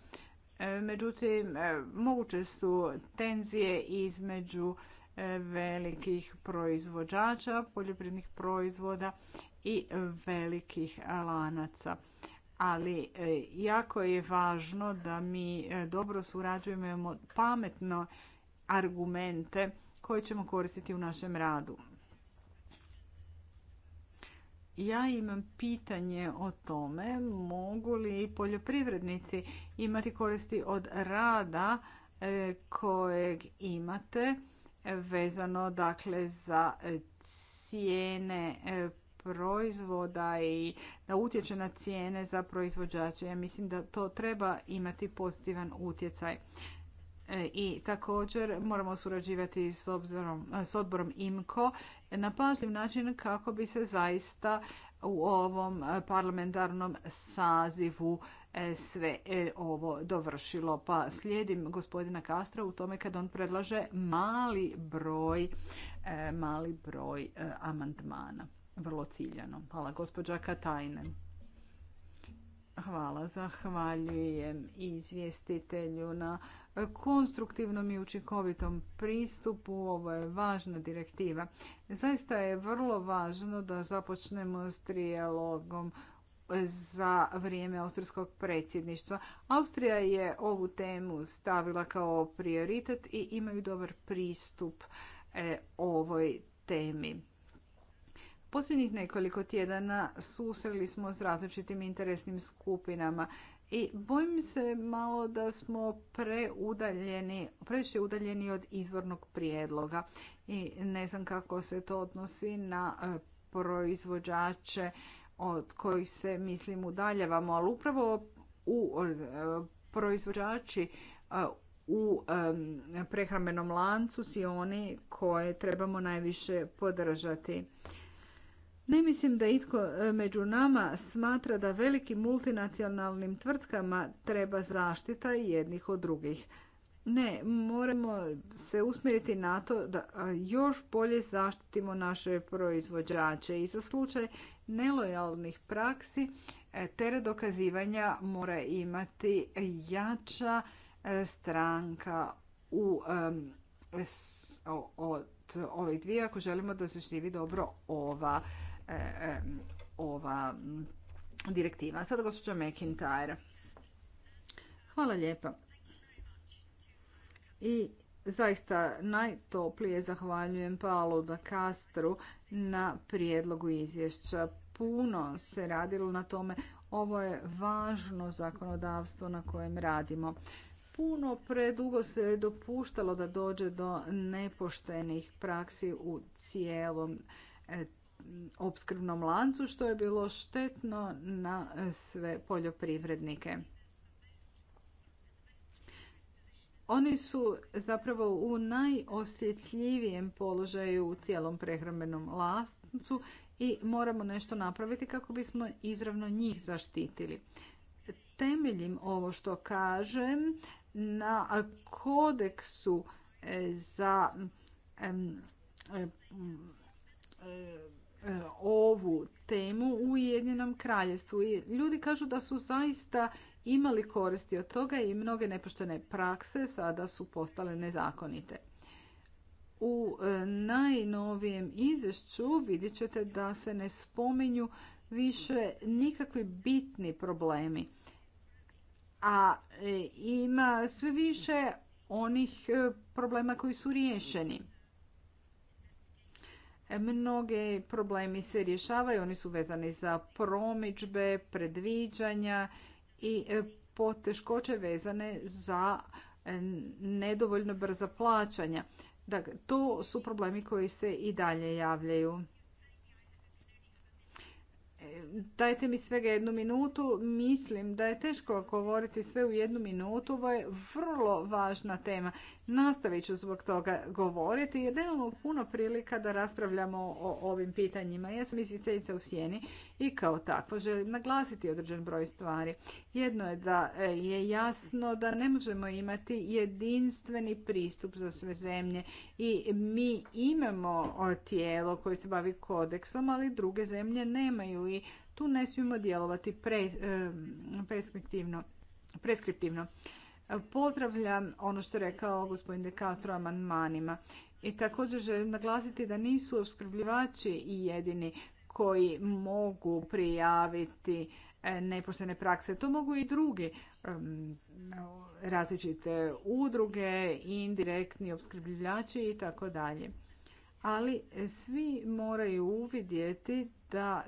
Eh, međutim, moguće su tenzije između velikih proizvođača poljoprivrednih proizvoda i velikih lanaca ali e, jako je važno da mi e, dobro surađujemo, pametno argumente koje ćemo koristiti u našem radu. Ja imam pitanje o tome mogu li poljoprivrednici imati koristi od rada e, kojeg imate vezano dakle za cijene proizvoda i da utječe na cijene za proizvođače. Ja mislim da to treba imati pozitivan utjecaj. E, I također moramo surađivati s, e, s odborom IMCO na pažljiv način kako bi se zaista u ovom e, parlamentarnom sazivu sve ovo dovršilo. Pa slijedim gospodina Kastra u tome kad on predlaže mali broj, mali broj amandmana vrlo ciljano. Hvala gospođa Katajnen. Hvala, zahvaljujem izvjestitelju na konstruktivnom i učinkovitom pristupu. Ovo je važna direktiva. Zaista je vrlo važno da započnemo s trijalogom za vrijeme austrijskog predsjedništva. Austrija je ovu temu stavila kao prioritet i imaju dobar pristup e, ovoj temi. Posljednjih nekoliko tjedana susreli smo s različitim interesnim skupinama i bojim se malo da smo preudaljeni, previše udaljeni od izvornog prijedloga i ne znam kako se to odnosi na e, proizvođače od kojih se mislim udaljavamo, ali upravo u e, proizvođači e, u prehrambenom lancu si oni koje trebamo najviše podržati. Ne mislim da itko e, među nama smatra da velikim multinacionalnim tvrtkama treba zaštita jednih od drugih. Ne, moramo se usmjeriti na to da još bolje zaštitimo naše proizvođače i za slučaj nelojalnih praksi e, teret dokazivanja mora imati jača e, stranka u, od ovih dvije ako želimo da se živi dobro ova E, e, ova direktiva. Sada gospođa McIntyre. Hvala lijepa. I zaista najtoplije zahvaljujem Paolo da Castru na prijedlogu izvješća. Puno se radilo na tome. Ovo je važno zakonodavstvo na kojem radimo. Puno predugo se je dopuštalo da dođe do nepoštenih praksi u cijelom e, opskrbnom lancu što je bilo štetno na sve poljoprivrednike. Oni su zapravo u najosjetljivijem položaju u cijelom prehrambenom lancu i moramo nešto napraviti kako bismo izravno njih zaštitili. Temeljim ovo što kažem na kodeksu eh, za E, ovu temu u Ujedinjenom kraljestvu. I ljudi kažu da su zaista imali koristi od toga i mnoge nepoštene prakse sada su postale nezakonite. U e, najnovijem izvješću vidjet ćete da se ne spominju više nikakvi bitni problemi. A e, ima sve više onih problema koji su riješeni. Mnoge problemi se rješavaju, oni su vezani za promičbe, predviđanja i e, poteškoće vezane za e, nedovoljno brza plaćanja. Dakle, to su problemi koji se i dalje javljaju. E, dajte mi svega jednu minutu. Mislim da je teško govoriti sve u jednu minutu. Ovo je vrlo važna tema. Nastavit ću zbog toga govoriti jer imamo puno prilika da raspravljamo o ovim pitanjima. Ja sam izvjeteljica u Sjeni i kao tako želim naglasiti određen broj stvari. Jedno je da e, je jasno da ne možemo imati jedinstveni pristup za sve zemlje i mi imamo tijelo koje se bavi kodeksom, ali druge zemlje nemaju i tu ne smijemo djelovati e, preskriptivno. Pozdravljam ono što je rekao gospodin De Castro o amandmanima. I također želim naglasiti da nisu opskrbljivači i jedini koji mogu prijaviti e, nepoštene prakse. To mogu i drugi različite udruge, indirektni opskrbljivači i tako dalje. Ali svi moraju uvidjeti da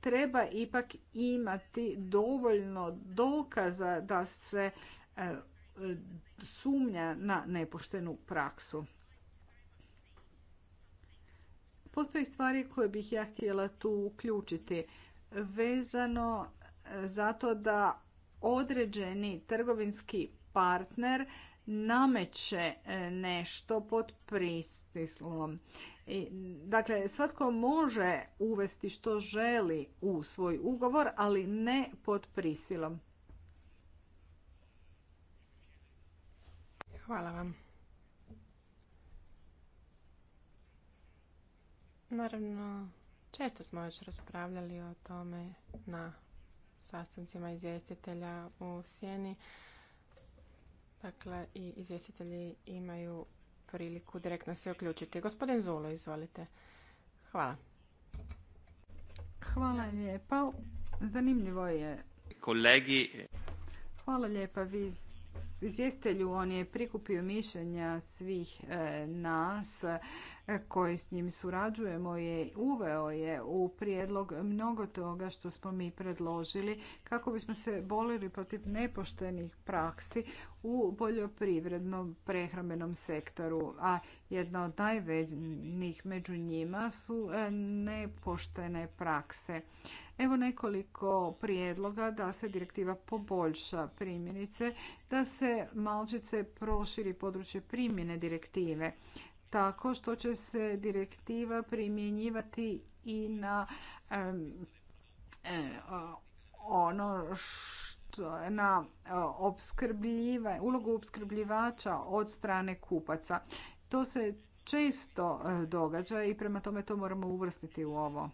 treba ipak imati dovoljno dokaza da se e, sumnja na nepoštenu praksu. Postoje stvari koje bih ja htjela tu uključiti vezano e, zato da određeni trgovinski partner nameće e, nešto pod pristislom. I, dakle, svatko može uvesti što želi u svoj ugovor, ali ne pod prisilom. Hvala vam. Naravno, često smo već raspravljali o tome na sastancima izvjestitelja u Sjeni. Dakle, i izvjestitelji imaju priliku direktno se uključiti. Gospodin Zulo, izvolite. Hvala. Hvala lijepa. Zanimljivo je. Kolegi. Hvala lijepa. Vi izvjestelju. On je prikupio mišljenja svih e, nas e, koji s njim surađujemo i uveo je u prijedlog mnogo toga što smo mi predložili kako bismo se bolili protiv nepoštenih praksi u poljoprivrednom prehrambenom sektoru, a jedna od najvećih među njima su e, nepoštene prakse Evo nekoliko prijedloga da se direktiva poboljša primjenice, da se malčice proširi područje primjene direktive tako što će se direktiva primjenjivati i na ono na e, ulogu opskrbljivača od strane kupaca. To se često e, događa i prema tome to moramo uvrstiti u ovo.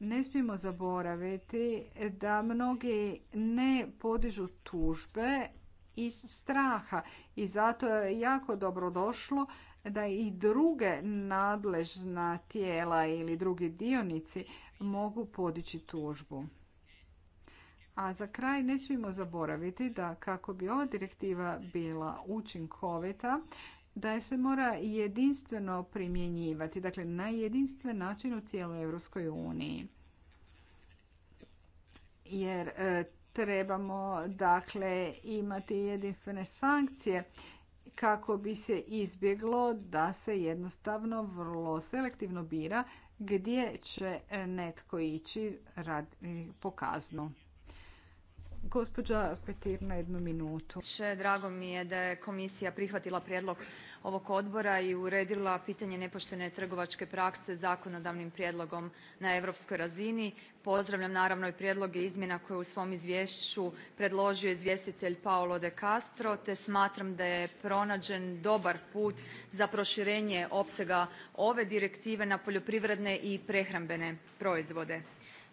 Ne smijemo zaboraviti da mnogi ne podižu tužbe iz straha i zato je jako dobro došlo da i druge nadležna tijela ili drugi dionici mogu podići tužbu. A za kraj ne smijemo zaboraviti da kako bi ova direktiva bila učinkovita, da se mora jedinstveno primjenjivati, dakle na jedinstven način u cijeloj Europskoj uniji. Jer e, trebamo dakle imati jedinstvene sankcije kako bi se izbjeglo da se jednostavno vrlo selektivno bira gdje će e, netko ići po kaznu. Gospođa Petir na jednu minutu. Drago mi je da je komisija prihvatila prijedlog ovog odbora i uredila pitanje nepoštene trgovačke prakse zakonodavnim prijedlogom na europskoj razini. Pozdravljam naravno i prijedloge izmjena koje u svom izvješću predložio izvjestitelj Paolo de Castro te smatram da je pronađen dobar put za proširenje opsega ove direktive na poljoprivredne i prehrambene proizvode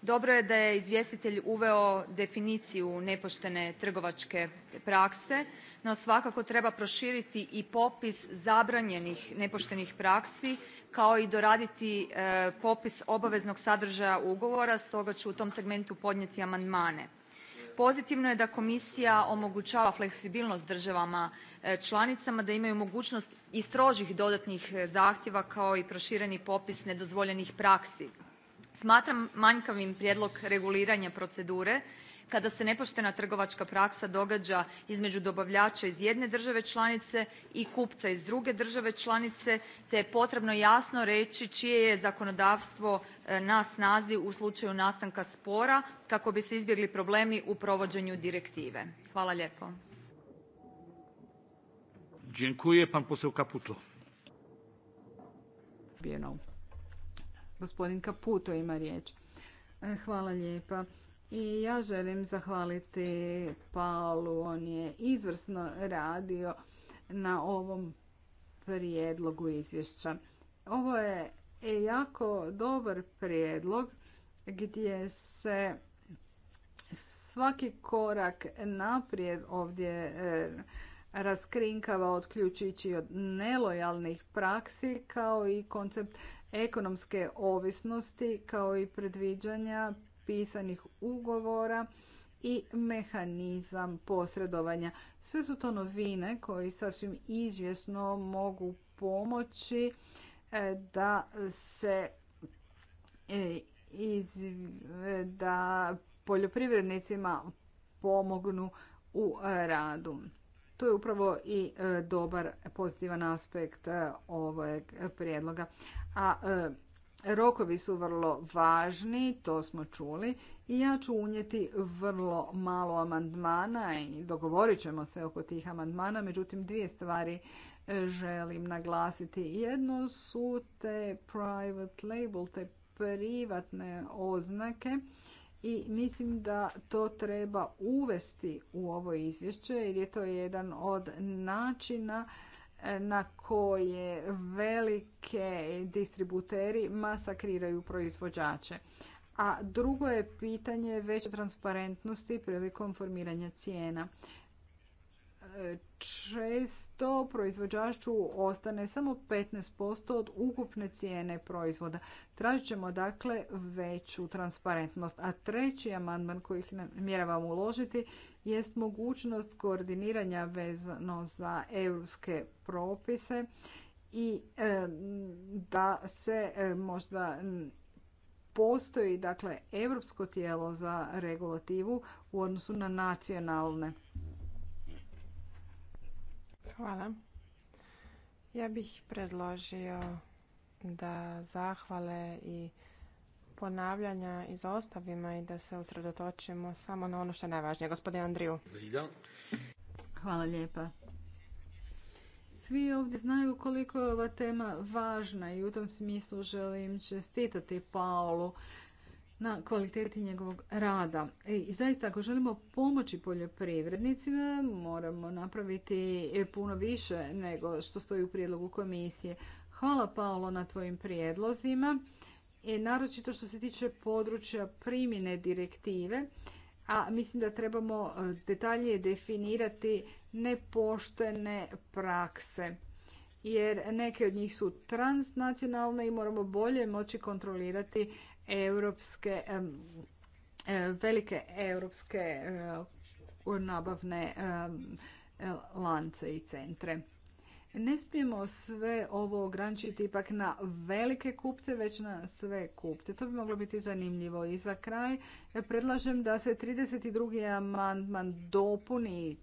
dobro je da je izvjestitelj uveo definiciju nepoštene trgovačke prakse no svakako treba proširiti i popis zabranjenih nepoštenih praksi kao i doraditi e, popis obaveznog sadržaja ugovora stoga ću u tom segmentu podnijeti amandmane. pozitivno je da komisija omogućava fleksibilnost državama e, članicama da imaju mogućnost i strožih dodatnih e, zahtjeva kao i prošireni popis nedozvoljenih praksi. Smatram manjkavim prijedlog reguliranja procedure kada se nepoštena trgovačka praksa događa između dobavljača iz jedne države članice i kupca iz druge države članice te je potrebno jasno reći čije je zakonodavstvo e, na snazi u slučaju nastanka spora kako bi se izbjegli problemi u provođenju direktive. Hvala lijepo. Dziękuję. Pan Gospodin Kaputo ima riječ. E, hvala lijepa. I ja želim zahvaliti Palu. On je izvrsno radio na ovom prijedlogu izvješća. Ovo je jako dobar prijedlog gdje se svaki korak naprijed ovdje e, raskrinkava, otključujući od nelojalnih praksi kao i koncept ekonomske ovisnosti kao i predviđanja pisanih ugovora i mehanizam posredovanja. Sve su to novine koji sasvim izvjesno mogu pomoći e, da se e, e, da poljoprivrednicima pomognu u radu. To je upravo i dobar pozitivan aspekt ovog prijedloga. A e, rokovi su vrlo važni, to smo čuli. I ja ću unijeti vrlo malo amandmana i dogovorit ćemo se oko tih amandmana. Međutim, dvije stvari e, želim naglasiti. Jedno su te private label, te privatne oznake i mislim da to treba uvesti u ovo izvješće jer je to jedan od načina na koje velike distributeri masakriraju proizvođače. A drugo je pitanje veće transparentnosti prilikom formiranja cijena. Često proizvođaču ostane samo 15% od ukupne cijene proizvoda. Tražit ćemo dakle veću transparentnost. A treći amandman koji namjeravamo uložiti jest mogućnost koordiniranja vezano za europske propise i e, da se e, možda postoji dakle europsko tijelo za regulativu u odnosu na nacionalne. Hvala. Ja bih predložio da zahvale i ponavljanja izostavimo i da se usredotočimo samo na ono što je najvažnije. Gospodin Andriju. Hvala lijepa. Svi ovdje znaju koliko je ova tema važna i u tom smislu želim čestitati Paolu na kvaliteti njegovog rada. E, I zaista ako želimo pomoći poljoprivrednicima moramo napraviti e, puno više nego što stoji u prijedlogu komisije. Hvala Paolo na tvojim prijedlozima. E, naročito što se tiče područja primjene direktive, a mislim da trebamo e, detalje definirati nepoštene prakse. Jer neke od njih su transnacionalne i moramo bolje moći kontrolirati europske, e, velike europske nabavne lance i centre. Ne smijemo sve ovo ograničiti ipak na velike kupce, već na sve kupce. To bi moglo biti zanimljivo. I za kraj predlažem da se 32. amandman dopuni,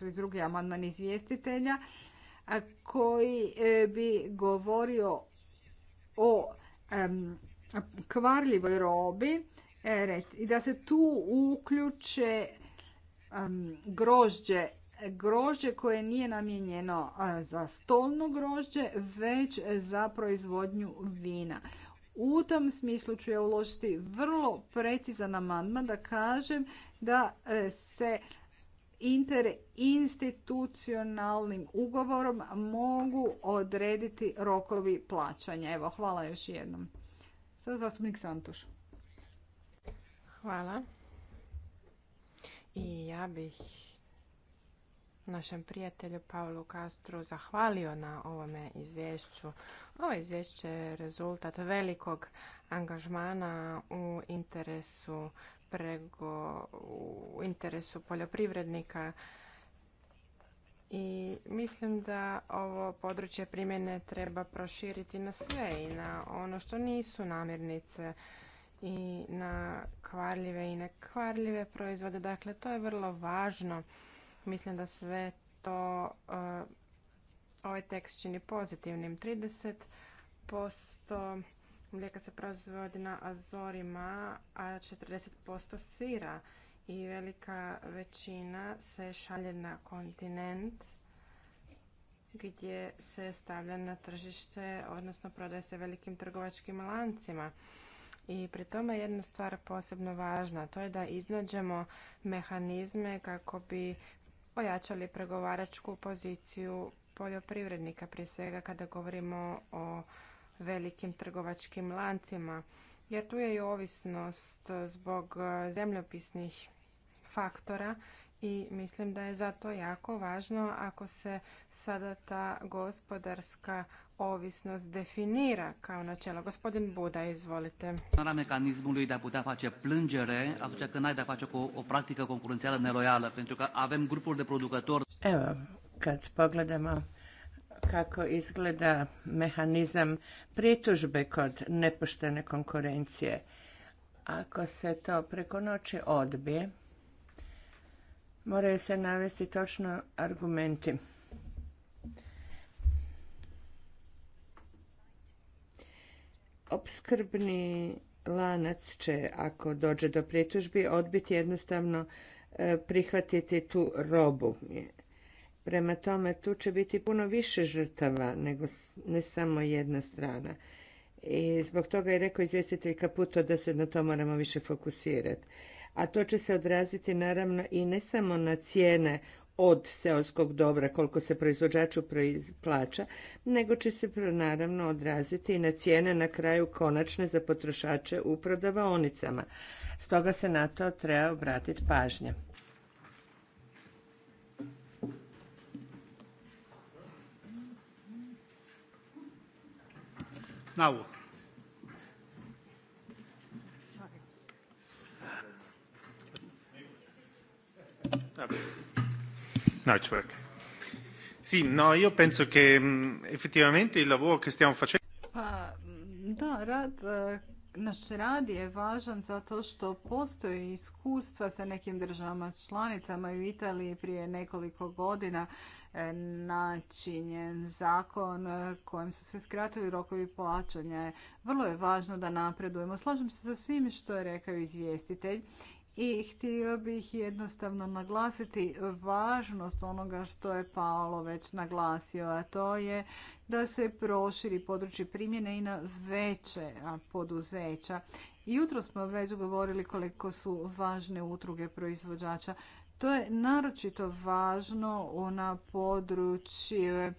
32. amandman izvjestitelja, koji e, bi govorio o kvarljivoj robi e, i da se tu uključe grožđe grožđe koje nije namijenjeno za stolno grožđe, već za proizvodnju vina. U tom smislu ću ja uložiti vrlo precizan amandman da kažem da e, se interinstitucionalnim ugovorom mogu odrediti rokovi plaćanja. Evo, hvala još jednom. Sada zastupnik Santuš. Hvala. I ja bih našem prijatelju Paulu Castru zahvalio na ovome izvješću. Ovo izvješće je rezultat velikog angažmana u interesu prego, u interesu poljoprivrednika i mislim da ovo područje primjene treba proširiti na sve i na ono što nisu namirnice i na kvarljive i nekvarljive proizvode. Dakle, to je vrlo važno Mislim da sve to e, ovaj tekst čini pozitivnim. 30% mlijeka se proizvodi na Azorima, a 40% sira i velika većina se šalje na kontinent gdje se stavlja na tržište, odnosno prodaje se velikim trgovačkim lancima. I pri tome jedna stvar posebno važna, to je da iznađemo mehanizme kako bi ojačali pregovaračku poziciju poljoprivrednika, prije svega kada govorimo o velikim trgovačkim lancima, jer tu je i ovisnost zbog zemljopisnih faktora i mislim da je zato jako važno ako se sada ta gospodarska ovisnost definira kao načelo. Gospodin Buda, izvolite. mora mecanismului de a putea face plângere, atunci când ai de face cu o practică concurențială neloială, pentru că avem grupuri de producători. Evo, kad pogledamo kako izgleda mehanizam pritužbe kod nepoštene konkurencije. Ako se to preko noći odbije, moraju se navesti točno argumenti opskrbni lanac će, ako dođe do pritužbi, odbiti jednostavno e, prihvatiti tu robu. Prema tome, tu će biti puno više žrtava nego ne samo jedna strana. I zbog toga je rekao izvjestitelj Kaputo da se na to moramo više fokusirati. A to će se odraziti naravno i ne samo na cijene od seoskog dobra koliko se proizvođaču plaća, nego će se naravno odraziti i na cijene na kraju konačne za potrošače u prodavaonicama. Stoga se na to treba obratiti pažnje network. Sì, no, io penso che mm, effettivamente il lavoro che stiamo facendo... Pa, mm, da, rad, eh, naš rad je važan zato što postoji iskustva sa nekim državama članicama i u Italiji prije nekoliko godina e, načinjen zakon e, kojim su se skratili rokovi plaćanja. Vrlo je važno da napredujemo. Slažem se sa svim što je rekao izvjestitelj i htio bih jednostavno naglasiti važnost onoga što je Paolo već naglasio, a to je da se proširi područje primjene i na veće poduzeća. Jutro smo već govorili koliko su važne utruge proizvođača. To je naročito važno na području e,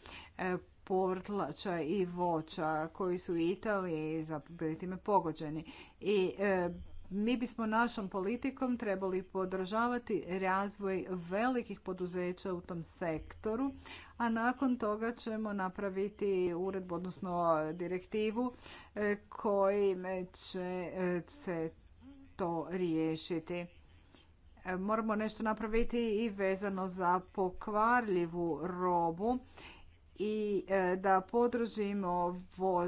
povrtlača i voća koji su u Italiji zapravo time pogođeni. I e, mi bismo našom politikom trebali podržavati razvoj velikih poduzeća u tom sektoru, a nakon toga ćemo napraviti uredbu, odnosno direktivu e, kojim će e, se to riješiti. E, moramo nešto napraviti i vezano za pokvarljivu robu i e, da podržimo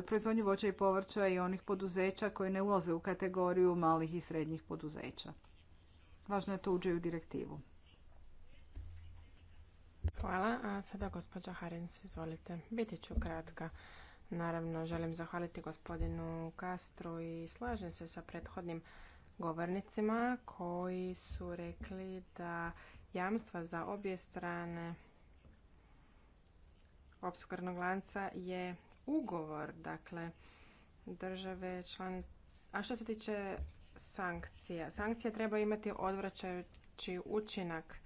proizvodnju voća i povrća i onih poduzeća koji ne ulaze u kategoriju malih i srednjih poduzeća. Važno je to uđe u direktivu. Hvala. A sada gospođa Harens, izvolite. Biti ću kratka. Naravno, želim zahvaliti gospodinu Kastru i slažem se sa prethodnim govornicima koji su rekli da jamstva za obje strane opskrbnog lanca je ugovor, dakle države članice. A što se tiče sankcija, sankcije treba imati odvraćajući učinak.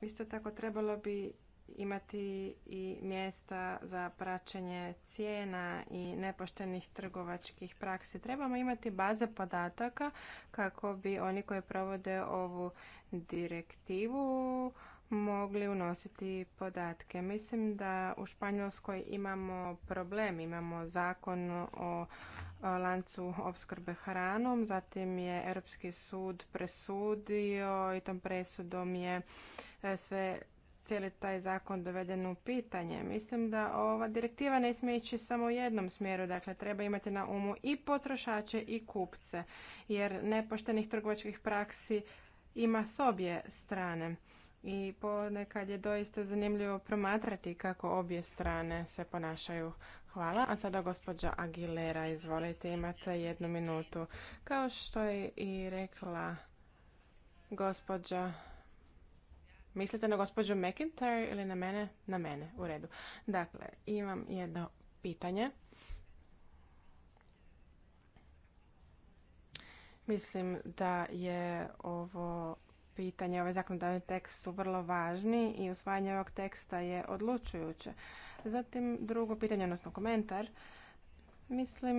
Isto tako trebalo bi imati i mjesta za praćenje cijena i nepoštenih trgovačkih praksi. Trebamo imati baze podataka kako bi oni koji provode ovu direktivu mogli unositi podatke. Mislim da u Španjolskoj imamo problem, imamo zakon o lancu opskrbe hranom, zatim je Europski sud presudio i tom presudom je e, sve cijeli taj zakon doveden u pitanje. Mislim da ova direktiva ne smije ići samo u jednom smjeru, dakle treba imati na umu i potrošače i kupce, jer nepoštenih trgovačkih praksi ima s obje strane i ponekad je doista zanimljivo promatrati kako obje strane se ponašaju. Hvala. A sada gospođa Aguilera, izvolite, imate jednu minutu. Kao što je i rekla gospođa... Mislite na gospođu McIntyre ili na mene? Na mene, u redu. Dakle, imam jedno pitanje. Mislim da je ovo pitanje Ovaj zakonodavni tekst su vrlo važni i usvajanje ovog teksta je odlučujuće. Zatim drugo pitanje, odnosno komentar. Mislim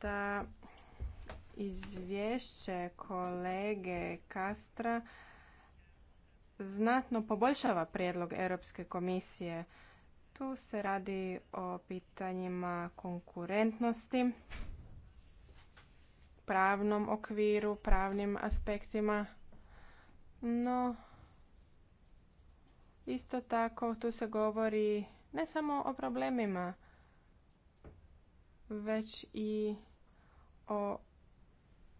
da izvješće kolege Kastra znatno poboljšava prijedlog Europske komisije. Tu se radi o pitanjima konkurentnosti, pravnom okviru, pravnim aspektima no, isto tako tu se govori ne samo o problemima, već i o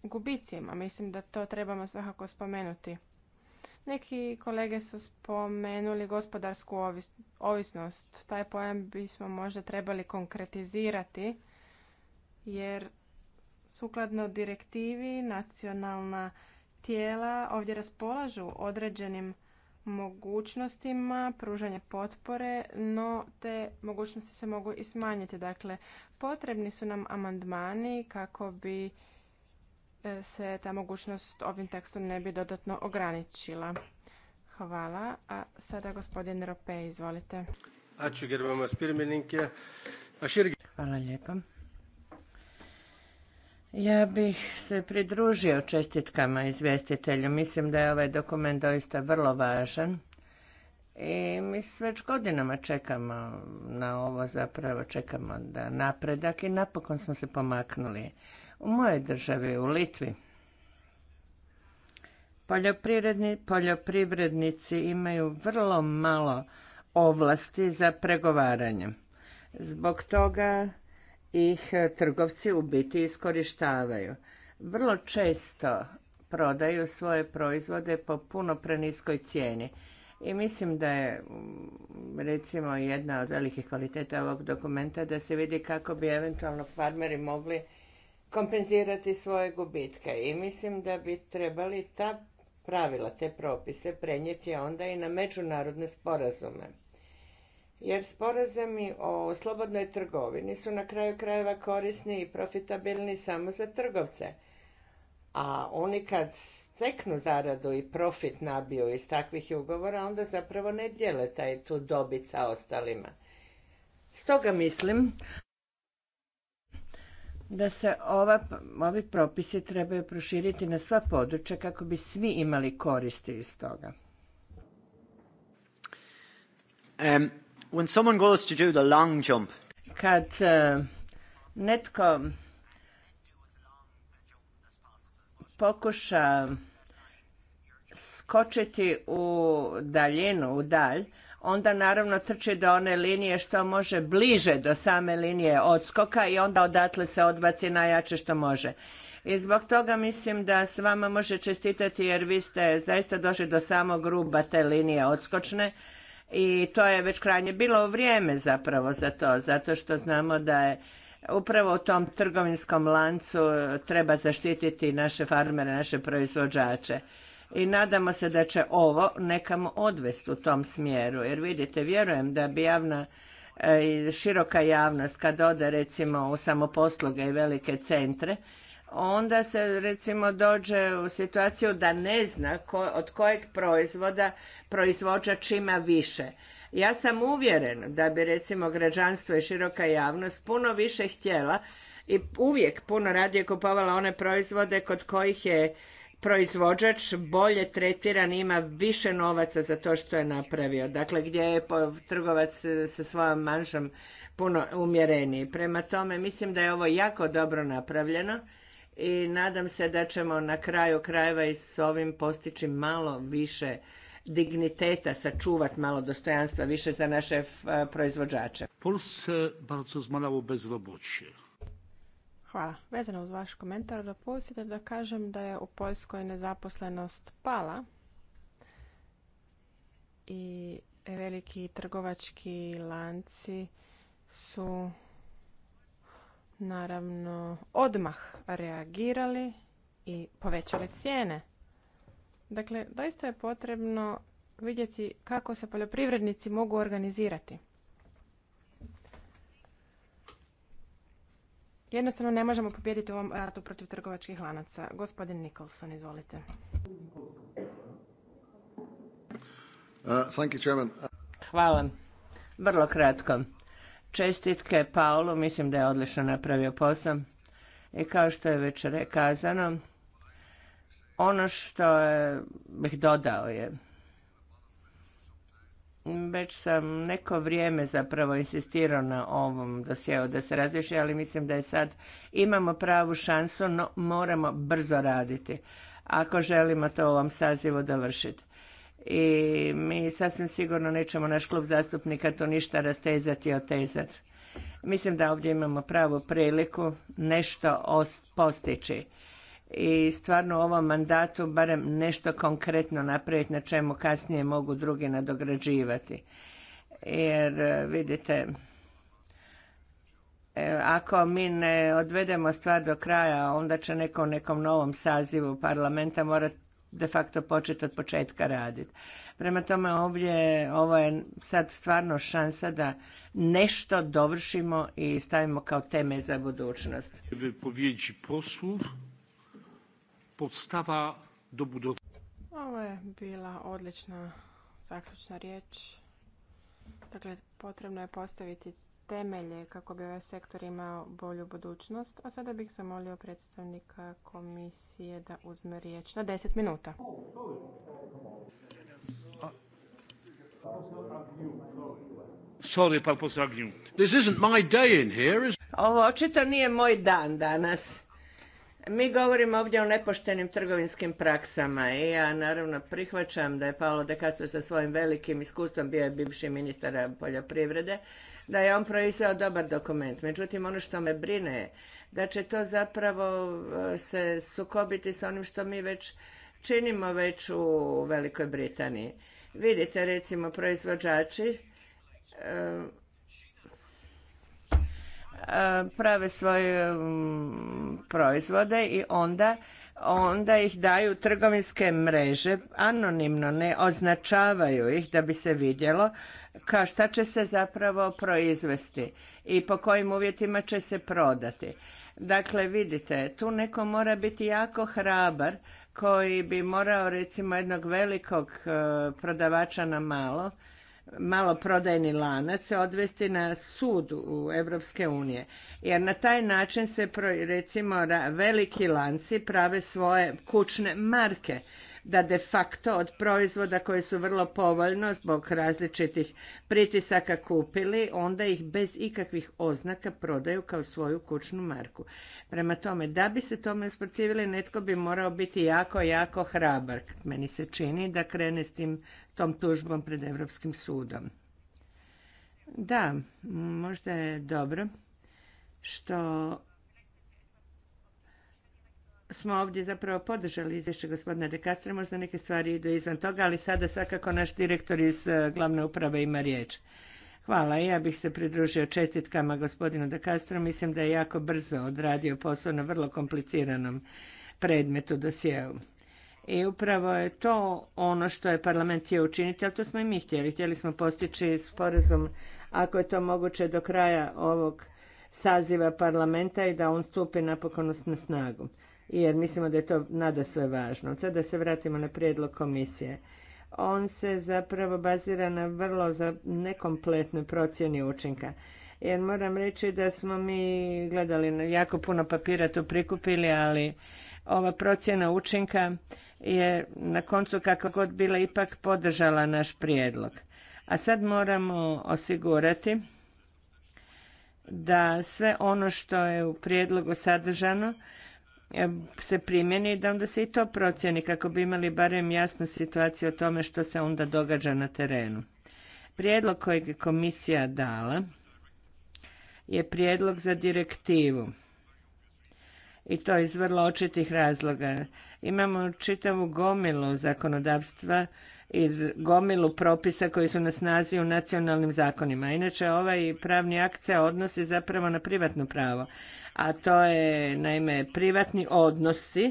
gubicima. Mislim da to trebamo svakako spomenuti. Neki kolege su spomenuli gospodarsku ovisnost. Taj pojam bismo možda trebali konkretizirati jer sukladno direktivi nacionalna tijela ovdje raspolažu određenim mogućnostima pružanja potpore, no te mogućnosti se mogu i smanjiti. Dakle, potrebni su nam amandmani kako bi e, se ta mogućnost ovim tekstom ne bi dodatno ograničila. Hvala. A sada gospodin Rope, izvolite. Hvala lijepa. Ja bih se pridružio čestitkama izvjestitelju. Mislim da je ovaj dokument doista vrlo važan. I mi već godinama čekamo na ovo zapravo, čekamo da napredak i napokon smo se pomaknuli. U mojoj državi, u Litvi, poljoprivrednici imaju vrlo malo ovlasti za pregovaranje. Zbog toga ih e, trgovci u biti iskorištavaju. Vrlo često prodaju svoje proizvode po puno preniskoj cijeni. I mislim da je mm, recimo jedna od velikih kvaliteta ovog dokumenta da se vidi kako bi eventualno farmeri mogli kompenzirati svoje gubitke. I mislim da bi trebali ta pravila, te propise prenijeti onda i na međunarodne sporazume jer sporazumi o slobodnoj trgovini su na kraju krajeva korisni i profitabilni samo za trgovce. A oni kad steknu zaradu i profit nabiju iz takvih ugovora, onda zapravo ne dijele taj tu dobit sa ostalima. Stoga mislim da se ova, ovi propisi trebaju proširiti na sva područja kako bi svi imali koristi iz toga. When someone Kad e, netko pokuša skočiti u daljinu, u dalj, onda naravno trči do one linije što može bliže do same linije odskoka i onda odatle se odbaci najjače što može. I zbog toga mislim da s vama može čestitati jer vi ste zaista došli do samog ruba te linije odskočne i to je već krajnje bilo vrijeme zapravo za to, zato što znamo da je upravo u tom trgovinskom lancu e, treba zaštititi naše farmere, naše proizvođače. I nadamo se da će ovo nekamo odvesti u tom smjeru, jer vidite, vjerujem da bi javna e, široka javnost kad ode recimo u samoposluge i velike centre onda se recimo dođe u situaciju da ne zna ko, od kojeg proizvoda proizvođač ima više. Ja sam uvjeren da bi recimo građanstvo i široka javnost puno više htjela i uvijek puno radije kupovala one proizvode kod kojih je proizvođač bolje tretiran ima više novaca za to što je napravio. Dakle, gdje je trgovac sa svojom manžom puno umjereniji. Prema tome, mislim da je ovo jako dobro napravljeno i nadam se da ćemo na kraju krajeva i s ovim postići malo više digniteta, sačuvat malo dostojanstva više za naše eh, proizvođače. Eh, Hvala. Vezano uz vaš komentar, dopustite da kažem da je u Poljskoj nezaposlenost pala i veliki trgovački lanci su naravno odmah reagirali i povećali cijene. Dakle, doista je potrebno vidjeti kako se poljoprivrednici mogu organizirati. Jednostavno ne možemo pobijediti u ovom ratu protiv trgovačkih lanaca. Gospodin Nicholson, izvolite. Uh, Hvala. Vrlo kratko. Čestitke Paulu, mislim da je odlično napravio posao. I kao što je već rekazano, ono što je, bih dodao je, već sam neko vrijeme zapravo insistirao na ovom dosjeu da se razriješi, ali mislim da je sad imamo pravu šansu, no moramo brzo raditi ako želimo to u ovom sazivu dovršiti i mi sasvim sigurno nećemo naš klub zastupnika tu ništa rastezati i otezati. Mislim da ovdje imamo pravu priliku nešto postići i stvarno u ovom mandatu barem nešto konkretno napraviti na čemu kasnije mogu drugi nadograđivati. Jer e, vidite, e, ako mi ne odvedemo stvar do kraja, onda će neko u nekom novom sazivu parlamenta morati de facto početi od početka raditi. Prema tome ovdje ovo je sad stvarno šansa da nešto dovršimo i stavimo kao temelj za budućnost. podstava do Ovo je bila odlična zaključna riječ. Dakle, potrebno je postaviti temelje kako bi ovaj sektor imao bolju budućnost. A sada bih zamolio predstavnika komisije da uzme riječ na 10 minuta. Ovo očito nije moj dan danas. Mi govorimo ovdje o nepoštenim trgovinskim praksama i ja naravno prihvaćam da je Paolo de Castro sa svojim velikim iskustvom bio je bivši ministar poljoprivrede, da je on proizveo dobar dokument. Međutim, ono što me brine je da će to zapravo e, se sukobiti sa onim što mi već činimo već u Velikoj Britaniji. Vidite, recimo, proizvođači e, e, prave svoje mm, proizvode i onda onda ih daju trgovinske mreže anonimno, ne označavaju ih da bi se vidjelo ka šta će se zapravo proizvesti i po kojim uvjetima će se prodati. Dakle, vidite, tu neko mora biti jako hrabar koji bi morao recimo jednog velikog e, prodavača na malo, malo prodajni lanac odvesti na sud u Evropske unije. Jer na taj način se recimo veliki lanci prave svoje kućne marke da de facto od proizvoda koji su vrlo povoljno zbog različitih pritisaka kupili, onda ih bez ikakvih oznaka prodaju kao svoju kućnu marku. Prema tome, da bi se tome usprotivili, netko bi morao biti jako, jako hrabar. Meni se čini da krene s tim, tom tužbom pred Europskim sudom. Da, možda je dobro što smo ovdje zapravo podržali izvješće gospodina De Castro, možda neke stvari idu izvan toga, ali sada svakako naš direktor iz e, glavne uprave ima riječ. Hvala, ja bih se pridružio čestitkama gospodinu De Castro, mislim da je jako brzo odradio posao na vrlo kompliciranom predmetu dosjeu. I upravo je to ono što je parlament htio učiniti, ali to smo i mi htjeli. Htjeli smo postići sporazum, ako je to moguće, do kraja ovog saziva parlamenta i da on stupi napokon na snagu jer mislimo da je to nada sve važno. Sada da se vratimo na prijedlog komisije. On se zapravo bazira na vrlo za nekompletnoj procjeni učinka. Jer moram reći da smo mi gledali, jako puno papira tu prikupili, ali ova procjena učinka je na koncu kako god bila ipak podržala naš prijedlog. A sad moramo osigurati da sve ono što je u prijedlogu sadržano E, se primjeni da onda se i to procjeni kako bi imali barem jasnu situaciju o tome što se onda događa na terenu. Prijedlog kojeg je komisija dala je prijedlog za direktivu i to iz vrlo očitih razloga. Imamo čitavu gomilu zakonodavstva i gomilu propisa koji su na snazi u nacionalnim zakonima. Inače, ovaj pravni akcija se odnosi zapravo na privatno pravo, a to je naime privatni odnosi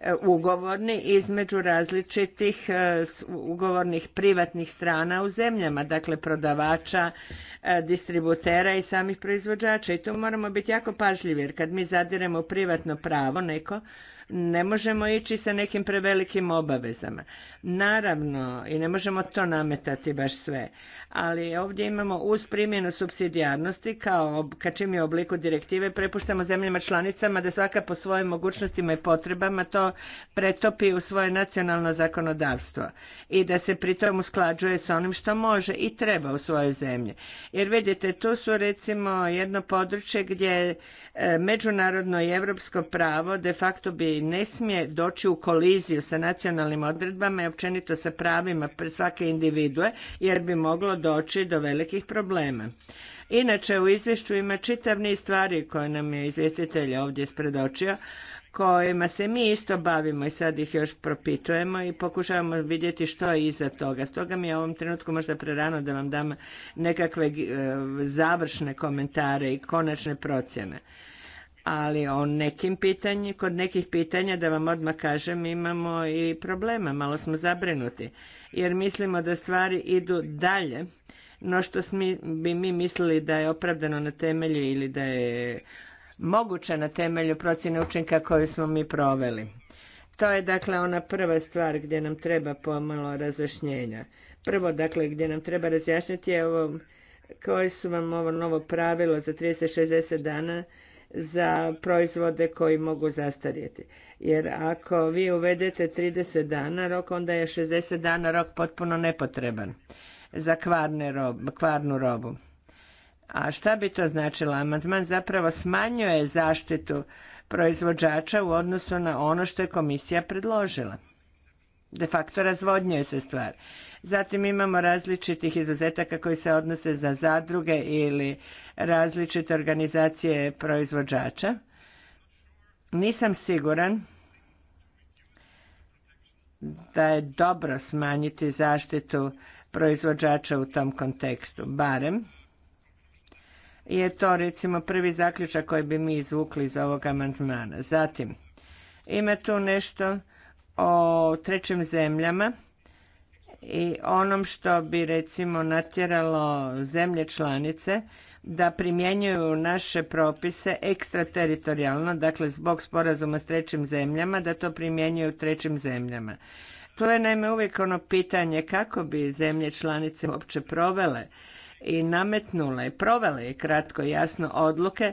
e, ugovorni između različitih e, ugovornih privatnih strana u zemljama, dakle prodavača, e, distributera i samih proizvođača. I tu moramo biti jako pažljivi jer kad mi zadiremo privatno pravo neko, ne možemo ići sa nekim prevelikim obavezama. Naravno, i ne možemo to nametati baš sve, ali ovdje imamo uz primjenu subsidijarnosti kao ka čim je u obliku direktive prepuštamo zemljama članicama da svaka po svojim mogućnostima i potrebama to pretopi u svoje nacionalno zakonodavstvo i da se pri pritom usklađuje s onim što može i treba u svojoj zemlji. Jer vidite, tu su recimo jedno područje gdje e, međunarodno i europsko pravo de facto bi ne smije doći u koliziju sa nacionalnim odredbama i općenito sa pravima svake individue jer bi moglo doći do velikih problema. Inače, u izvješću ima čitav niz stvari koje nam je izvjestitelj ovdje spredočio, kojima se mi isto bavimo i sad ih još propitujemo i pokušavamo vidjeti što je iza toga. Stoga mi je u ovom trenutku možda prerano da vam dam nekakve e, završne komentare i konačne procjene. Ali o nekim pitanji, kod nekih pitanja, da vam odmah kažem, imamo i problema, malo smo zabrinuti jer mislimo da stvari idu dalje no što bi mi mislili da je opravdano na temelju ili da je moguće na temelju procjene učinka koju smo mi proveli. To je dakle ona prva stvar gdje nam treba pomalo razjašnjenja. Prvo dakle gdje nam treba razjašnjati je ovo koje su vam ovo novo pravilo za 360 dana za proizvode koji mogu zastarjeti. Jer ako vi uvedete 30 dana rok, onda je 60 dana rok potpuno nepotreban za kvarnu robu. A šta bi to značilo? Amandman zapravo smanjuje zaštitu proizvođača u odnosu na ono što je komisija predložila de facto razvodnjuje se stvar. Zatim imamo različitih izuzetaka koji se odnose za zadruge ili različite organizacije proizvođača. Nisam siguran da je dobro smanjiti zaštitu proizvođača u tom kontekstu, barem je to recimo prvi zaključak koji bi mi izvukli iz ovog amandmana. Zatim, ima tu nešto o trećim zemljama i onom što bi recimo natjeralo zemlje članice da primjenjuju naše propise ekstrateritorijalno, dakle zbog sporazuma s trećim zemljama, da to primjenjuju trećim zemljama. To je naime uvijek ono pitanje kako bi zemlje članice uopće provele i nametnule, provele je kratko jasno odluke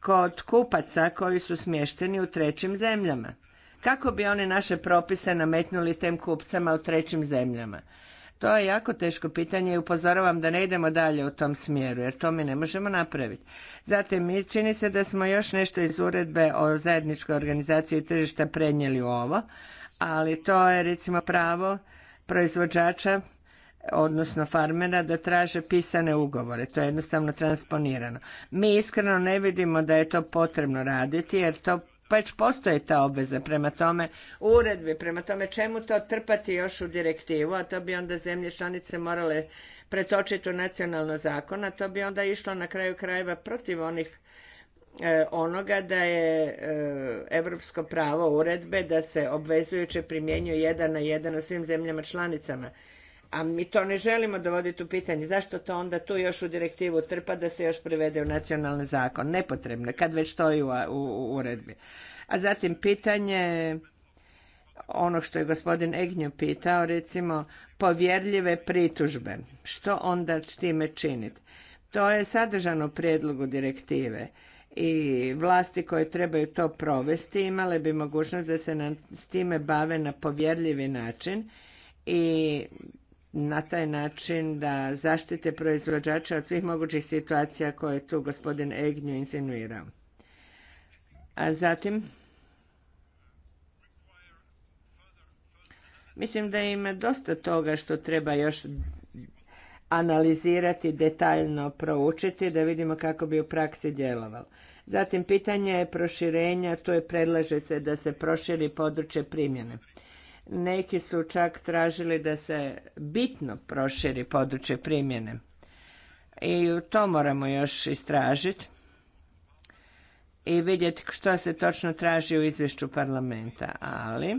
kod kupaca koji su smješteni u trećim zemljama kako bi oni naše propise nametnuli tem kupcama u trećim zemljama. To je jako teško pitanje i upozoravam da ne idemo dalje u tom smjeru, jer to mi ne možemo napraviti. Zatim, čini se da smo još nešto iz uredbe o zajedničkoj organizaciji tržišta prenijeli u ovo, ali to je recimo pravo proizvođača odnosno farmera da traže pisane ugovore. To je jednostavno transponirano. Mi iskreno ne vidimo da je to potrebno raditi jer to već postoje ta obveza prema tome uredbi, prema tome čemu to trpati još u direktivu, a to bi onda zemlje članice morale pretočiti u nacionalno zakon, a to bi onda išlo na kraju krajeva protiv onih e, onoga da je europsko evropsko pravo uredbe da se obvezujuće primjenjuje jedan na jedan na svim zemljama članicama a mi to ne želimo dovoditi u pitanje. Zašto to onda tu još u direktivu trpa da se još prevede u nacionalni zakon? Nepotrebno, kad već stoji u, uredbi. A zatim pitanje ono što je gospodin Egnju pitao, recimo povjerljive pritužbe. Što onda s time činiti? To je sadržano u prijedlogu direktive i vlasti koje trebaju to provesti imale bi mogućnost da se na, s time bave na povjerljivi način i na taj način da zaštite proizvođača od svih mogućih situacija koje je tu gospodin Egnju insinuirao. A zatim, mislim da ima dosta toga što treba još analizirati, detaljno proučiti da vidimo kako bi u praksi djelovalo. Zatim, pitanje je proširenja, tu je predlaže se da se proširi područje primjene. Neki su čak tražili da se bitno proširi područje primjene. I to moramo još istražiti i vidjeti što se točno traži u izvješću parlamenta. Ali,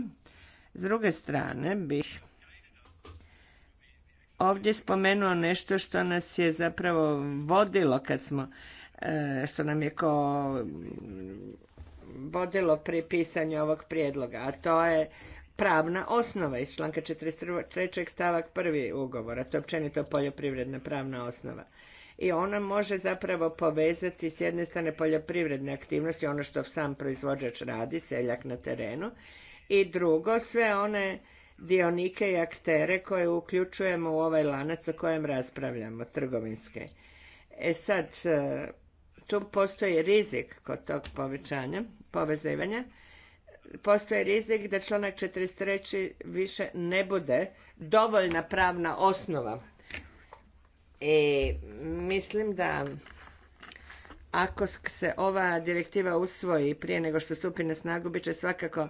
s druge strane, bih ovdje spomenuo nešto što nas je zapravo vodilo kad smo, e, što nam je ko vodilo pri pisanju ovog prijedloga, a to je pravna osnova iz članka 43. stavak 1. ugovora, to je općenito poljoprivredna pravna osnova. I ona može zapravo povezati s jedne strane poljoprivredne aktivnosti, ono što sam proizvođač radi, seljak na terenu, i drugo, sve one dionike i aktere koje uključujemo u ovaj lanac o kojem raspravljamo, trgovinske. E sad, tu postoji rizik kod tog povećanja, povezivanja, postoji rizik da članak 43. više ne bude dovoljna pravna osnova. I mislim da ako se ova direktiva usvoji prije nego što stupi na snagu, bit će svakako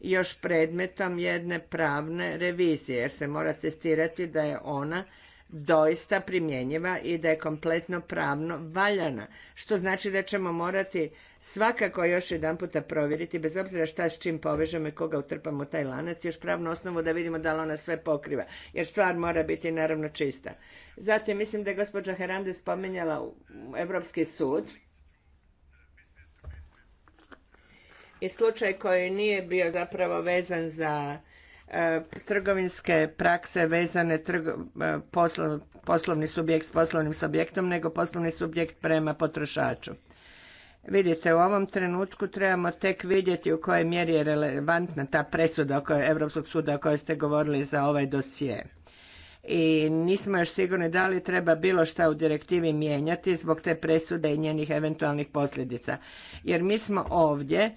još predmetom jedne pravne revizije, jer se mora testirati da je ona doista primjenjiva i da je kompletno pravno valjana. Što znači da ćemo morati svakako još jedan puta provjeriti, bez obzira šta s čim povežemo i koga utrpamo taj lanac, još pravnu osnovu da vidimo da li ona sve pokriva. Jer stvar mora biti naravno čista. Zatim mislim da je gospođa Herande spominjala Europski sud. I slučaj koji nije bio zapravo vezan za E, trgovinske prakse vezane e, poslovni subjekt s poslovnim subjektom, nego poslovni subjekt prema potrošaču. Vidite, u ovom trenutku trebamo tek vidjeti u kojoj mjeri je relevantna ta presuda oko Europskog suda o kojoj ste govorili za ovaj dosije. I nismo još sigurni da li treba bilo šta u direktivi mijenjati zbog te presude i njenih eventualnih posljedica. Jer mi smo ovdje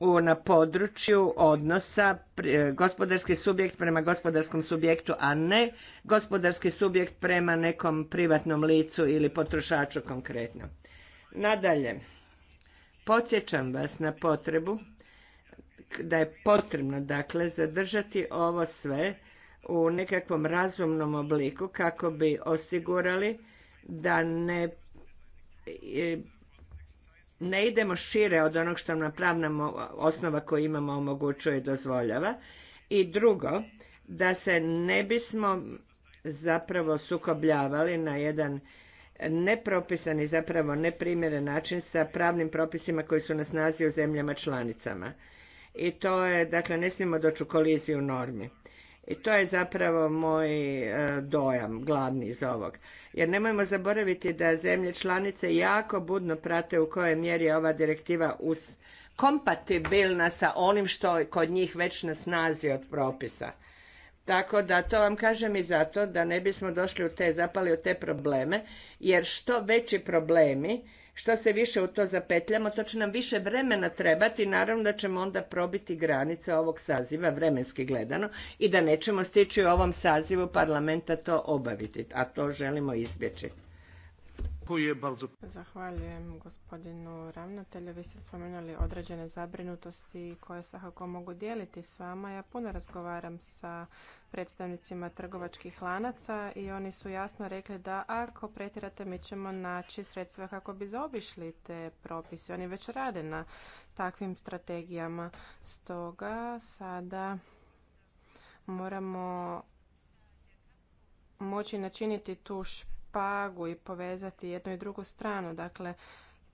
u, na području odnosa e, gospodarski subjekt prema gospodarskom subjektu, a ne gospodarski subjekt prema nekom privatnom licu ili potrošaču konkretno. Nadalje, podsjećam vas na potrebu da je potrebno dakle zadržati ovo sve u nekakvom razumnom obliku kako bi osigurali da ne ne idemo šire od onog što nam pravna osnova koju imamo omogućuje i dozvoljava. I drugo, da se ne bismo zapravo sukobljavali na jedan nepropisan i zapravo neprimjeren način sa pravnim propisima koji su nas snazi u zemljama članicama. I to je, dakle, ne smijemo doći u koliziju normi. I to je zapravo moj e, dojam glavni iz ovog. Jer nemojmo zaboraviti da zemlje članice jako budno prate u kojoj mjeri je ova direktiva kompatibilna sa onim što je kod njih već na snazi od propisa. Tako da to vam kažem i zato da ne bismo došli u te, zapali u te probleme, jer što veći problemi što se više u to zapetljamo, to će nam više vremena trebati, naravno da ćemo onda probiti granice ovog saziva, vremenski gledano, i da nećemo stići u ovom sazivu parlamenta to obaviti, a to želimo izbjeći. Zahvaljujem gospodinu ravnatelju. Vi ste spomenuli određene zabrinutosti koje svakako mogu dijeliti s vama. Ja puno razgovaram sa predstavnicima trgovačkih lanaca i oni su jasno rekli da ako pretjerate mi ćemo naći sredstva kako bi zaobišli te propise. Oni već rade na takvim strategijama. Stoga sada moramo moći načiniti tu Pagu i povezati jednu i drugu stranu. Dakle,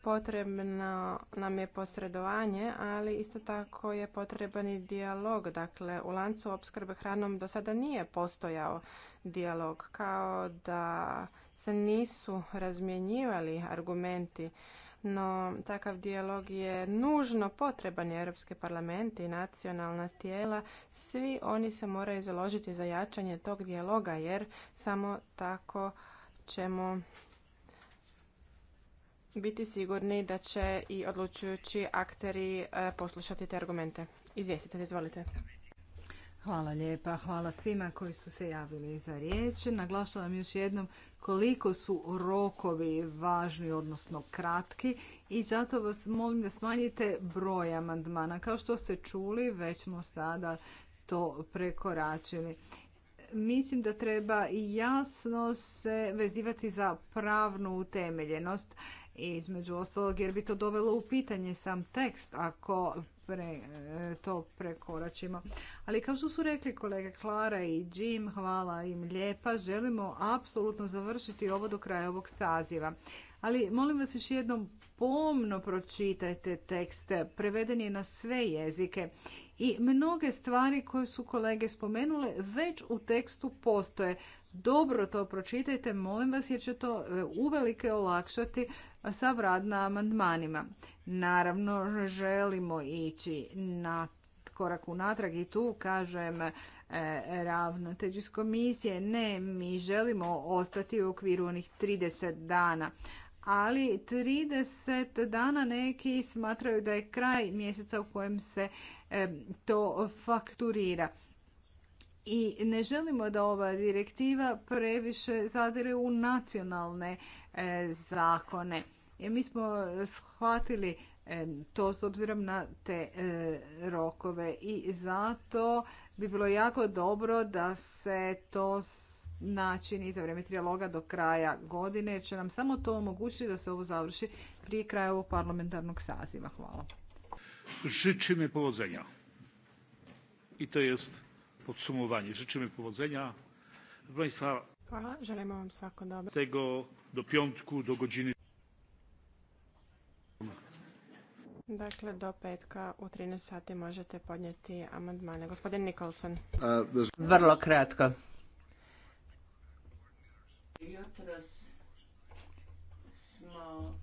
potrebno nam je posredovanje, ali isto tako je potreban i dijalog. Dakle, u lancu opskrbe hranom do sada nije postojao dijalog, kao da se nisu razmjenjivali argumenti. No, takav dijalog je nužno potreban Europski parlament i nacionalna tijela. Svi oni se moraju založiti za jačanje tog dijaloga jer samo tako ćemo biti sigurni da će i odlučujući akteri e, poslušati te argumente. Izvijestite, izvolite. Hvala lijepa. Hvala svima koji su se javili za riječ. Naglašavam još jednom koliko su rokovi važni, odnosno kratki i zato vas molim da smanjite broj amandmana. Kao što ste čuli, već smo sada to prekoračili mislim da treba jasno se vezivati za pravnu utemeljenost između ostalog jer bi to dovelo u pitanje sam tekst ako pre, e, to prekoračimo. Ali kao što su rekli kolege Klara i Jim, hvala im lijepa. Želimo apsolutno završiti ovo do kraja ovog saziva. Ali molim vas još jednom pomno pročitajte tekste. Preveden je na sve jezike i mnoge stvari koje su kolege spomenule već u tekstu postoje. Dobro to pročitajte, molim vas, jer će to e, uvelike olakšati sav rad na amandmanima. Naravno, želimo ići na korak unatrag i tu kažem e, ravnoteđu komisije ne mi želimo ostati u okviru onih 30 dana ali 30 dana neki smatraju da je kraj mjeseca u kojem se to fakturira. I ne želimo da ova direktiva previše zadire u nacionalne e, zakone. Jer mi smo shvatili to s obzirom na te e, rokove i zato bi bilo jako dobro da se to način i za vrijeme trijaloga do kraja godine će nam samo to omogućiti da se ovo završi prije kraja ovog parlamentarnog saziva. Hvala. Życzymy powodzenia. I to jest podsumowanie. Życzymy powodzenia. povodzenja. Hvala, želimo vam svako dobro. Tego do piątku, do godziny. Dakle, do petka u 13 sati možete podnijeti amandmane. Gospodin Nikolson. Vrlo kratko jutros smo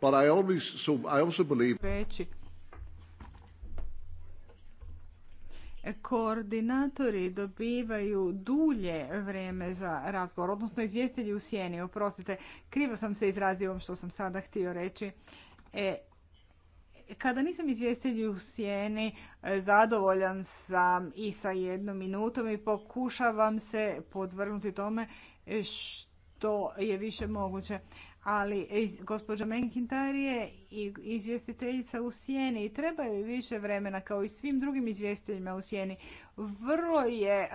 But I always, so I also believe... Koordinatori dobivaju dulje vrijeme za razgovor, odnosno izvjestitelji u sjeni, oprostite, krivo sam se izrazio što sam sada htio reći. E, kada nisam izvjestitelj u sjeni, e, zadovoljan sam i sa jednom minutom i pokušavam se podvrnuti tome što je više moguće ali e, gospođa Menkintar je izvjestiteljica u sjeni i treba joj više vremena kao i svim drugim izvjestiteljima u sjeni. Vrlo je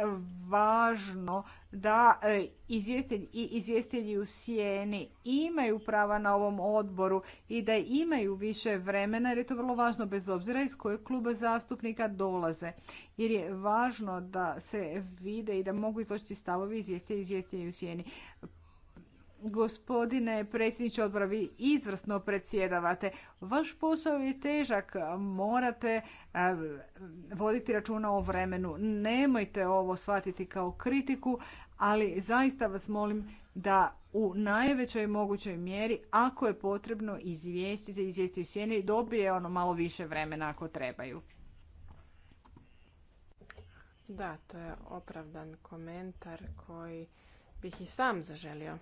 važno da e, i izvjestitelji u sjeni imaju prava na ovom odboru i da imaju više vremena jer je to vrlo važno bez obzira iz kojeg kluba zastupnika dolaze. Jer je važno da se vide i da mogu izložiti stavovi izvjestitelji i izvjestitelji u sjeni Gospodine predsjedniče odbora, vi izvrsno predsjedavate. Vaš posao je težak, morate eh, voditi računa o vremenu. Nemojte ovo shvatiti kao kritiku, ali zaista vas molim da u najvećoj mogućoj mjeri, ako je potrebno, izvijestite, izvijestite u sjeni, dobije ono malo više vremena ako trebaju. Da, to je opravdan komentar koji bih i sam zaželio.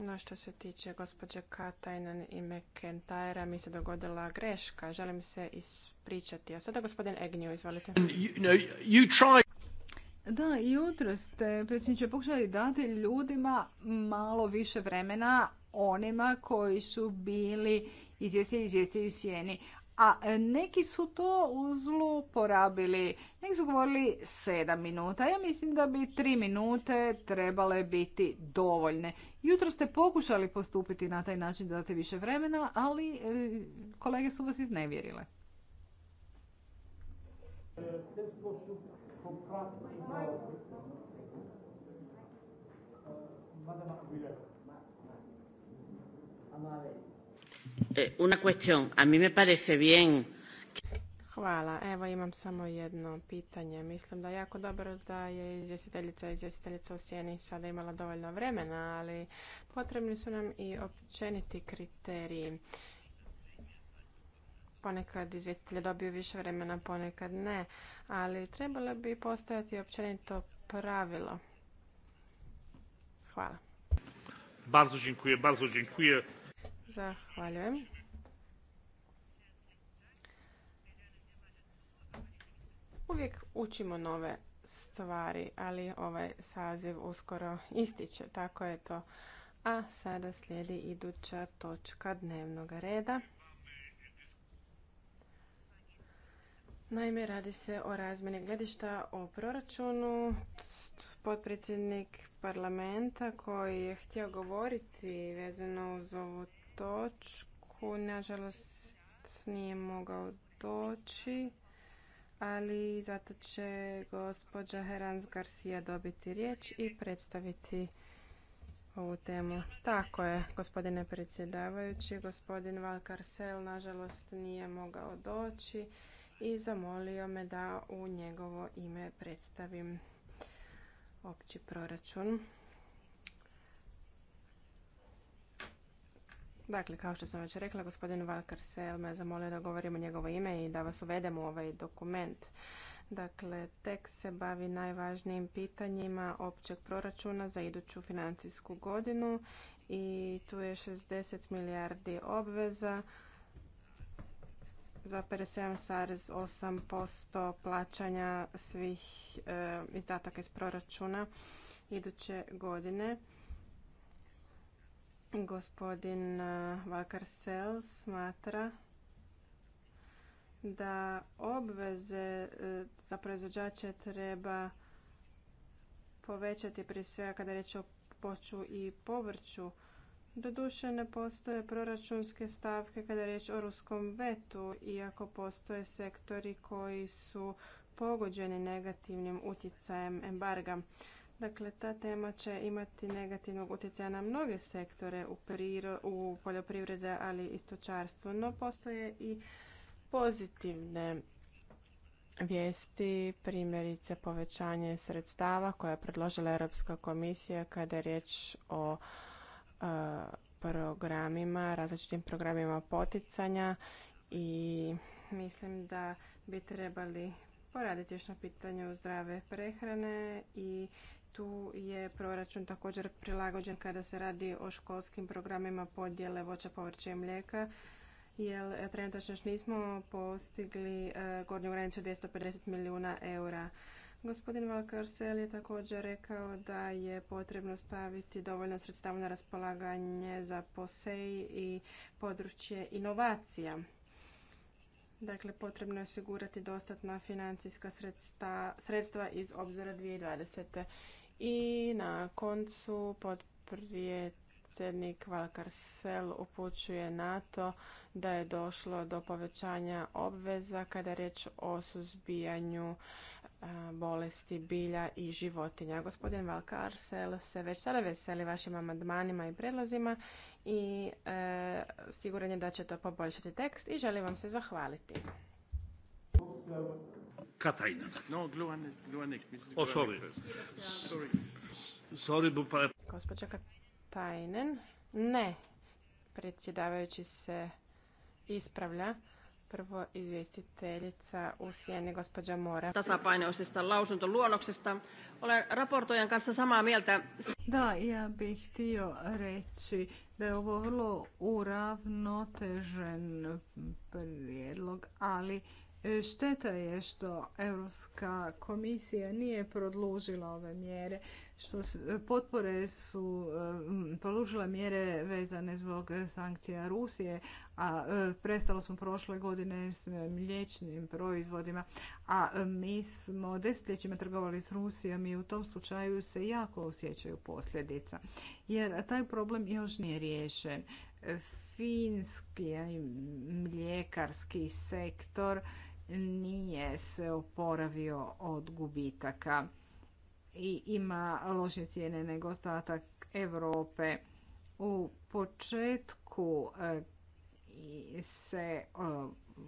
No što se tiče gospođe Katajnan i Mekentaira, mi se dogodila greška. Želim se ispričati. A sada gospodin Egnju, izvolite. Um, da, jutro ste, predsjedniče, pokušali dati ljudima malo više vremena onima koji su bili i izvjestili u sjeni a e, neki su to porabili, Neki su govorili 7 minuta. Ja mislim da bi 3 minute trebale biti dovoljne. Jutro ste pokušali postupiti na taj način da date više vremena, ali e, kolege su vas iznevjerile. Eh, una cuestión. A mí me parece bien. Hvala. Evo imam samo jedno pitanje. Mislim da je jako dobro da je izvjestiteljica i izvjestiteljica u sjeni sada imala dovoljno vremena, ali potrebni su nam i općeniti kriteriji. Ponekad izvjestitelji dobiju više vremena, ponekad ne, ali trebalo bi postojati općenito pravilo. Hvala. Bardzo dziękuję, bardzo dziękuję. Zahvaljujem. Uvijek učimo nove stvari, ali ovaj saziv uskoro ističe, tako je to. A sada slijedi iduća točka dnevnog reda. Naime, radi se o razmjeni gledišta o proračunu. Potpredsjednik parlamenta koji je htio govoriti vezano uz ovu točku. Nažalost, nije mogao doći, ali zato će gospođa Herans Garcia dobiti riječ i predstaviti ovu temu. Tako je, gospodine predsjedavajući, gospodin Valkarsel nažalost nije mogao doći i zamolio me da u njegovo ime predstavim opći proračun. Dakle, kao što sam već rekla, gospodin Valkar Sel me zamolio da govorimo njegovo ime i da vas uvedem u ovaj dokument. Dakle, tek se bavi najvažnijim pitanjima općeg proračuna za iduću financijsku godinu i tu je 60 milijardi obveza za 57,8% plaćanja svih e, izdataka iz proračuna iduće godine Gospodin eh, Valkar Sel smatra da obveze eh, za proizvođače treba povećati prije svega kada reći o poču i povrću. Doduše ne postoje proračunske stavke kada reći o ruskom vetu, iako postoje sektori koji su pogođeni negativnim utjecajem embarga. Dakle, ta tema će imati negativnog utjecaja na mnoge sektore u, priro, poljoprivrede, ali i stočarstvu. No, postoje i pozitivne vijesti, primjerice povećanje sredstava koja je predložila Europska komisija kada je riječ o e, programima, različitim programima poticanja i mislim da bi trebali poraditi još na pitanju zdrave prehrane i tu je proračun također prilagođen kada se radi o školskim programima podjele voća, povrća i mlijeka, jer e, trenutačno još nismo postigli e, gornju granicu 250 milijuna eura. Gospodin Valkarsel je također rekao da je potrebno staviti dovoljno sredstava na raspolaganje za posej i područje inovacija. Dakle, potrebno je osigurati dostatna financijska sredstva, sredstva iz obzora 2020. I na koncu potpredsjednik Valkarsel upućuje na to da je došlo do povećanja obveza kada je riječ o suzbijanju bolesti bilja i životinja. Gospodin Sel se već sada veseli vašim amandmanima i predlazima i e, siguran je da će to poboljšati tekst i želim vam se zahvaliti. Katainen. No, Gluanek, sorry. Pa- ne. Predsjedavajući se ispravlja. Prvo izvjestiteljica u sjeni gospođa Mora. Tasapainoisesta lausuntoluonnoksesta. Olen raportojan kanssa samaa mieltä. Da, ja bih htio reći da je ovo vrlo uravnotežen prijedlog, ali E, šteta je što Europska komisija nije produžila ove mjere, što potpore su e, produžile mjere vezane zbog sankcija Rusije, a e, prestalo smo prošle godine s mliječnim proizvodima, a mi smo desetljećima trgovali s Rusijom i u tom slučaju se jako osjećaju posljedica, jer taj problem još nije riješen. Finski mljekarski sektor nije se oporavio od gubitaka i ima loše cijene nego ostatak Europe. U početku e, se e,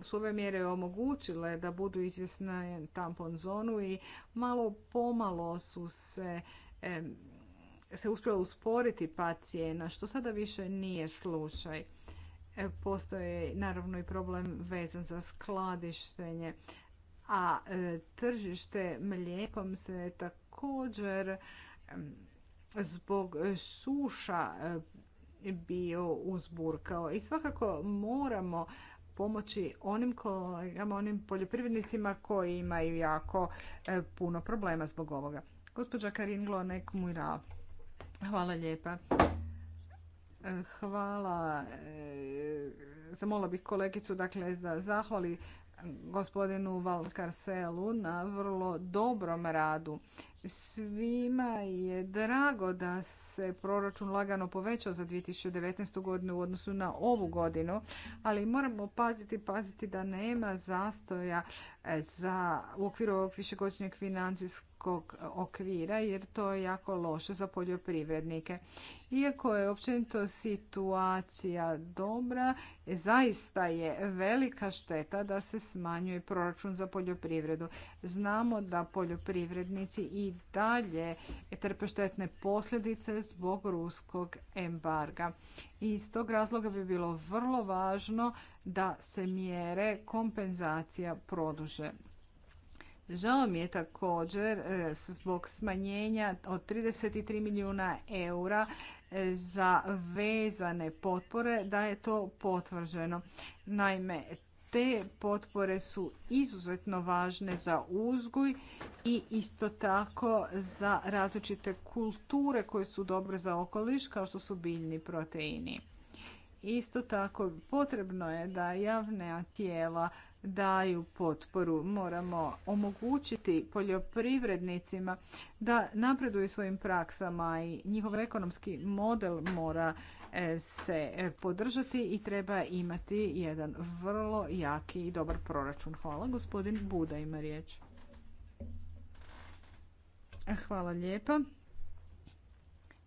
su ove mjere omogućile da budu izvjesne tampon zonu i malo pomalo su se e, se uspjelo usporiti pad cijena, što sada više nije slučaj. E, postoje naravno i problem vezan za skladištenje, a e, tržište mlijekom se također zbog suša e, bio uzburkao. I svakako moramo pomoći onim kolegama, onim poljoprivrednicima koji imaju jako puno problema zbog ovoga. Gospođa Karin Glonek Mujral. Hvala lijepa. Hvala. E, Zamola bih kolegicu dakle, da zahvali gospodinu Valkarselu na vrlo dobrom radu. Svima je drago da se proračun lagano povećao za 2019. godinu u odnosu na ovu godinu, ali moramo paziti, paziti da nema zastoja e, za, u okviru ovog višegodišnjeg financijskog zakonskog okvira jer to je jako loše za poljoprivrednike. Iako je općenito situacija dobra, zaista je velika šteta da se smanjuje proračun za poljoprivredu. Znamo da poljoprivrednici i dalje trpe štetne posljedice zbog ruskog embarga. I iz tog razloga bi bilo vrlo važno da se mjere kompenzacija produže. Žao mi je također e, zbog smanjenja od 33 milijuna eura e, za vezane potpore da je to potvrđeno. Naime, te potpore su izuzetno važne za uzgoj i isto tako za različite kulture koje su dobre za okoliš kao što su biljni proteini. Isto tako potrebno je da javne tijela daju potporu. Moramo omogućiti poljoprivrednicima da napreduju svojim praksama i njihov ekonomski model mora e, se e, podržati i treba imati jedan vrlo jaki i dobar proračun. Hvala. Gospodin Buda ima riječ. Hvala lijepa.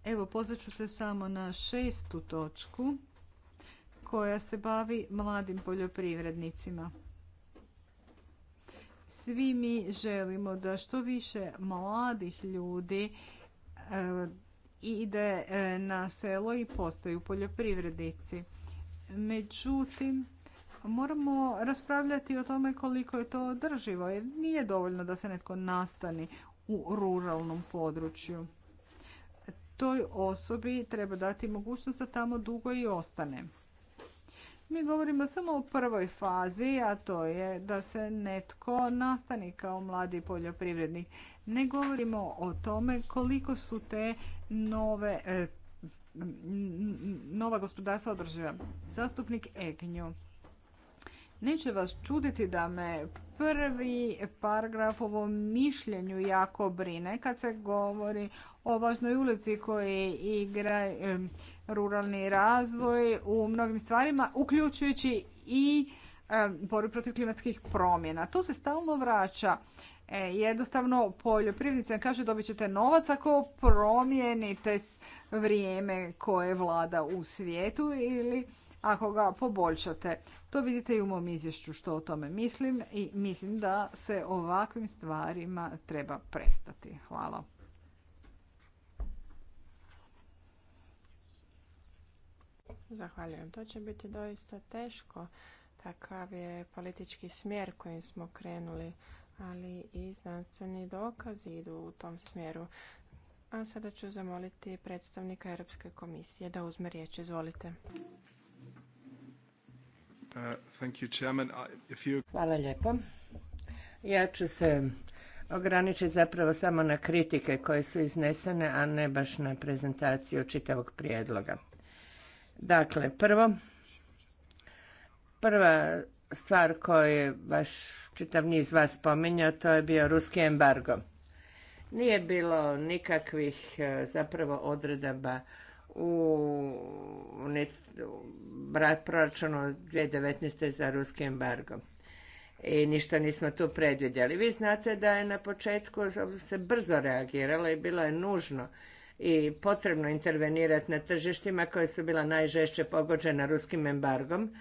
Evo, pozvat ću se samo na šestu točku koja se bavi mladim poljoprivrednicima. Svi mi želimo da što više mladih ljudi e, ide e, na selo i postaju poljoprivrednici. Međutim, moramo raspravljati o tome koliko je to održivo jer nije dovoljno da se netko nastani u ruralnom području. Toj osobi treba dati mogućnost da tamo dugo i ostane. Mi govorimo samo o prvoj fazi, a to je da se netko nastani kao mladi poljoprivrednik. Ne govorimo o tome koliko su te nove e, nova gospodarstva održiva. Zastupnik Egnju. Neće vas čuditi da me prvi paragraf ovom mišljenju jako brine kad se govori o važnoj ulici koji igra ruralni razvoj u mnogim stvarima, uključujući i borbu protiv klimatskih promjena. To se stalno vraća. E, jednostavno poljoprivrednica kaže dobit ćete novac ako promijenite vrijeme koje vlada u svijetu ili ako ga poboljšate. To vidite i u mom izvješću što o tome mislim i mislim da se ovakvim stvarima treba prestati. Hvala. Zahvaljujem. To će biti doista teško. Takav je politički smjer kojim smo krenuli, ali i znanstveni dokazi idu u tom smjeru. A sada ću zamoliti predstavnika Europske komisije da uzme riječ. Izvolite. Uh, Hvala lijepo. Ja ću se ograničiti zapravo samo na kritike koje su iznesene, a ne baš na prezentaciju čitavog prijedloga. Dakle, prvo, prva stvar koju je baš čitav niz vas spominjao, to je bio ruski embargo. Nije bilo nikakvih eh, zapravo odredaba u proračunu 2019. za ruski embargom. I ništa nismo tu predvidjeli. Vi znate da je na početku se brzo reagiralo i bilo je nužno i potrebno intervenirati na tržištima koje su bila najžešće pogođena ruskim embargom,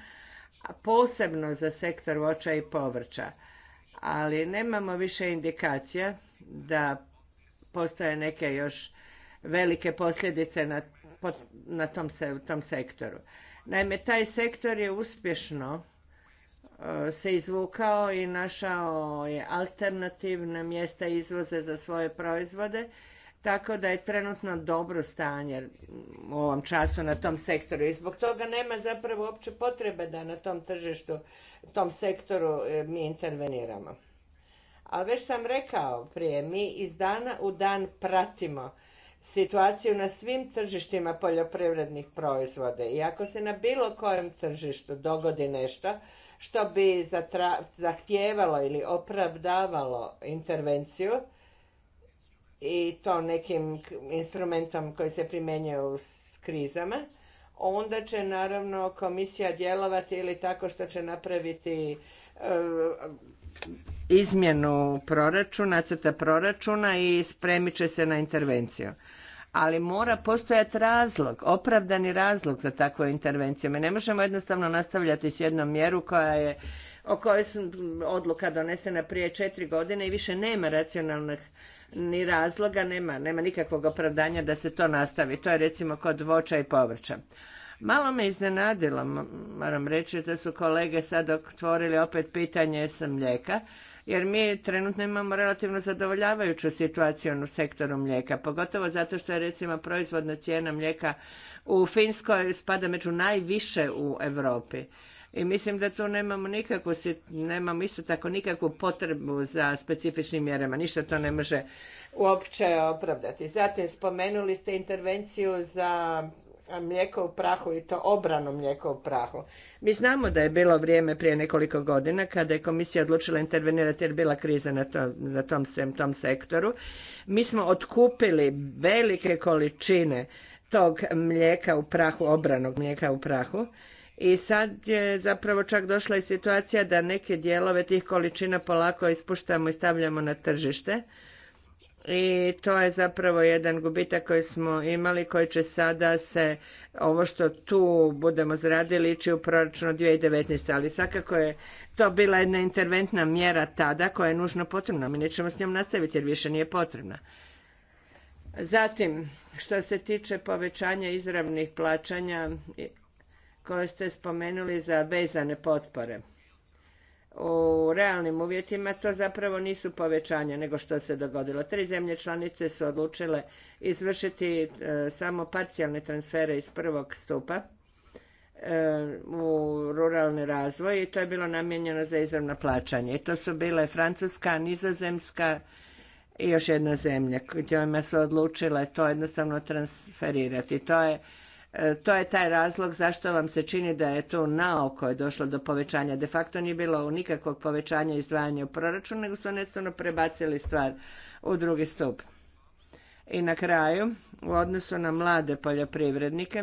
a posebno za sektor voća i povrća. Ali nemamo više indikacija da postoje neke još velike posljedice na na tom, se, tom sektoru. Naime, taj sektor je uspješno e, se izvukao i našao je alternativna mjesta izvoza za svoje proizvode, tako da je trenutno dobro stanje u ovom času na tom sektoru i zbog toga nema zapravo uopće potrebe da na tom tržištu, tom sektoru e, mi interveniramo. A već sam rekao prije, mi iz dana u dan pratimo situaciju na svim tržištima poljoprivrednih proizvoda i ako se na bilo kojem tržištu dogodi nešto što bi zahtijevalo ili opravdavalo intervenciju i to nekim instrumentom koji se primjenjuje u krizama, onda će naravno komisija djelovati ili tako što će napraviti e, izmjenu proračuna, nacrta proračuna i spremit će se na intervenciju ali mora postojati razlog, opravdani razlog za takvu intervenciju. Mi ne možemo jednostavno nastavljati s jednom mjeru koja je o kojoj su odluka donesena prije četiri godine i više nema racionalnih ni razloga, nema, nema nikakvog opravdanja da se to nastavi. To je recimo kod voća i povrća. Malo me iznenadilo, moram reći, da su kolege sad otvorili opet pitanje sa mlijeka jer mi trenutno imamo relativno zadovoljavajuću situaciju u sektoru mlijeka, pogotovo zato što je recimo proizvodna cijena mlijeka u Finskoj spada među najviše u Europi. I mislim da tu nemamo nikakvu, nemamo isto tako nikakvu potrebu za specifičnim mjerama. Ništa to ne može uopće opravdati. Zatim spomenuli ste intervenciju za mlijeko u prahu i to obrano mlijeko u prahu. Mi znamo da je bilo vrijeme prije nekoliko godina kada je komisija odlučila intervenirati jer je bila kriza na, na tom, tom sektoru. Mi smo otkupili velike količine tog mlijeka u prahu, obranog mlijeka u prahu i sad je zapravo čak došla i situacija da neke dijelove tih količina polako ispuštamo i stavljamo na tržište i to je zapravo jedan gubitak koji smo imali koji će sada se ovo što tu budemo zaradili ići u proračun 2019. Ali svakako je to bila jedna interventna mjera tada koja je nužno potrebna. Mi nećemo s njom nastaviti jer više nije potrebna. Zatim, što se tiče povećanja izravnih plaćanja koje ste spomenuli za vezane potpore – u realnim uvjetima to zapravo nisu povećanja nego što se dogodilo. Tri zemlje članice su odlučile izvršiti e, samo parcijalne transfere iz prvog stupa e, u ruralni razvoj i to je bilo namijenjeno za izravno plaćanje. I to su bile Francuska, Nizozemska i još jedna zemlja kojima su odlučile to jednostavno transferirati. To je E, to je taj razlog zašto vam se čini da je to naoko je došlo do povećanja. De facto nije bilo nikakvog povećanja izdvajanja u proračun, nego su jednostavno prebacili stvar u drugi stup. I na kraju, u odnosu na mlade poljoprivrednike,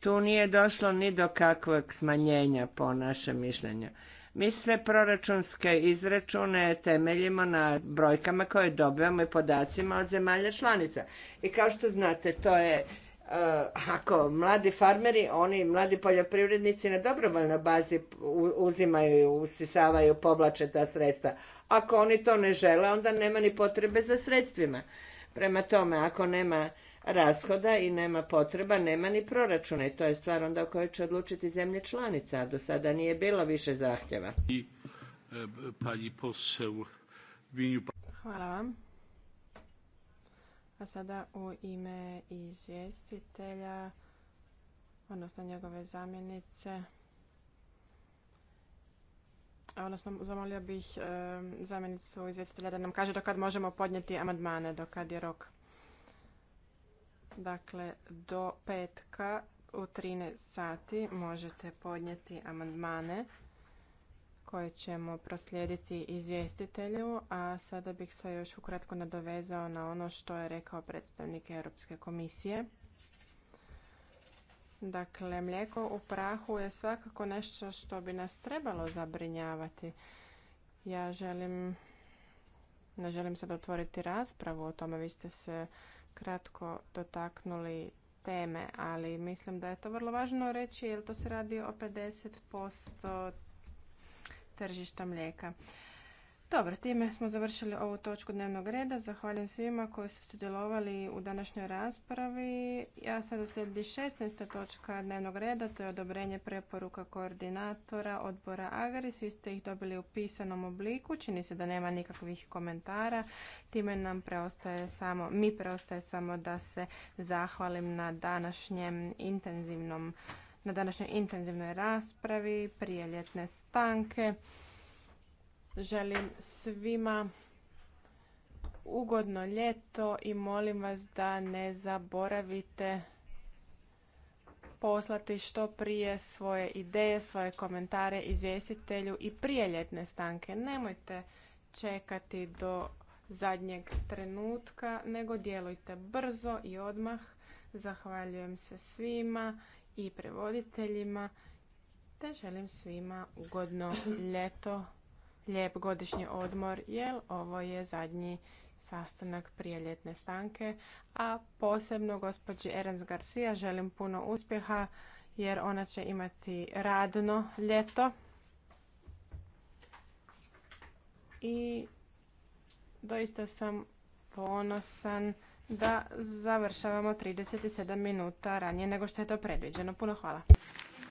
tu nije došlo ni do kakvog smanjenja po našem mišljenju. Mi sve proračunske izračune temeljimo na brojkama koje dobivamo i podacima od zemalja članica. I kao što znate, to je Eh, ako mladi farmeri, oni mladi poljoprivrednici na dobrovoljnoj bazi uzimaju, usisavaju, povlače ta sredstva. Ako oni to ne žele, onda nema ni potrebe za sredstvima. Prema tome, ako nema rashoda i nema potreba, nema ni proračuna i to je stvar onda o kojoj će odlučiti zemlje članica, a do sada nije bilo više zahtjeva. E, pa- Hvala vam. A sada u ime izvjestitelja, odnosno njegove zamjenice, odnosno zamolio bih e, zamjenicu izvjestitelja da nam kaže do kad možemo podnijeti amandmane, do kad je rok. Dakle, do petka u 13 sati možete podnijeti amandmane koje ćemo proslijediti izvjestitelju, a sada bih se još ukratko nadovezao na ono što je rekao predstavnik Europske komisije. Dakle, mlijeko u prahu je svakako nešto što bi nas trebalo zabrinjavati. Ja želim, ne želim sad otvoriti raspravu o tome, vi ste se kratko dotaknuli teme, ali mislim da je to vrlo važno reći jer to se radi o 50% tržišta mlijeka. Dobro, time smo završili ovu točku dnevnog reda. Zahvaljujem svima koji su sudjelovali u današnjoj raspravi. Ja sada slijedi 16. točka dnevnog reda, to je odobrenje preporuka koordinatora odbora Agari. Svi ste ih dobili u pisanom obliku, čini se da nema nikakvih komentara. Time nam preostaje samo, mi preostaje samo da se zahvalim na današnjem intenzivnom na današnjoj intenzivnoj raspravi prije ljetne stanke. Želim svima ugodno ljeto i molim vas da ne zaboravite poslati što prije svoje ideje, svoje komentare izvjestitelju i prije ljetne stanke. Nemojte čekati do zadnjeg trenutka, nego djelujte brzo i odmah. Zahvaljujem se svima i prevoditeljima, te želim svima ugodno ljeto, lijep godišnji odmor, jer ovo je zadnji sastanak prije ljetne stanke, a posebno gospođi Erens Garcia želim puno uspjeha jer ona će imati radno ljeto. I doista sam ponosan da završavamo 37 minuta ranije nego što je to predviđeno. Puno hvala.